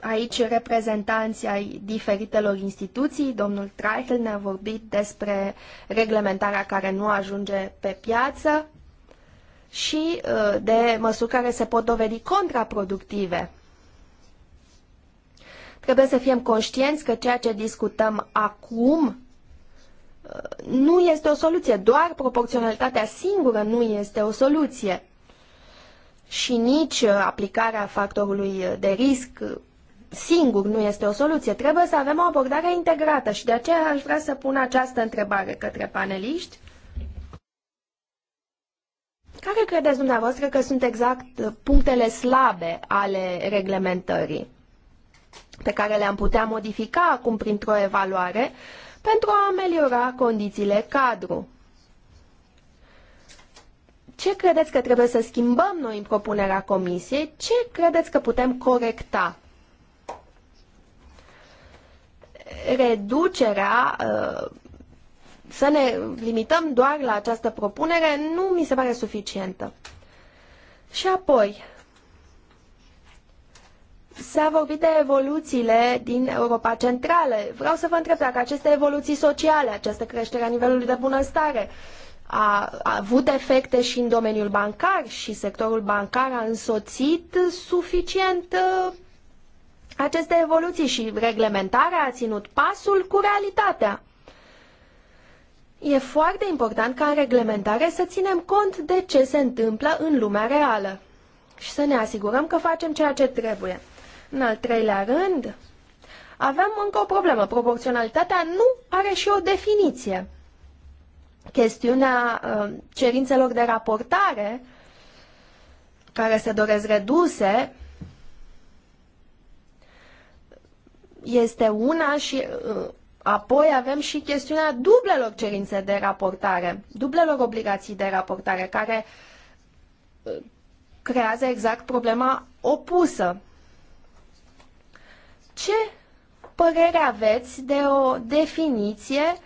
aici reprezentanții ai diferitelor instituții. Domnul Traichel ne-a vorbit despre reglementarea care nu ajunge pe piață și ă, de măsuri care se pot dovedi contraproductive. Trebuie să fim conștienți că ceea ce discutăm acum uh, nu este o soluție. Doar proporționalitatea singură nu este o soluție. Și nici uh, aplicarea factorului uh, de risc singur nu este o soluție. Trebuie să avem o abordare integrată și de aceea aș vrea să pun această întrebare către paneliști. Care credeți dumneavoastră că sunt exact punctele slabe ale reglementării? pe care le-am putea modifica acum printr-o evaluare pentru a ameliora condițiile cadru. Ce credeți că trebuie să schimbăm noi în propunerea comisiei? Ce credeți că putem corecta? Reducerea uh, să ne limităm doar la această propunere nu mi se pare suficientă. Și apoi, S-a vorbit de evoluțiile din Europa Centrală. Vreau să vă întreb dacă aceste evoluții sociale, această creștere a nivelului de bunăstare, a, a avut efecte și în domeniul bancar și sectorul bancar a însoțit suficient uh, aceste evoluții și reglementarea a ținut pasul cu realitatea. E foarte important ca în reglementare să ținem cont de ce se întâmplă în lumea reală și să ne asigurăm că facem ceea ce trebuie. În al treilea rând, avem încă o problemă. Proporționalitatea nu are și o definiție. Chestiunea uh, cerințelor de raportare care se doresc reduse este una și uh, apoi avem și chestiunea dublelor cerințe de raportare, dublelor obligații de raportare, care uh, creează exact problema opusă. Ce părere aveți de o definiție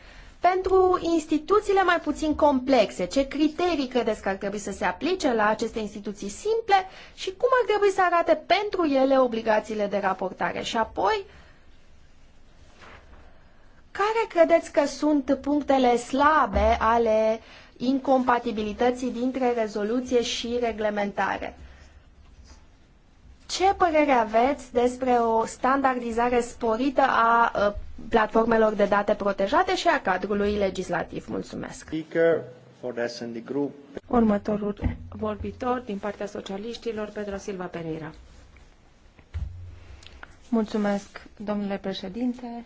pentru instituțiile mai puțin complexe? Ce criterii credeți că ar trebui să se aplice la aceste instituții simple și cum ar trebui să arate pentru ele obligațiile de raportare? Și apoi, care credeți că sunt punctele slabe ale incompatibilității dintre rezoluție și reglementare? Ce părere aveți despre o standardizare sporită a platformelor de date protejate și a cadrului legislativ? Mulțumesc! Următorul vorbitor din partea socialiștilor, Pedro Silva Pereira. Mulțumesc, domnule președinte.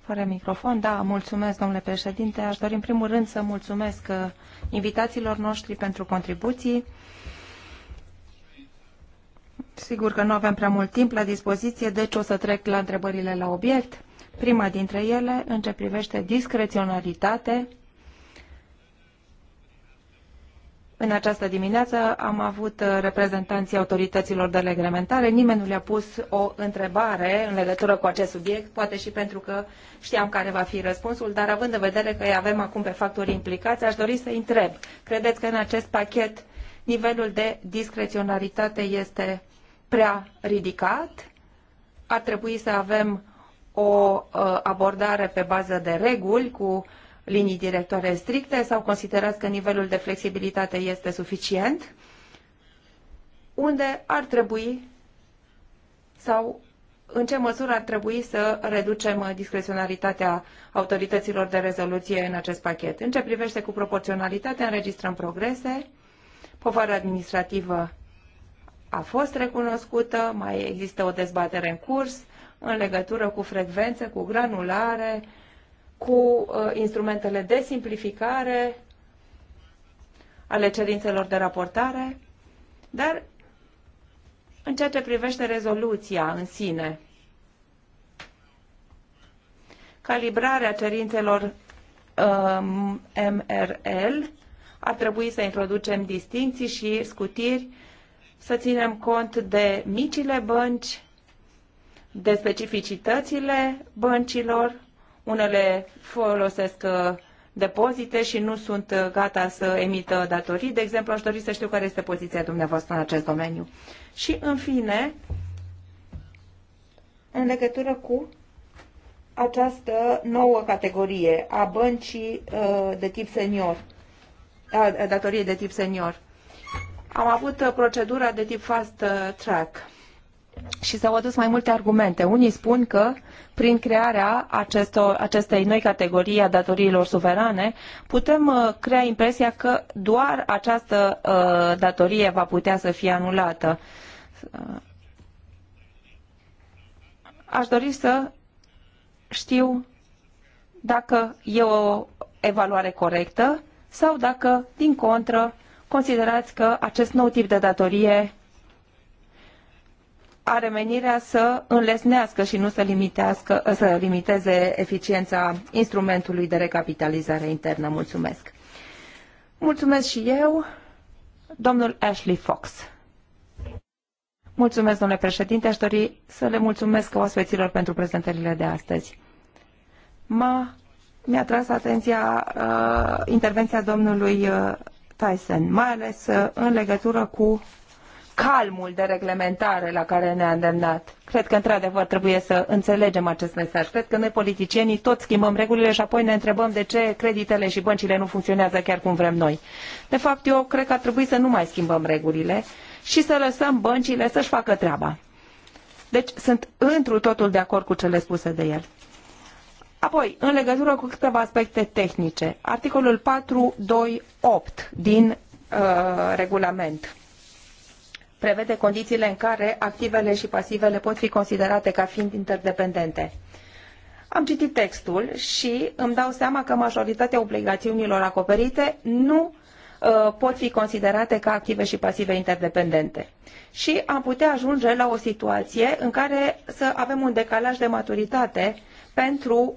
Fără microfon, da, mulțumesc, domnule președinte. Aș dori în primul rând să mulțumesc uh, invitațiilor noștri pentru contribuții. Sigur că nu avem prea mult timp la dispoziție, deci o să trec la întrebările la obiect. Prima dintre ele, în ce privește discreționalitate, în această dimineață am avut uh, reprezentanții autorităților de reglementare. Nimeni nu le-a pus o întrebare în legătură cu acest subiect, poate și pentru că știam care va fi răspunsul, dar având în vedere că îi avem acum pe factorii implicați, aș dori să întreb. Credeți că în acest pachet uh, nivelul de discreționaritate este prea ridicat, ar trebui să avem o uh, abordare pe bază de reguli cu linii directoare stricte sau considerați că nivelul de flexibilitate este suficient, unde ar trebui sau în ce măsură ar trebui să reducem discreționalitatea autorităților de rezoluție în acest pachet. În ce privește cu proporționalitatea, înregistrăm progrese Povara administrativă a fost recunoscută, mai există o dezbatere în curs în legătură cu frecvențe, cu granulare, cu uh, instrumentele de simplificare ale cerințelor de raportare, dar în ceea ce privește rezoluția în sine, calibrarea cerințelor uh, um, MRL ar trebui să introducem distinții și scutiri, să ținem cont de micile bănci, de specificitățile băncilor. Unele folosesc uh, depozite și nu sunt uh, gata să emită datorii. De exemplu, aș dori să știu care este poziția dumneavoastră în acest domeniu. Și, în fine, în legătură cu această nouă categorie a băncii uh, de tip senior datorie de tip senior. Am avut uh, procedura de tip fast uh, track și s-au adus mai multe argumente. Unii spun că prin crearea acestor, acestei noi categorii a datoriilor suverane putem uh, crea impresia că doar această uh, datorie va putea să fie anulată. Uh, aș dori să știu dacă e o evaluare corectă sau dacă, din contră, considerați că acest nou tip de datorie are menirea să înlesnească și nu să, limitească, să limiteze eficiența instrumentului de recapitalizare internă. Mulțumesc! Mulțumesc și eu, domnul Ashley Fox. Mulțumesc, domnule președinte. Aș dori să le mulțumesc oaspeților pentru prezentările de astăzi. M-a mi-a tras atenția uh, intervenția domnului uh, Tyson, mai ales uh, în legătură cu calmul de reglementare la care ne-a îndemnat. Cred că, într-adevăr, trebuie să înțelegem acest mesaj. Cred că noi, politicienii, toți schimbăm regulile și apoi ne întrebăm de ce creditele și băncile nu funcționează chiar cum vrem noi. De fapt, eu cred că ar trebui să nu mai schimbăm regulile și să lăsăm băncile să-și facă treaba. Deci sunt întru totul de acord cu cele spuse de el. Apoi, în legătură cu câteva aspecte tehnice, articolul 428 din uh, regulament prevede condițiile în care activele și pasivele pot fi considerate ca fiind interdependente. Am citit textul și îmi dau seama că majoritatea obligațiunilor acoperite nu uh, pot fi considerate ca active și pasive interdependente. Și am putea ajunge la o situație în care să avem un decalaj de maturitate pentru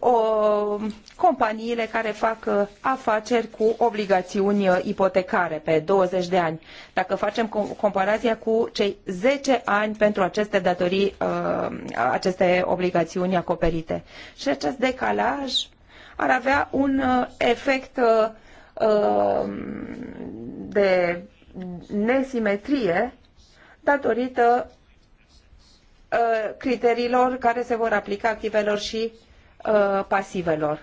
companiile care fac uh, afaceri cu obligațiuni uh, ipotecare pe 20 de ani. Dacă facem comparația cu cei 10 ani pentru aceste datorii, uh, aceste obligațiuni acoperite. Și acest decalaj ar avea un efect um, de nesimetrie datorită criteriilor care se vor aplica activelor și Uh, pasivelor.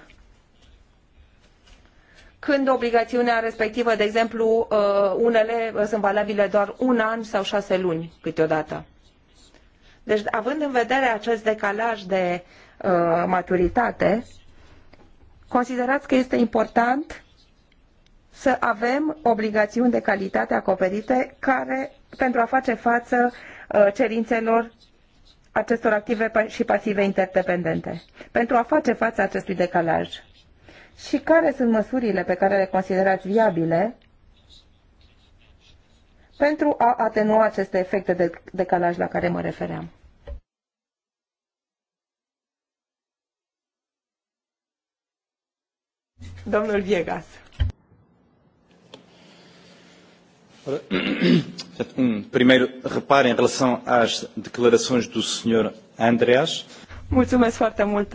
Când obligațiunea respectivă, de exemplu, uh, unele sunt valabile doar un an sau șase luni câteodată. Deci, având în vedere acest decalaj de uh, maturitate, considerați că este important să avem obligațiuni de calitate acoperite care, pentru a face față uh, cerințelor acestor active și pasive interdependente pentru a face față acestui decalaj? Și care sunt măsurile pe care le considerați viabile pentru a atenua aceste efecte de decalaj la care mă refeream? Domnul Viegas. Um primeiro reparo em relação às declarações do Sr. Andreas. Mulțumesc foarte mult.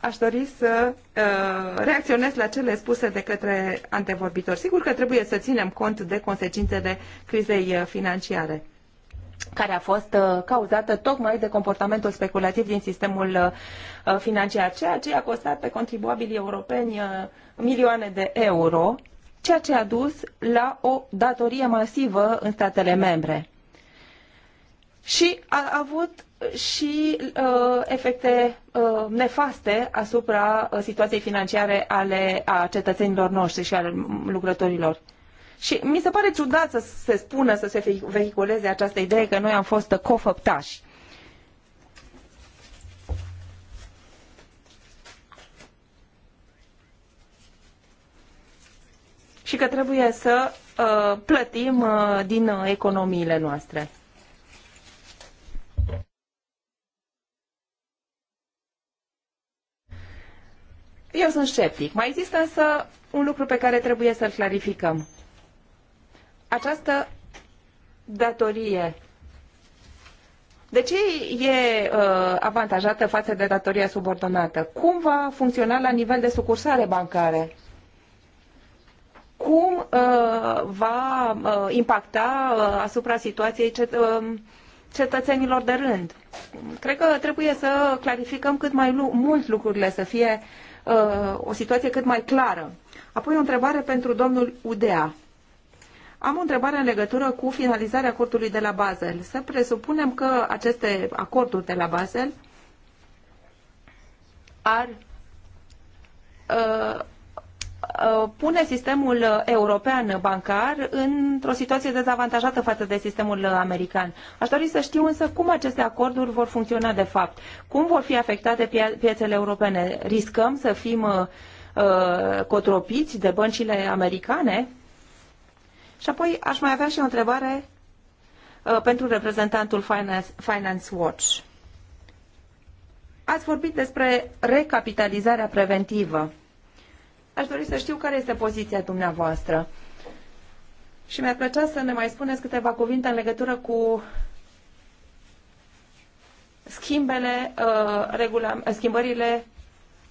Aș dori să uh, reacționez la cele spuse de către antevorbitori. Sigur că trebuie să ținem cont de consecințele crizei uh, financiare care a fost uh, cauzată tocmai de comportamentul speculativ din sistemul uh, financiar, ceea ce a costat pe contribuabilii europeni milioane de euro ceea ce a dus la o datorie masivă în statele membre. Și a avut și uh, efecte uh, nefaste asupra uh, situației financiare ale a cetățenilor noștri și al lucrătorilor. Și mi se pare ciudat să se spună, să se vehiculeze această idee că noi am fost cofăptași. și că trebuie să uh, plătim uh, din uh, economiile noastre. Eu sunt sceptic. Mai există însă un lucru pe care trebuie să-l clarificăm. Această datorie. De ce e uh, avantajată față de datoria subordonată? Cum va funcționa la nivel de sucursale bancare? cum uh, va uh, impacta uh, asupra situației cet um, cetățenilor de rând. Cred că trebuie să clarificăm cât mai mult lucrurile, să fie o situație cât mai clară. Apoi o întrebare pentru domnul Udea. Am o întrebare în legătură cu finalizarea acordului de la Basel. Să presupunem că aceste acorduri de la Basel ar uh, Uh, pune sistemul european bancar într-o situație dezavantajată față de sistemul american. Aș dori să știu însă cum aceste acorduri vor funcționa de fapt. Cum vor fi afectate pia- piețele europene? Riscăm să fim uh, uh cotropiți de băncile americane? Și apoi aș mai avea și o întrebare uh, pentru reprezentantul Finance, Finance Watch. Ați vorbit despre recapitalizarea preventivă Aș dori să știu care este poziția dumneavoastră. Și mi-ar plăcea să ne mai spuneți câteva cuvinte în legătură cu schimbele, uh, regula, schimbările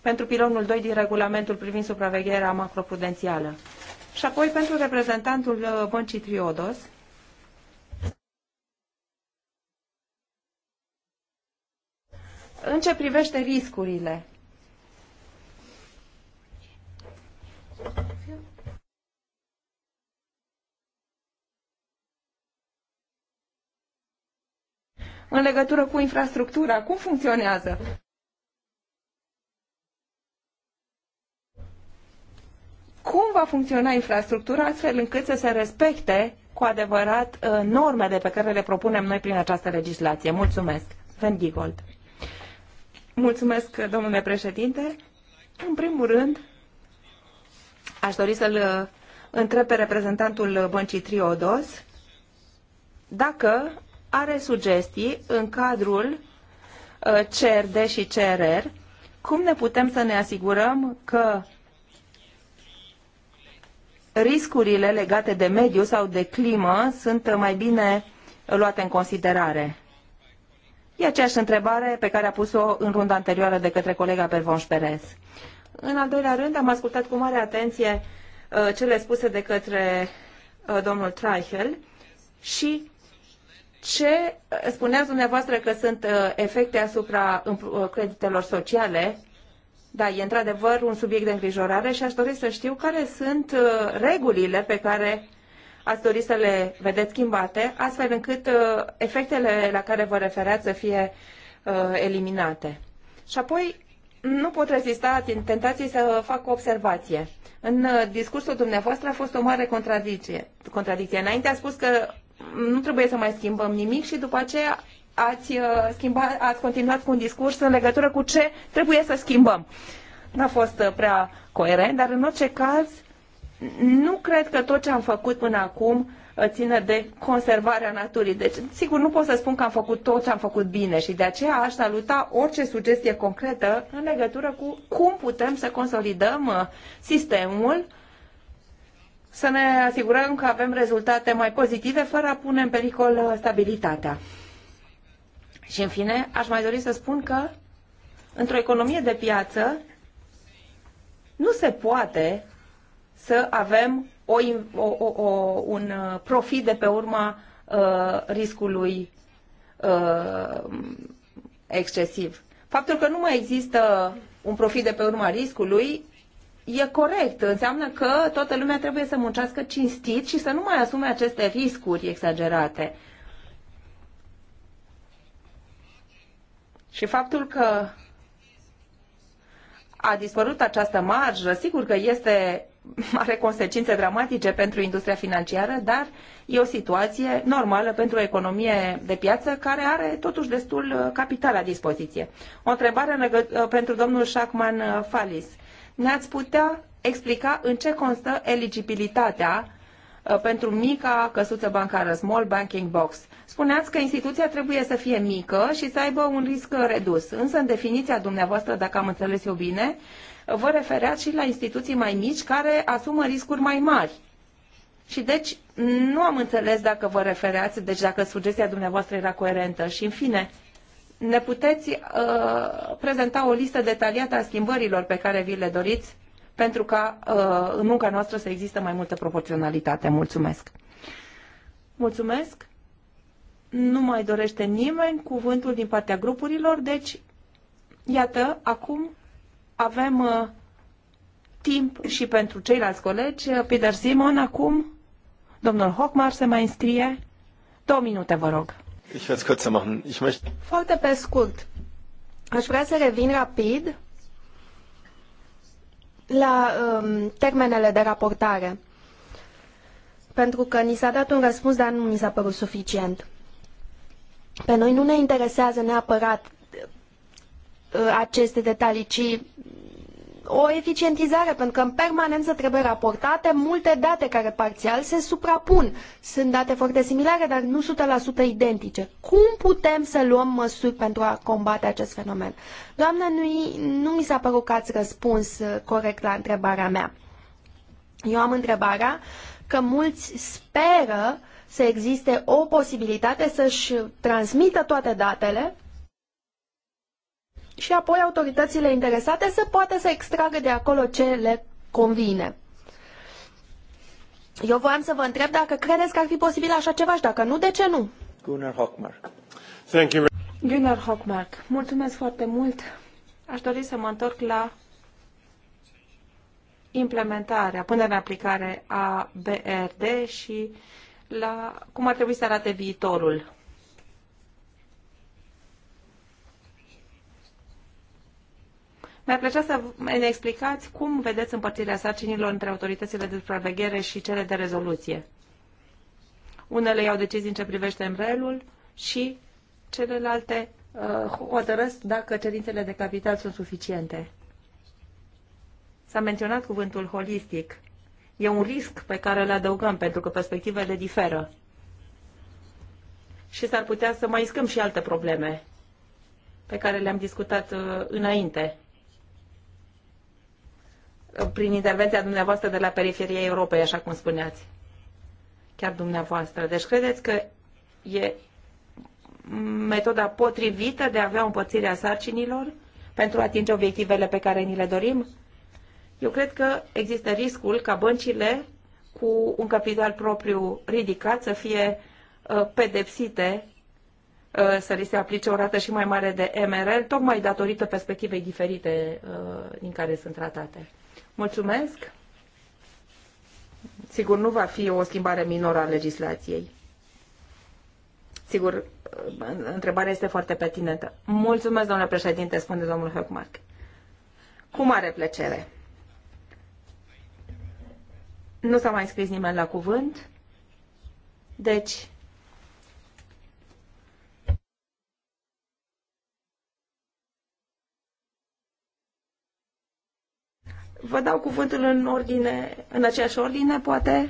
pentru pilonul 2 din regulamentul privind supravegherea macroprudențială. Și apoi pentru reprezentantul uh, băncii Triodos. În ce privește riscurile, în legătură cu infrastructura? Cum funcționează? Cum va funcționa infrastructura astfel încât să se respecte cu adevărat uh, normele pe care le propunem noi prin această legislație? Mulțumesc. Sven Giegold. Mulțumesc, domnule președinte. În primul rând, aș dori să-l uh, întreb pe reprezentantul băncii Triodos dacă are sugestii în cadrul uh, CRD și CRR, cum ne putem să ne asigurăm că riscurile legate de mediu sau de climă sunt mai bine luate în considerare? E aceeași întrebare pe care a pus-o în runda anterioară de către colega Pervonș Perez. În al doilea rând, am ascultat cu mare atenție uh, cele spuse de către uh, domnul Traichel și ce eh, spuneați dumneavoastră că sunt eh, efecte asupra eh, creditelor sociale. Da, e într-adevăr un subiect de îngrijorare și aș dori să știu care sunt regulile pe care ați dori să le vedeți schimbate, astfel încât efectele la care vă refereați să fie eliminate. Și apoi, nu pot rezista tentației să fac o observație. În discursul dumneavoastră a fost o mare contradicție. contradicție. Înainte a spus că nu trebuie să mai schimbăm nimic și după aceea ați, uh, schimbat, ați continuat cu un discurs în legătură cu ce trebuie să schimbăm. N-a fost uh, prea coerent, dar în orice caz nu cred că tot ce am făcut până acum uh, ține de conservarea naturii. Deci, sigur, nu pot să spun că am făcut tot ce am făcut bine și de aceea aș saluta orice sugestie concretă în legătură cu cum putem să consolidăm sistemul uh, să ne asigurăm că avem rezultate mai pozitive fără a pune în pericol uh, stabilitatea. Și în fine, aș mai dori să spun că într-o economie de piață nu se poate să avem o, o, o, un uh, profit de pe urma uh, riscului uh, excesiv. Faptul că nu mai există un profit de pe urma riscului e corect. Înseamnă că toată lumea trebuie să muncească cinstit și să nu mai asume aceste riscuri exagerate. Și faptul că a dispărut această marjă, sigur că este [LAUGHS] are consecințe dramatice pentru industria financiară, dar e o situație normală pentru o economie de piață care are totuși destul uh, capital la dispoziție. O întrebare uh, pentru domnul Shakman uh, Falis ne-ați putea explica în ce constă eligibilitatea uh, pentru mica căsuță bancară, Small Banking Box. Spuneați că instituția trebuie să fie mică și să aibă un risc redus, însă în definiția dumneavoastră, dacă am înțeles eu bine, uh, vă refereați și la instituții mai mici care asumă riscuri mai mari. Și deci nu am înțeles dacă vă refereați, deci dacă sugestia dumneavoastră era coerentă. Și în fine, ne puteți uh, prezenta o listă detaliată a schimbărilor pe care vi le doriți pentru ca uh, în munca noastră să există mai multă proporționalitate. Mulțumesc! Mulțumesc! Nu mai dorește nimeni cuvântul din partea grupurilor, deci, iată, acum avem uh, timp și pentru ceilalți colegi. Uh, Peter Simon acum, domnul Hochmar se mai înscrie. Două minute, vă rog. Ich werde es kürzer machen. Ich möchte... Foarte pe scurt. Aș vrea să revin rapid la um, termenele de raportare, pentru că ni s-a dat un răspuns, dar nu mi s-a părut suficient. Pe noi nu ne interesează neapărat uh, aceste detalii, ci o eficientizare, pentru că în permanență trebuie raportate multe date care parțial se suprapun. Sunt date foarte similare, dar nu 100% identice. Cum putem să luăm măsuri pentru a combate acest fenomen? Doamne, nu, nu mi s-a părut că ați răspuns uh, corect la întrebarea mea. Eu am întrebarea că mulți speră să existe o posibilitate să-și transmită toate datele și apoi autoritățile interesate să poată să extragă de acolo ce le convine. Eu voiam să vă întreb dacă credeți că ar fi posibil așa ceva și dacă nu, de ce nu? Gunnar Hockmark. Thank you. Gunnar Hockmark, mulțumesc foarte mult. Aș dori să mă întorc la implementarea, punerea în aplicare a BRD și la cum ar trebui să arate viitorul Mi-ar plăcea să ne explicați cum vedeți împărțirea sarcinilor între autoritățile de supraveghere și cele de rezoluție. Unele iau decizii în ce privește MREL-ul și celelalte uh, hotărăsc dacă cerințele de capital sunt suficiente. S-a menționat cuvântul holistic. E un risc pe care îl adăugăm pentru că perspectivele diferă. Și s-ar putea să mai scăm și alte probleme pe care le-am discutat uh, înainte prin intervenția dumneavoastră de la periferia Europei, așa cum spuneați. Chiar dumneavoastră. Deci credeți că e metoda potrivită de a avea împărțirea sarcinilor pentru a atinge obiectivele pe care ni le dorim? Eu cred că există riscul ca băncile cu un capital propriu ridicat să fie uh, pedepsite uh, să li se aplice o rată și mai mare de MRL, tocmai datorită perspectivei diferite uh, din care sunt tratate. Mulțumesc. Sigur, nu va fi o schimbare minoră a legislației. Sigur, întrebarea este foarte pertinentă. Mulțumesc, domnule președinte, spune domnul Höckmark. Cu mare plăcere. Nu s-a mai scris nimeni la cuvânt. Deci, Vă dau cuvântul în ordine, în aceeași ordine, poate.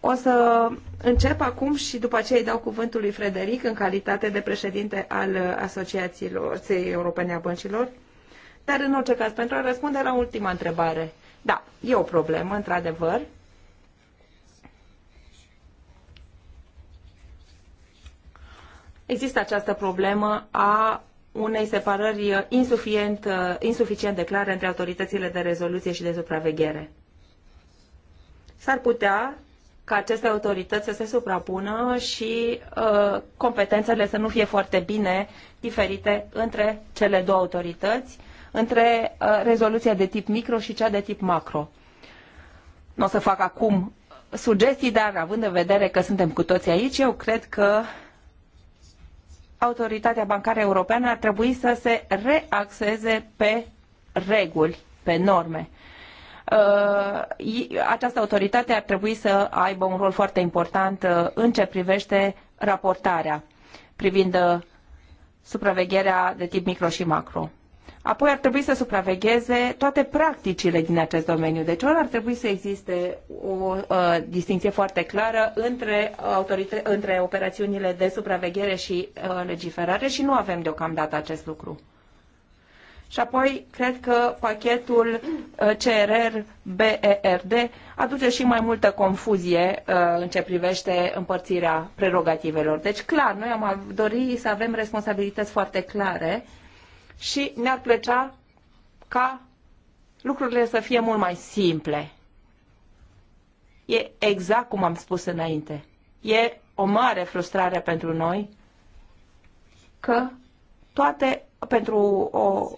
O să încep acum și după aceea îi dau cuvântul lui Frederic în calitate de președinte al Asociațiilor Europene a Băncilor. Dar în orice caz, pentru a răspunde la ultima întrebare. Da, e o problemă, într-adevăr. Există această problemă a unei separări uh, insuficient, uh, insuficient de clare între autoritățile de rezoluție și de supraveghere. S-ar putea ca aceste autorități să se suprapună și uh, competențele să nu fie foarte bine diferite între cele două autorități, între uh, rezoluția de tip micro și cea de tip macro. Nu o să fac acum sugestii, dar având în vedere că suntem cu toții aici, eu cred că Autoritatea Bancară Europeană ar trebui să se reaxeze pe reguli, pe norme. Uh, această autoritate ar trebui să aibă un rol foarte important uh, în ce privește raportarea privind uh, supravegherea de tip micro și macro. Apoi ar trebui să supravegheze toate practicile din acest domeniu. Deci ori ar trebui să existe o uh, distinție foarte clară între, autorite- între operațiunile de supraveghere și uh, legiferare și nu avem deocamdată acest lucru. Și apoi cred că pachetul uh, CRR BERD aduce și mai multă confuzie uh, în ce privește împărțirea prerogativelor. Deci clar, noi am dori să avem responsabilități foarte clare uh, și ne-ar plăcea ca lucrurile să fie mult mai simple. E exact cum am spus înainte. E o mare frustrare pentru noi că toate pentru o,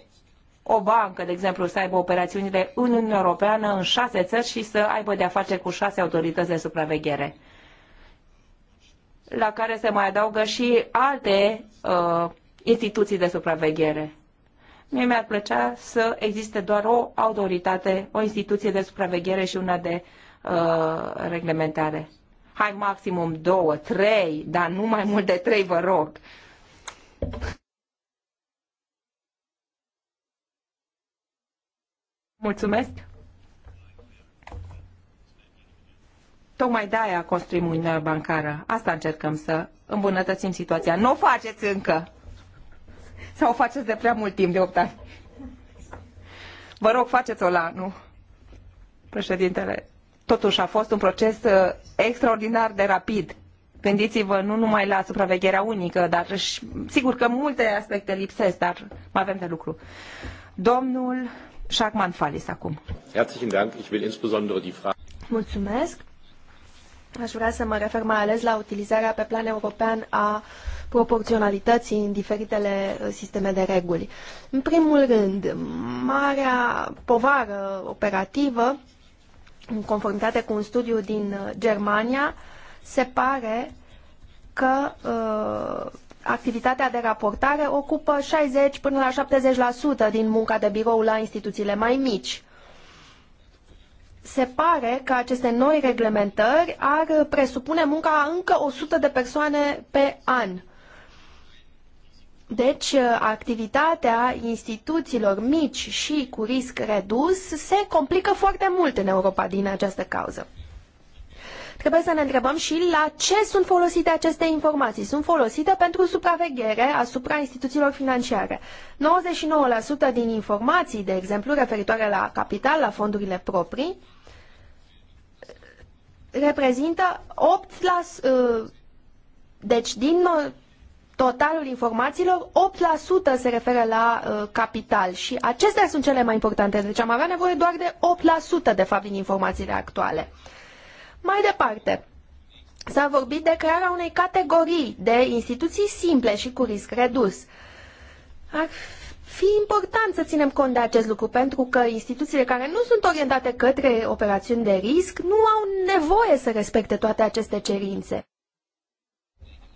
o bancă, de exemplu, să aibă operațiunile în Uniunea Europeană, în șase țări și să aibă de-a face cu șase autorități de supraveghere, la care se mai adaugă și alte uh, instituții de supraveghere. Mie mi-ar plăcea să existe doar o autoritate, o instituție de supraveghere și una de uh, reglementare. Hai maximum două, trei, dar nu mai mult de trei, vă rog. Mulțumesc! Tocmai de-aia construim Uniunea Bancară. Asta încercăm să îmbunătățim situația. Nu o faceți încă! Sau o faceți de prea mult timp, de 8 ani? Vă rog, faceți-o la anul. Președintele, totuși a fost un proces uh, extraordinar de rapid. Gândiți-vă nu numai la supravegherea unică, dar și, sigur că multe aspecte lipsesc, dar mai avem de lucru. Domnul Schachmann Falis acum. Herzlichen Dank. Ich will insbesondere die Frage... Mulțumesc. Aș vrea să mă refer mai ales la utilizarea pe plan european a proporționalității în diferitele uh, sisteme de reguli. În primul rând, marea povară operativă, în conformitate cu un studiu din uh, Germania, se pare că uh, activitatea de raportare ocupă 60 până la 70% din munca de birou la instituțiile mai mici se pare că aceste noi reglementări ar presupune munca încă 100 de persoane pe an. Deci, activitatea instituțiilor mici și cu risc redus se complică foarte mult în Europa din această cauză. Trebuie să ne întrebăm și la ce sunt folosite aceste informații. Sunt folosite pentru supraveghere asupra instituțiilor financiare. 99% din informații, de exemplu, referitoare la capital, la fondurile proprii, reprezintă 8 la, ă, deci din ă, totalul informațiilor, 8% se referă la ă, capital și acestea sunt cele mai importante. Deci am avea nevoie doar de 8% de fapt din informațiile actuale. Mai departe, s-a vorbit de crearea unei categorii de instituții simple și cu risc redus. Ar fi important să ținem cont de acest lucru, pentru că instituțiile care nu sunt orientate către operațiuni de risc nu au nevoie să respecte toate aceste cerințe.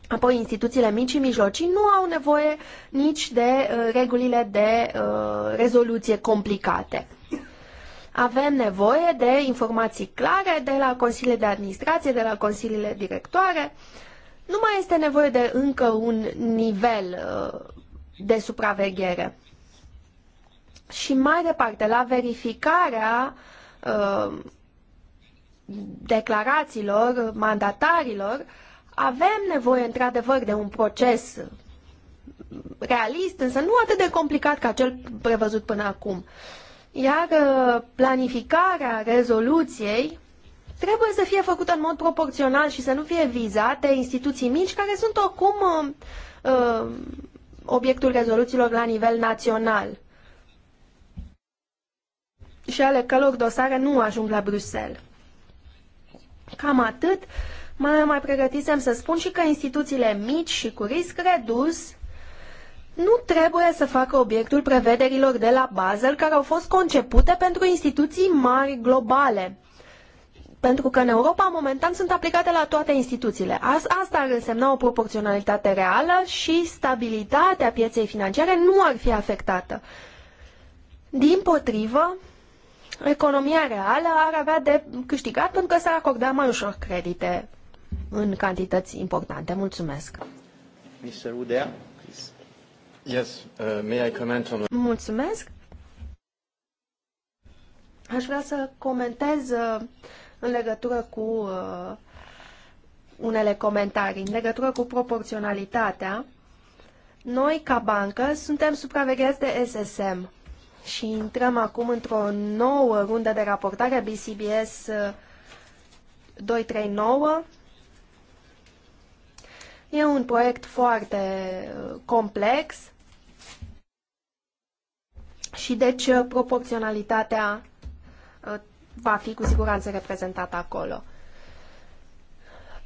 Apoi, instituțiile mici și mijlocii nu au nevoie nici de uh, regulile de uh, rezoluție complicate. Avem nevoie de informații clare de la consiliile de administrație, de la consiliile directoare. Nu mai este nevoie de încă un nivel uh, de supraveghere și mai departe, la verificarea uh, declarațiilor, mandatarilor, avem nevoie într-adevăr de un proces realist, însă nu atât de complicat ca cel prevăzut până acum. Iar uh, planificarea rezoluției trebuie să fie făcută în mod proporțional și să nu fie vizate instituții mici care sunt oricum uh, uh, obiectul rezoluțiilor la nivel național și ale călor dosare nu ajung la Bruxelles. Cam atât. Mai, mai pregătisem să spun și că instituțiile mici și cu risc redus nu trebuie să facă obiectul prevederilor de la Basel care au fost concepute pentru instituții mari globale. Pentru că în Europa, momentan, sunt aplicate la toate instituțiile. Asta ar însemna o proporționalitate reală și stabilitatea pieței financiare nu ar fi afectată. Din potrivă, economia reală ar avea de câștigat pentru că s-ar acorda mai ușor credite în cantități importante. Mulțumesc. Mr. Udea, please. Yes, uh, may I comment on... Mulțumesc. Aș vrea să comentez uh, în legătură cu uh, unele comentarii, în legătură cu proporționalitatea. Noi, ca bancă, suntem supravegheați de SSM și intrăm acum într-o nouă rundă de raportare BCBS 239. Uh, e un proiect foarte uh, complex și deci uh, proporționalitatea va fi cu siguranță reprezentată acolo.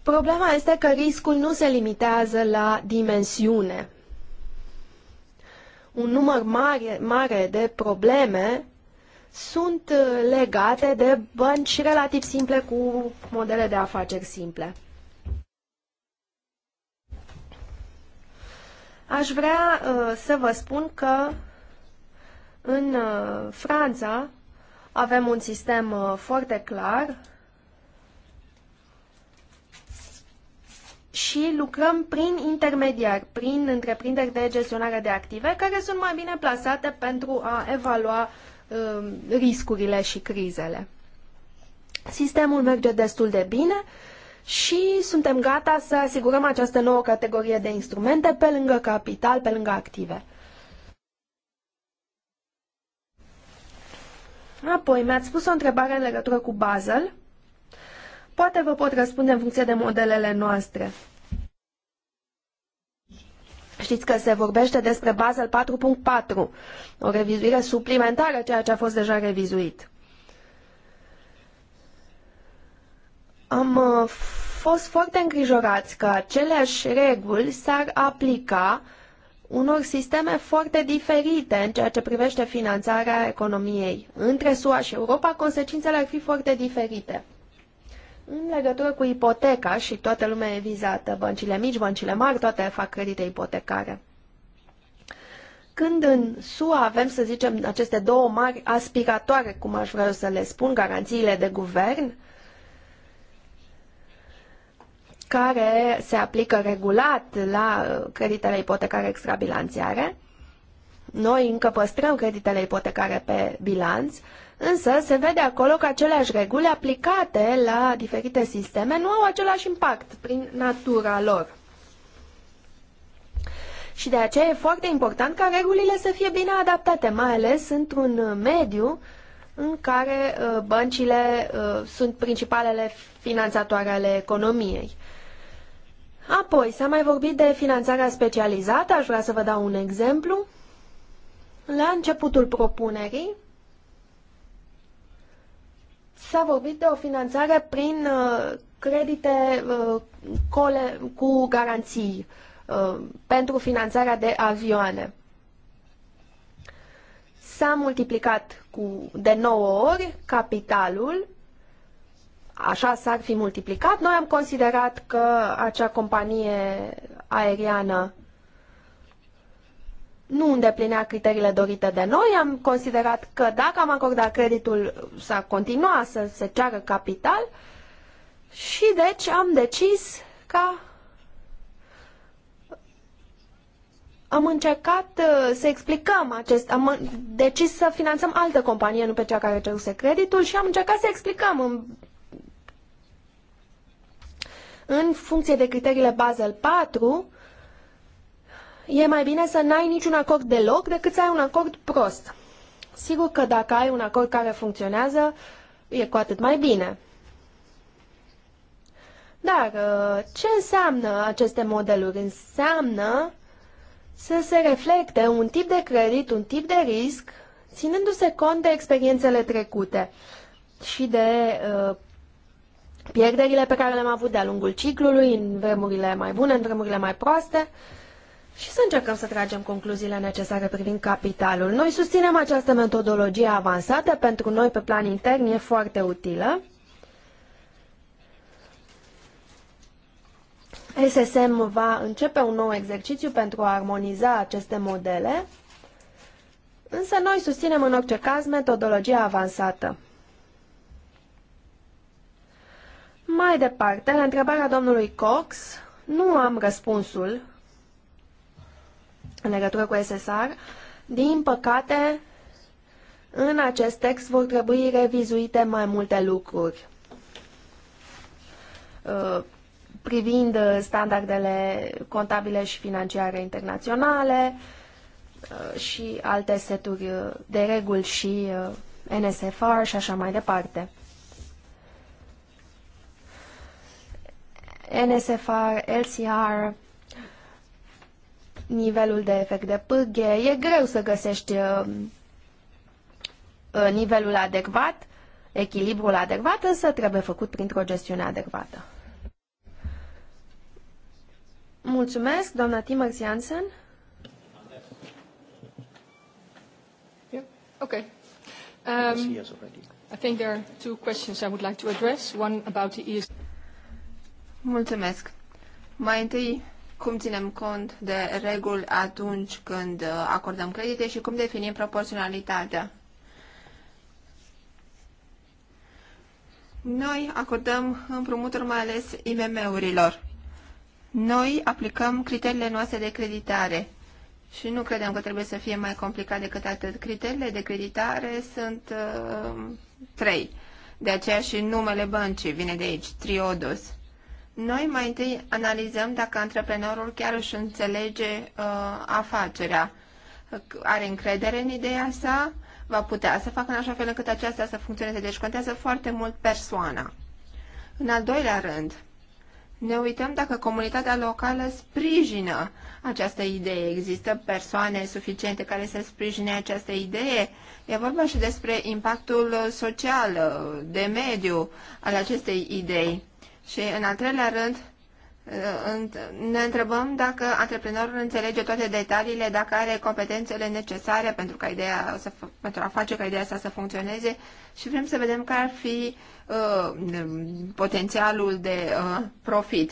Problema este că riscul nu se limitează la dimensiune un număr mare, mare de probleme sunt uh, legate de bănci relativ simple cu modele de afaceri simple. Aș vrea uh, să vă spun că în uh, Franța avem un sistem uh, foarte clar și lucrăm prin intermediari, prin întreprinderi de gestionare de active, care sunt mai bine plasate pentru a evalua uh, riscurile și crizele. Sistemul merge destul de bine și suntem gata să asigurăm această nouă categorie de instrumente pe lângă capital, pe lângă active. Apoi, mi-ați spus o întrebare în legătură cu Basel. Poate vă pot răspunde în funcție de modelele noastre. Știți că se vorbește despre Basel 4.4, o revizuire suplimentară, ceea ce a fost deja revizuit. Am uh, fost foarte îngrijorați că aceleași reguli s-ar aplica unor sisteme foarte diferite în ceea ce privește finanțarea economiei. Între SUA și Europa, consecințele ar fi foarte diferite. În legătură cu ipoteca și toată lumea e vizată, băncile mici, băncile mari, toate fac credite ipotecare. Când în SUA avem, să zicem, aceste două mari aspiratoare, cum aș vrea să le spun, garanțiile de guvern, care se aplică regulat la creditele ipotecare extrabilanțiare, noi încă păstrăm creditele ipotecare pe bilanț, Însă se vede acolo că aceleași reguli aplicate la diferite sisteme nu au același impact prin natura lor. Și de aceea e foarte important ca regulile să fie bine adaptate, mai ales într-un mediu în care uh, băncile uh, sunt principalele finanțatoare ale economiei. Apoi, s-a mai vorbit de finanțarea specializată, aș vrea să vă dau un exemplu. La începutul propunerii, S-a vorbit de o finanțare prin uh, credite uh, cu garanții uh, pentru finanțarea de avioane. S-a multiplicat cu de 9 ori capitalul, așa s-ar fi multiplicat. Noi am considerat că acea companie aeriană nu îndeplinea criteriile dorite de noi. Am considerat că dacă am acordat creditul, s-a continua să se ceară capital și deci am decis ca am încercat uh, să explicăm acest, am decis să finanțăm altă companie, nu pe cea care ceruse creditul și am încercat să explicăm în, în funcție de criteriile Basel 4 e mai bine să n-ai niciun acord deloc decât să ai un acord prost. Sigur că dacă ai un acord care funcționează, e cu atât mai bine. Dar uh, ce înseamnă aceste modeluri? Înseamnă să se reflecte un tip de credit, un tip de risc, ținându-se cont de experiențele trecute și de uh, pierderile pe care le-am avut de-a lungul ciclului, în vremurile mai bune, în vremurile mai proaste, și să încercăm să tragem concluziile necesare privind capitalul. Noi susținem această metodologie avansată, pentru noi pe plan intern e foarte utilă. SSM va începe un nou exercițiu pentru a armoniza aceste modele, însă noi susținem în orice caz metodologia avansată. Mai departe, la întrebarea domnului Cox, nu am răspunsul în legătură cu SSR. Din păcate, în acest text vor trebui revizuite mai multe lucruri uh, privind standardele contabile și financiare internaționale uh, și alte seturi uh, de reguli și NSFR și așa mai departe. NSFR, LCR, nivelul de efect de pâghe, e greu să găsești uh, uh, nivelul adecvat, echilibrul adecvat, însă trebuie făcut printr-o gestiune adecvată. Mulțumesc, doamna Timers Jansen. Okay. Um, I think there are two questions I would like to address. One about the ESG. Mulțumesc. Mai întâi cum ținem cont de reguli atunci când uh, acordăm credite și cum definim proporționalitatea. Noi acordăm împrumuturi mai ales IMM-urilor. Noi aplicăm criteriile noastre de creditare și nu credem că trebuie să fie mai complicat decât atât. Criteriile de creditare sunt uh, trei. De aceea și numele băncii vine de aici, Triodos. Noi mai întâi analizăm dacă antreprenorul chiar își înțelege uh, afacerea, are încredere în ideea sa, va putea să facă în așa fel încât aceasta să funcționeze. Deci contează foarte mult persoana. În al doilea rând, ne uităm dacă comunitatea locală sprijină această idee. Există persoane suficiente care să sprijine această idee? E vorba și despre impactul social, uh, de mediu al acestei idei. Și în al treilea rând, uh, ne întrebăm dacă antreprenorul înțelege toate detaliile, dacă are competențele necesare pentru, ca ideea să, pentru a face ca ideea asta să funcționeze și vrem să vedem care ar fi uh, potențialul de uh, profit.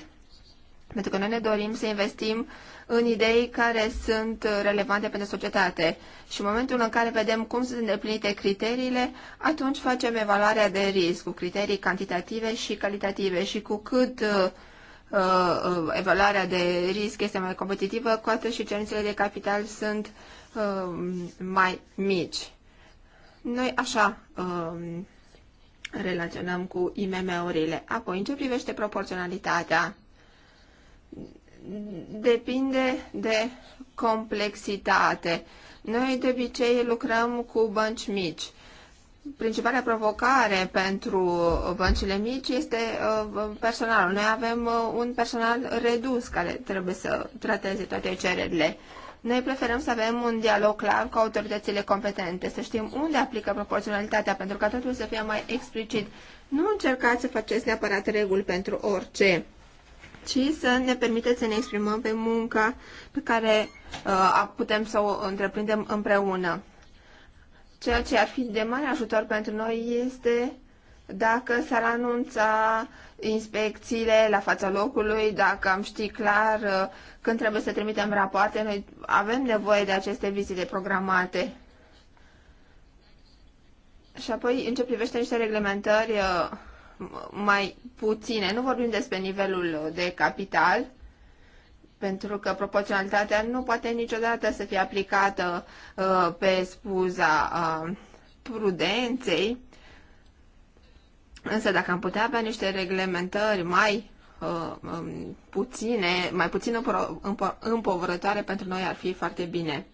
Pentru că noi ne dorim să investim uh, în idei care sunt relevante pentru societate. Și în momentul în care vedem cum sunt îndeplinite criteriile, atunci facem evaluarea de risc cu criterii cantitative și calitative și cu cât uh, uh, evaluarea de risc este mai competitivă, cu atât și cerințele de capital sunt uh, mai mici. Noi așa uh, relaționăm cu IMM-urile. Apoi, în ce privește proporționalitatea, depinde de complexitate. Noi de obicei lucrăm cu bănci mici. Principala provocare pentru băncile mici este uh, personalul. Noi avem uh, un personal redus care trebuie să trateze toate cererile. Noi preferăm să avem un dialog clar cu autoritățile competente, să știm unde aplică proporționalitatea, pentru ca totul să fie mai explicit. Nu încercați să faceți neapărat reguli pentru orice ci să ne permiteți să ne exprimăm pe munca pe care uh, putem să o întreprindem împreună. Ceea ce ar fi de mare ajutor pentru noi este dacă s-ar anunța inspecțiile la fața locului, dacă am ști clar uh, când trebuie să trimitem rapoarte, noi avem nevoie de aceste vizite programate. Și apoi, în ce privește niște reglementări uh, mai puține. Nu vorbim despre nivelul de capital, pentru că proporționalitatea nu poate niciodată să fie aplicată uh, pe spuza uh, prudenței, însă dacă am putea avea niște reglementări mai uh, um, puține, mai puțin împo împovărătoare pentru noi ar fi foarte bine.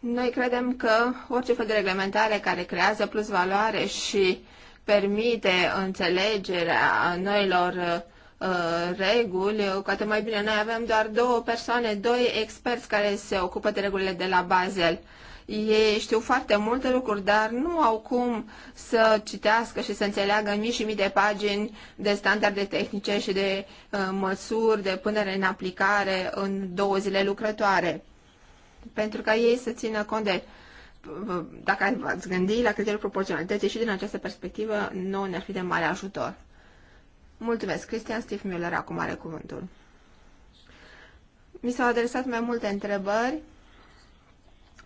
Noi credem că orice fel de reglementare care creează plus valoare și permite înțelegerea noilor uh, reguli, cu atât mai bine. Noi avem doar două persoane, doi experți care se ocupă de regulile de la Basel. Ei știu foarte multe lucruri, dar nu au cum să citească și să înțeleagă mii și mii de pagini de standarde tehnice și de uh, măsuri de punere în aplicare în două zile lucrătoare. Pentru ca ei să țină cont de dacă ați gândi la criteriul proporționalității și din această perspectivă, nu ne-ar fi de mare ajutor. Mulțumesc. Cristian Stifmüller acum are cuvântul. Mi s-au adresat mai multe întrebări.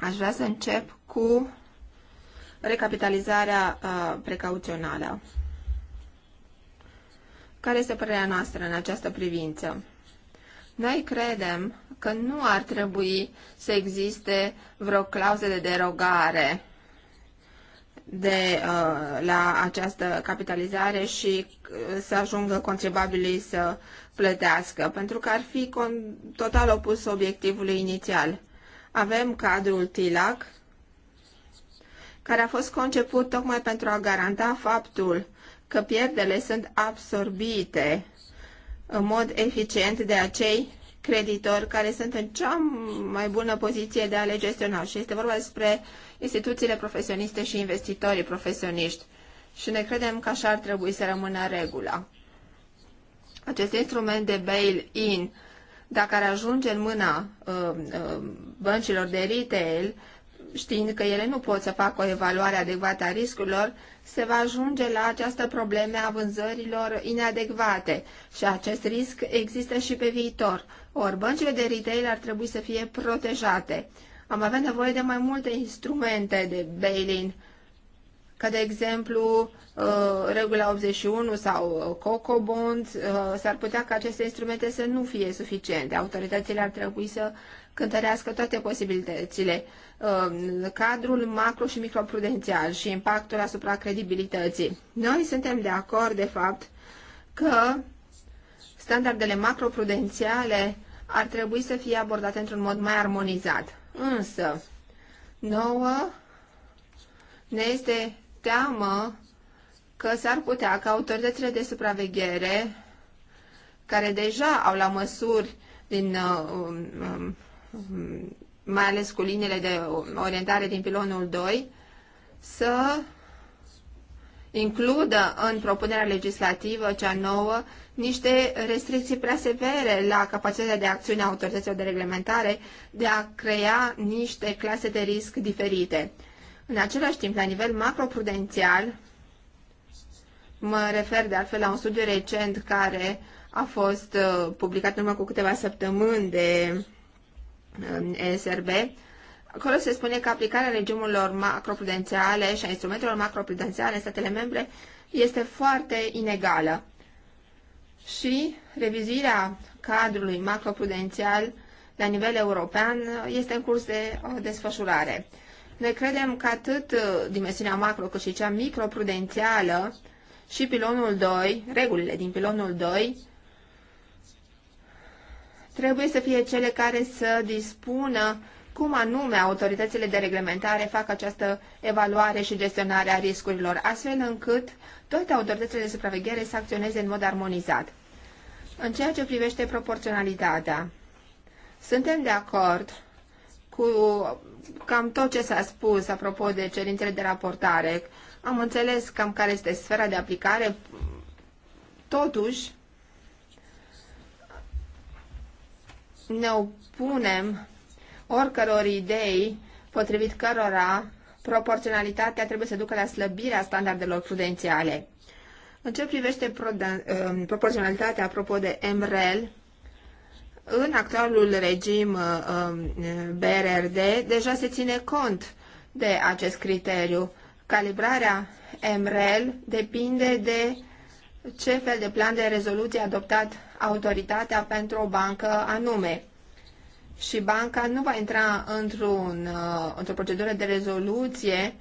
Aș vrea să încep cu recapitalizarea uh, precauțională. Care este părerea noastră în această privință? Noi credem că nu ar trebui să existe vreo clauză de derogare de uh, la această capitalizare și uh, să ajungă contribuabilii să plătească, pentru că ar fi con- total opus obiectivului inițial. Avem cadrul TILAC, care a fost conceput tocmai pentru a garanta faptul că pierdele sunt absorbite în mod eficient de acei creditori care sunt în cea mai bună poziție de a le gestiona. Și este vorba despre instituțiile profesioniste și investitorii profesioniști. Și ne credem că așa ar trebui să rămână regula. Acest instrument de bail-in, dacă ar ajunge în mâna uh, uh, băncilor de retail, știind că ele nu pot să facă o evaluare adecvată a riscurilor, se va ajunge la această probleme a vânzărilor inadecvate și acest risc există și pe viitor. Ori băncile de retail ar trebui să fie protejate. Am avea nevoie de mai multe instrumente de bail-in ca de exemplu uh, regula 81 sau uh, COCO bonds, uh, s-ar putea ca aceste instrumente să nu fie suficiente. Autoritățile ar trebui să cântărească toate posibilitățile, cadrul macro și microprudențial și impactul asupra credibilității. Noi suntem de acord, de fapt, că standardele macroprudențiale ar trebui să fie abordate într-un mod mai armonizat. Însă, nouă ne este teamă că s-ar putea ca autoritățile de supraveghere, care deja au la măsuri din uh, um, um, um, mai ales cu liniile de orientare din pilonul 2, să includă în propunerea legislativă cea nouă niște restricții prea severe la capacitatea de acțiune a autorităților de reglementare de a crea niște clase de risc diferite. În același timp, la nivel macroprudențial, mă refer de altfel la un studiu recent care a fost uh, publicat numai cu câteva săptămâni de um, ESRB, Acolo se spune că aplicarea regimurilor macroprudențiale și a instrumentelor macroprudențiale în statele membre este foarte inegală. Și revizuirea cadrului macroprudențial la nivel european este în curs de uh, desfășurare. Ne credem că atât uh, dimensiunea macro cât și cea microprudențială și pilonul 2, regulile din pilonul 2, trebuie să fie cele care să dispună cum anume autoritățile de reglementare fac această evaluare și gestionare a riscurilor, astfel încât toate autoritățile de supraveghere să acționeze în mod armonizat. În ceea ce privește proporționalitatea, suntem de acord cu cam tot ce s-a spus apropo de cerințele de raportare. Am înțeles cam care este sfera de aplicare. Totuși, ne opunem oricăror idei potrivit cărora proporționalitatea trebuie să ducă la slăbirea standardelor prudențiale. În ce privește ă, proporționalitatea, apropo de MREL, în actualul regim uh, um, BRRD deja se ține cont de acest criteriu. Calibrarea MREL depinde de ce fel de plan de rezoluție a adoptat autoritatea pentru o bancă anume. Și banca nu va intra într-un, uh, într-o procedură de rezoluție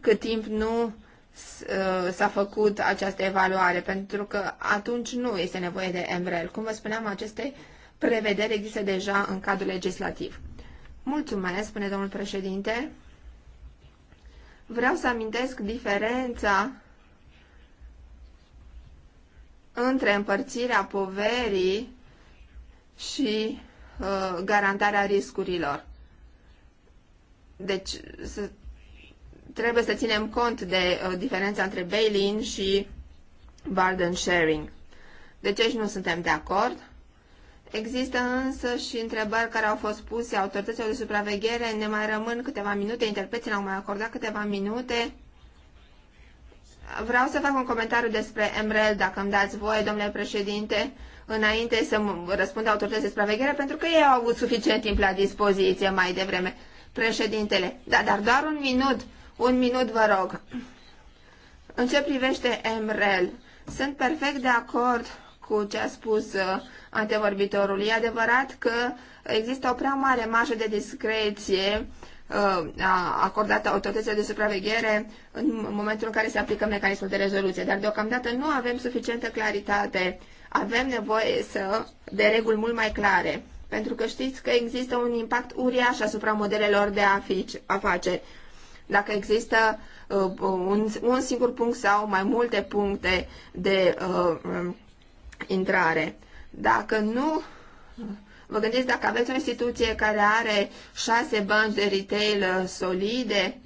cât timp nu uh, s-a făcut această evaluare, pentru că atunci nu este nevoie de MREL. Cum vă spuneam, aceste prevederi există deja în cadrul legislativ. Mulțumesc, spune domnul președinte. Vreau să amintesc diferența între împărțirea poverii și uh, garantarea riscurilor. Deci să, trebuie să ținem cont de uh, diferența între bail-in și burden sharing. Deci aici nu suntem de acord. Există însă și întrebări care au fost puse autorităților de supraveghere. Ne mai rămân câteva minute, interpreții ne-au mai acordat câteva minute. Vreau să fac un comentariu despre MREL, dacă îmi dați voie, domnule președinte, înainte să răspund autorității de supraveghere, pentru că ei au avut suficient timp la dispoziție mai devreme. Președintele, da, dar doar un minut, un minut vă rog. În ce privește MREL, sunt perfect de acord cu ce a spus uh, antevorbitorul. E adevărat că există o prea mare marjă de discreție uh, acordată autorităților de supraveghere în momentul în care se aplică mecanismul de rezoluție. Dar deocamdată nu avem suficientă claritate. Avem nevoie să, de reguli mult mai clare. Pentru că știți că există un impact uriaș asupra modelelor de afaceri. Dacă există uh, un, un singur punct sau mai multe puncte de uh, intrare. Dacă nu, vă gândiți dacă aveți o instituție care are șase bănci de retail uh, solide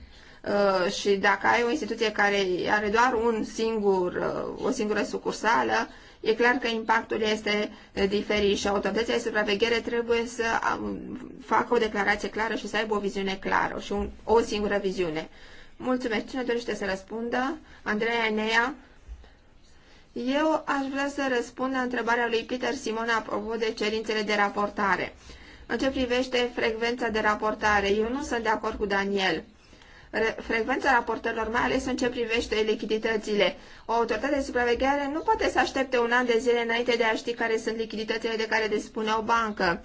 uh, și dacă ai o instituție care are doar un singur, uh, o singură sucursală, e clar că impactul este diferit și autoritățile de supraveghere trebuie să um, facă o declarație clară și să aibă o viziune clară și un, o singură viziune. Mulțumesc. Cine dorește să răspundă? Andreea Enea. Eu aș vrea să răspund la întrebarea lui Peter Simon apropo de cerințele de raportare. În ce privește frecvența de raportare, eu nu sunt de acord cu Daniel. Frecvența raportărilor, mai ales în ce privește lichiditățile. O autoritate de supraveghere nu poate să aștepte un an de zile înainte de a ști care sunt lichiditățile de care dispune o bancă.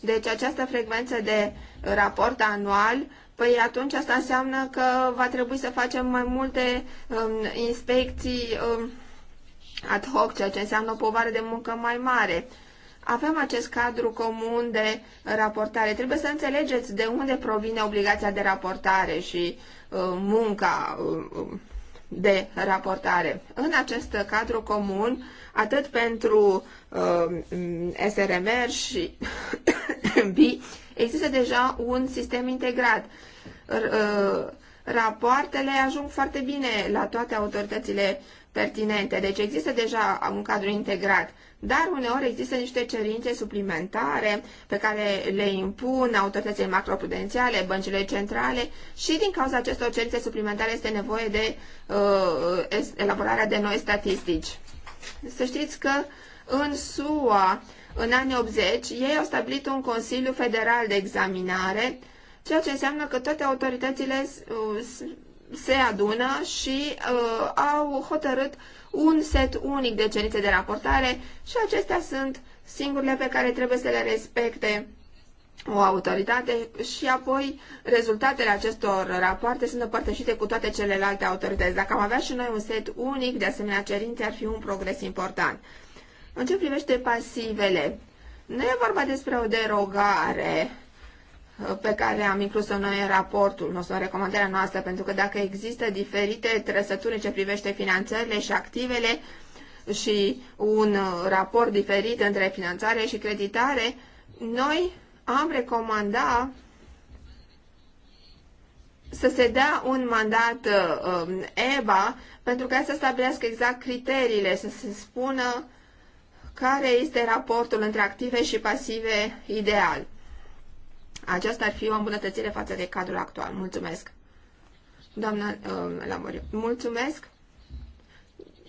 Deci această frecvență de raport anual Păi atunci asta înseamnă că va trebui să facem mai multe um, inspecții um, ad hoc, ceea ce înseamnă o povară de muncă mai mare. Avem acest cadru comun de raportare. Trebuie să înțelegeți de unde provine obligația de raportare și uh, munca uh, uh de raportare. În acest cadru comun, atât pentru uh, SRM și [COUGHS] B există deja un sistem integrat. R, uh, rapoartele ajung foarte bine la toate autoritățile pertinente. Deci există deja un cadru integrat, dar uneori există niște cerințe suplimentare pe care le impun autoritățile macroprudențiale, băncile centrale și din cauza acestor cerințe suplimentare este nevoie de uh, elaborarea de noi statistici. Să știți că în SUA, în anii 80, ei au stabilit un Consiliu Federal de Examinare, ceea ce înseamnă că toate autoritățile uh, se adună și uh, au hotărât un set unic de cerințe de raportare și acestea sunt singurele pe care trebuie să le respecte o autoritate și apoi rezultatele acestor rapoarte sunt împărtășite cu toate celelalte autorități. Dacă am avea și noi un set unic de asemenea cerințe, ar fi un progres important. În ce privește pasivele, nu e vorba despre o derogare pe care am inclus-o noi în raportul nostru, în recomandarea noastră, pentru că dacă există diferite trăsături în ce privește finanțările și activele și un raport diferit între finanțare și creditare, noi am recomandat să se dea un mandat um, EBA pentru ca să stabilească exact criteriile, să se spună care este raportul între active și pasive ideal. Aceasta ar fi o îmbunătățire față de cadrul actual. Mulțumesc. Doamna uh, mulțumesc.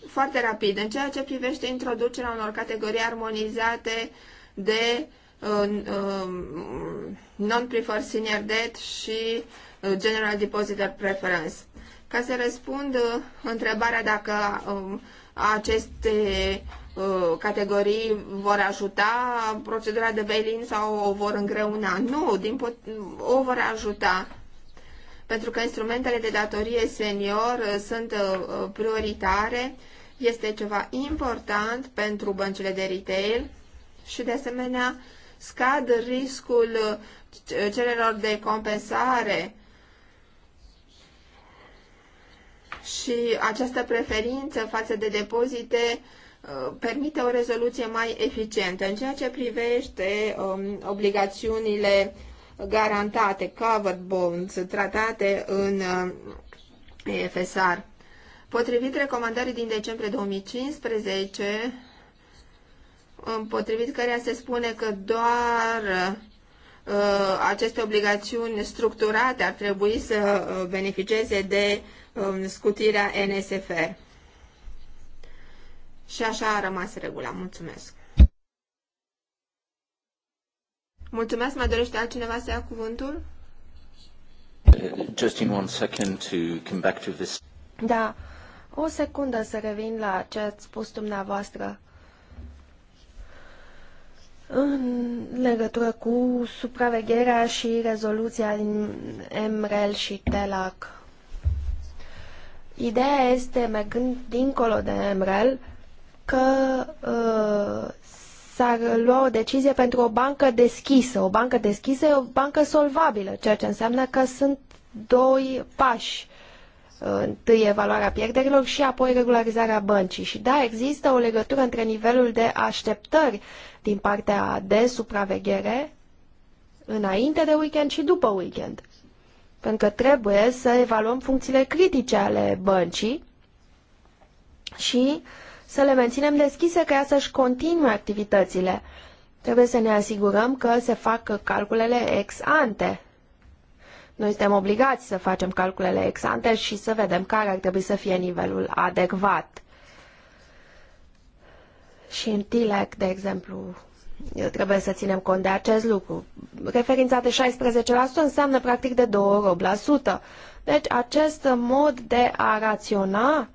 Foarte rapid, în ceea ce privește introducerea unor categorii armonizate de uh, uh, non-preferred senior debt și uh, general depositor preference. Ca să răspund uh, întrebarea dacă aceste Uh, categorii vor ajuta procedura de bail-in sau o vor îngreuna. Nu, din o vor ajuta pentru că instrumentele de datorie senior uh, sunt uh, prioritare, este ceva important pentru băncile de retail și de asemenea scad riscul cererilor de compensare și această preferință față de depozite Uh, permite o rezoluție mai eficientă în ceea ce privește um, obligațiunile garantate, covered bonds, tratate în uh, FSR. Potrivit recomandării din decembrie 2015, potrivit căreia se spune că doar uh, aceste obligațiuni structurate ar trebui să uh, beneficieze de uh, scutirea NSFR. Și așa a rămas regula. Mulțumesc. Mulțumesc. Mai dorește altcineva să ia cuvântul? Just in one second to come back to this. Da. O secundă să revin la ce ați spus dumneavoastră în legătură cu supravegherea și rezoluția din MREL și TELAC. Ideea este, mergând dincolo de MREL, că ă, s-ar lua o decizie pentru o bancă deschisă. O bancă deschisă e o bancă solvabilă, ceea ce înseamnă că sunt doi pași. Ă, întâi evaluarea pierderilor și apoi regularizarea băncii. Și da, există o legătură între nivelul de așteptări din partea de supraveghere înainte de weekend și după weekend. Pentru că trebuie să evaluăm funcțiile critice ale băncii și uh, să le menținem deschise ca ea să-și continue activitățile. Trebuie să ne asigurăm că se fac calculele ex ante. Noi suntem obligați să facem calculele ex ante și să vedem care ar trebui să fie nivelul adecvat. Și în TILEC, de exemplu, trebuie să ținem cont de acest lucru. Referința de 16% înseamnă practic de două ori 8%. Deci acest mod de a raționa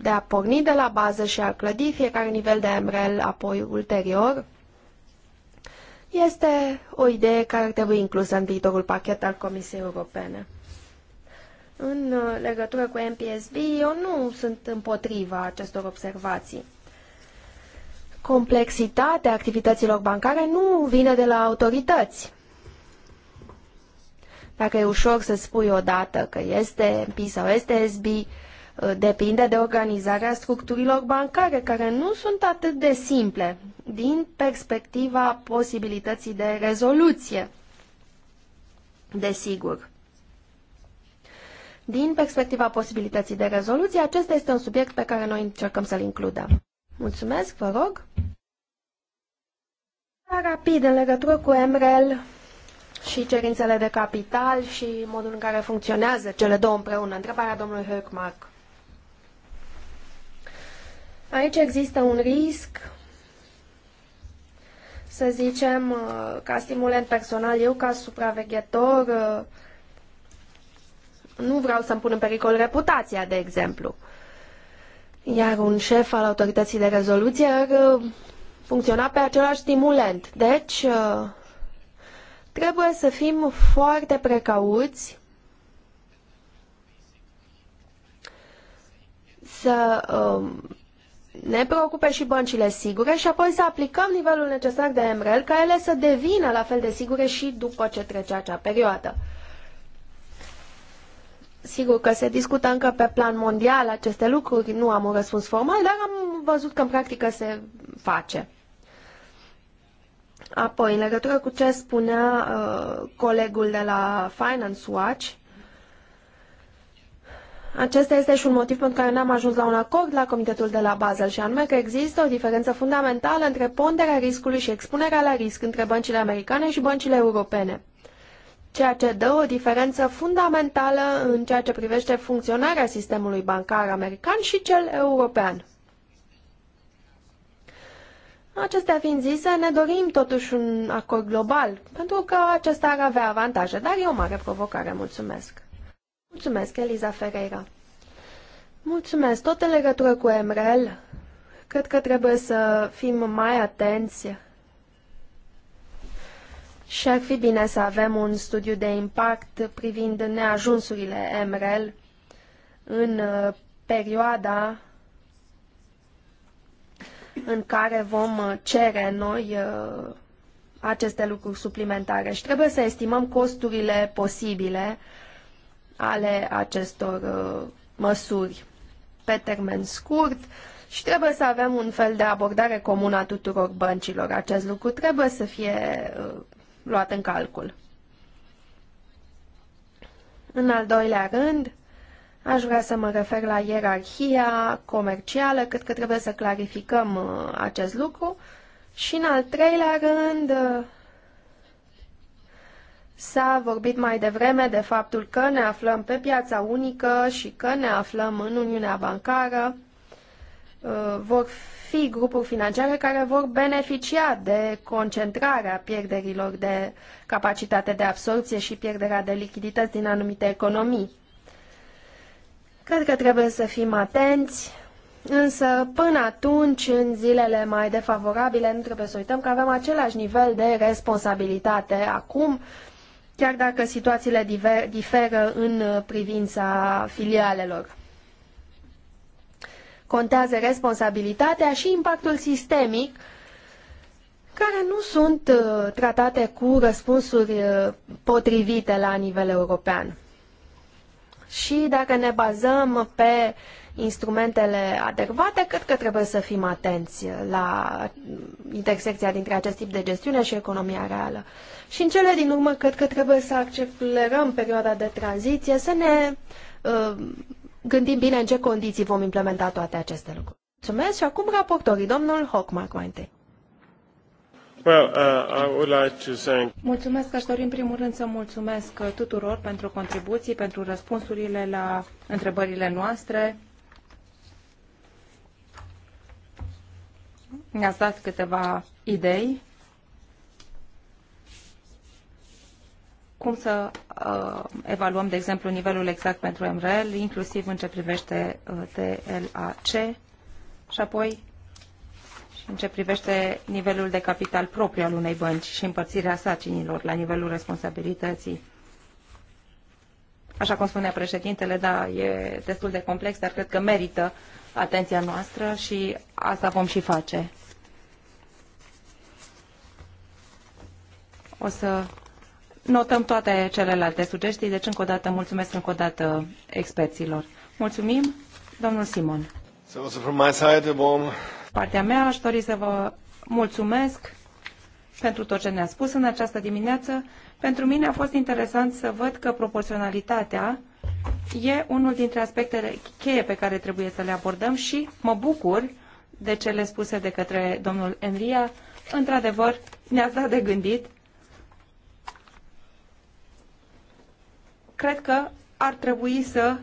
de a porni de la bază și a clădi fiecare nivel de MRL apoi ulterior, este o idee care ar trebui inclusă în viitorul pachet al Comisiei Europene. În uh, legătură cu MPSB, eu nu sunt împotriva acestor observații. Complexitatea activităților bancare nu vine de la autorități. Dacă e ușor să spui odată că este MP sau este SB, Uh, depinde de organizarea structurilor bancare, care nu sunt atât de simple din perspectiva posibilității de rezoluție, desigur. Din perspectiva posibilității de rezoluție, acesta este un subiect pe care noi încercăm să-l includem. Mulțumesc, vă rog. Da, rapid, în legătură cu MREL, și cerințele de capital și modul în care funcționează cele două împreună. Întrebarea domnului Höckmark. Aici există un risc, să zicem, uh, ca stimulent personal, eu ca supraveghetor uh, nu vreau să-mi pun în pericol reputația, de exemplu. Iar un șef al autorității de rezoluție ar uh, funcționa pe același stimulent. Deci, trebuie să fim foarte precauți să um, ne preocupe și băncile sigure și apoi să aplicăm nivelul necesar de MREL ca ele să devină la fel de sigure și după ce trece acea perioadă. Sigur că se discută încă pe plan mondial aceste lucruri, nu am un răspuns formal, dar am văzut că în practică se face. Apoi, în legătură cu ce spunea uh, colegul de la Finance Watch, acesta este și un motiv pentru care n-am ajuns la un acord la Comitetul de la Basel și anume că există o diferență fundamentală între ponderea riscului și expunerea la risc între băncile americane și băncile europene, ceea ce dă o diferență fundamentală în ceea ce privește funcționarea sistemului bancar american și cel european. Acestea fiind zise, ne dorim totuși un acord global, pentru că acesta ar avea avantaje, dar e o mare provocare. Mulțumesc! Mulțumesc, Eliza Ferreira. Mulțumesc. Tot în legătură cu MRL, cred că trebuie să fim mai atenți și ar fi bine să avem un studiu de impact privind neajunsurile MRL în uh, perioada în care vom uh, cere noi uh, aceste lucruri suplimentare și trebuie să estimăm costurile posibile ale acestor uh, măsuri pe termen scurt și trebuie să avem un fel de abordare comună a tuturor băncilor. Acest lucru trebuie să fie uh, luat în calcul. În al doilea rând, aș vrea să mă refer la ierarhia comercială, cât că trebuie să clarificăm uh, acest lucru. Și în al treilea rând, S-a vorbit mai devreme de faptul că ne aflăm pe piața unică și că ne aflăm în Uniunea Bancară. Uh, vor fi grupuri financiare care vor beneficia de concentrarea pierderilor de capacitate de absorție și pierderea de lichidități din anumite economii. Cred că trebuie să fim atenți, însă până atunci, în zilele mai defavorabile, nu trebuie să uităm că avem același nivel de responsabilitate acum chiar dacă situațiile diver, diferă în uh, privința filialelor. Contează responsabilitatea și impactul sistemic, care nu sunt uh, tratate cu răspunsuri uh, potrivite la nivel european. Și dacă ne bazăm pe instrumentele adecvate, cred că trebuie să fim atenți la intersecția dintre acest tip de gestiune și economia reală. Și în cele din urmă, cred că trebuie să accelerăm perioada de tranziție, să ne uh, gândim bine în ce condiții vom implementa toate aceste lucruri. Mulțumesc și acum raportorii, domnul Hockmark mai întâi. Well, uh, I would like to thank... Mulțumesc, aș dori în primul rând să mulțumesc tuturor pentru contribuții, pentru răspunsurile la întrebările noastre. ne-ați dat câteva idei cum să uh, evaluăm, de exemplu, nivelul exact pentru MREL, inclusiv în ce privește uh, TLAC și apoi și în ce privește nivelul de capital propriu al unei bănci și împărțirea sacinilor la nivelul responsabilității. Așa cum spunea președintele, da, e destul de complex, dar cred că merită uh, atenția noastră și asta vom și face. O să notăm toate celelalte sugestii, deci încă o dată mulțumesc încă o dată experților. Mulțumim, domnul Simon. Partea mea aș dori să vă mulțumesc pentru tot ce ne-a spus în această dimineață. Pentru mine a fost interesant să văd că proporționalitatea e unul dintre aspectele cheie pe care trebuie să le abordăm și mă bucur de cele spuse de către domnul Enria. Într-adevăr, ne-ați dat de gândit. Cred că ar trebui să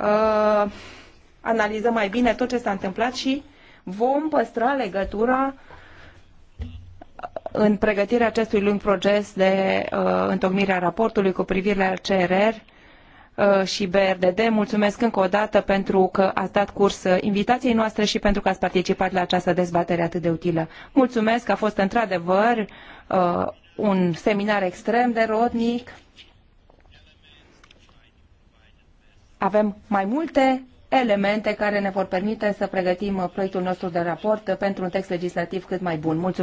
uh, analizăm mai bine tot ce s-a întâmplat și vom păstra legătura uh, în pregătirea acestui lung proces de uh, întocmire a raportului cu privire la CRR Uh, și BRDD. Mulțumesc încă o dată pentru că ați dat curs uh, invitației noastre și pentru că ați participat la această dezbatere atât de utilă. Mulțumesc, a fost într-adevăr uh, un seminar extrem de rodnic. Avem mai multe elemente care ne vor permite să pregătim proiectul nostru de raport pentru un text legislativ cât mai bun. Mulțumesc!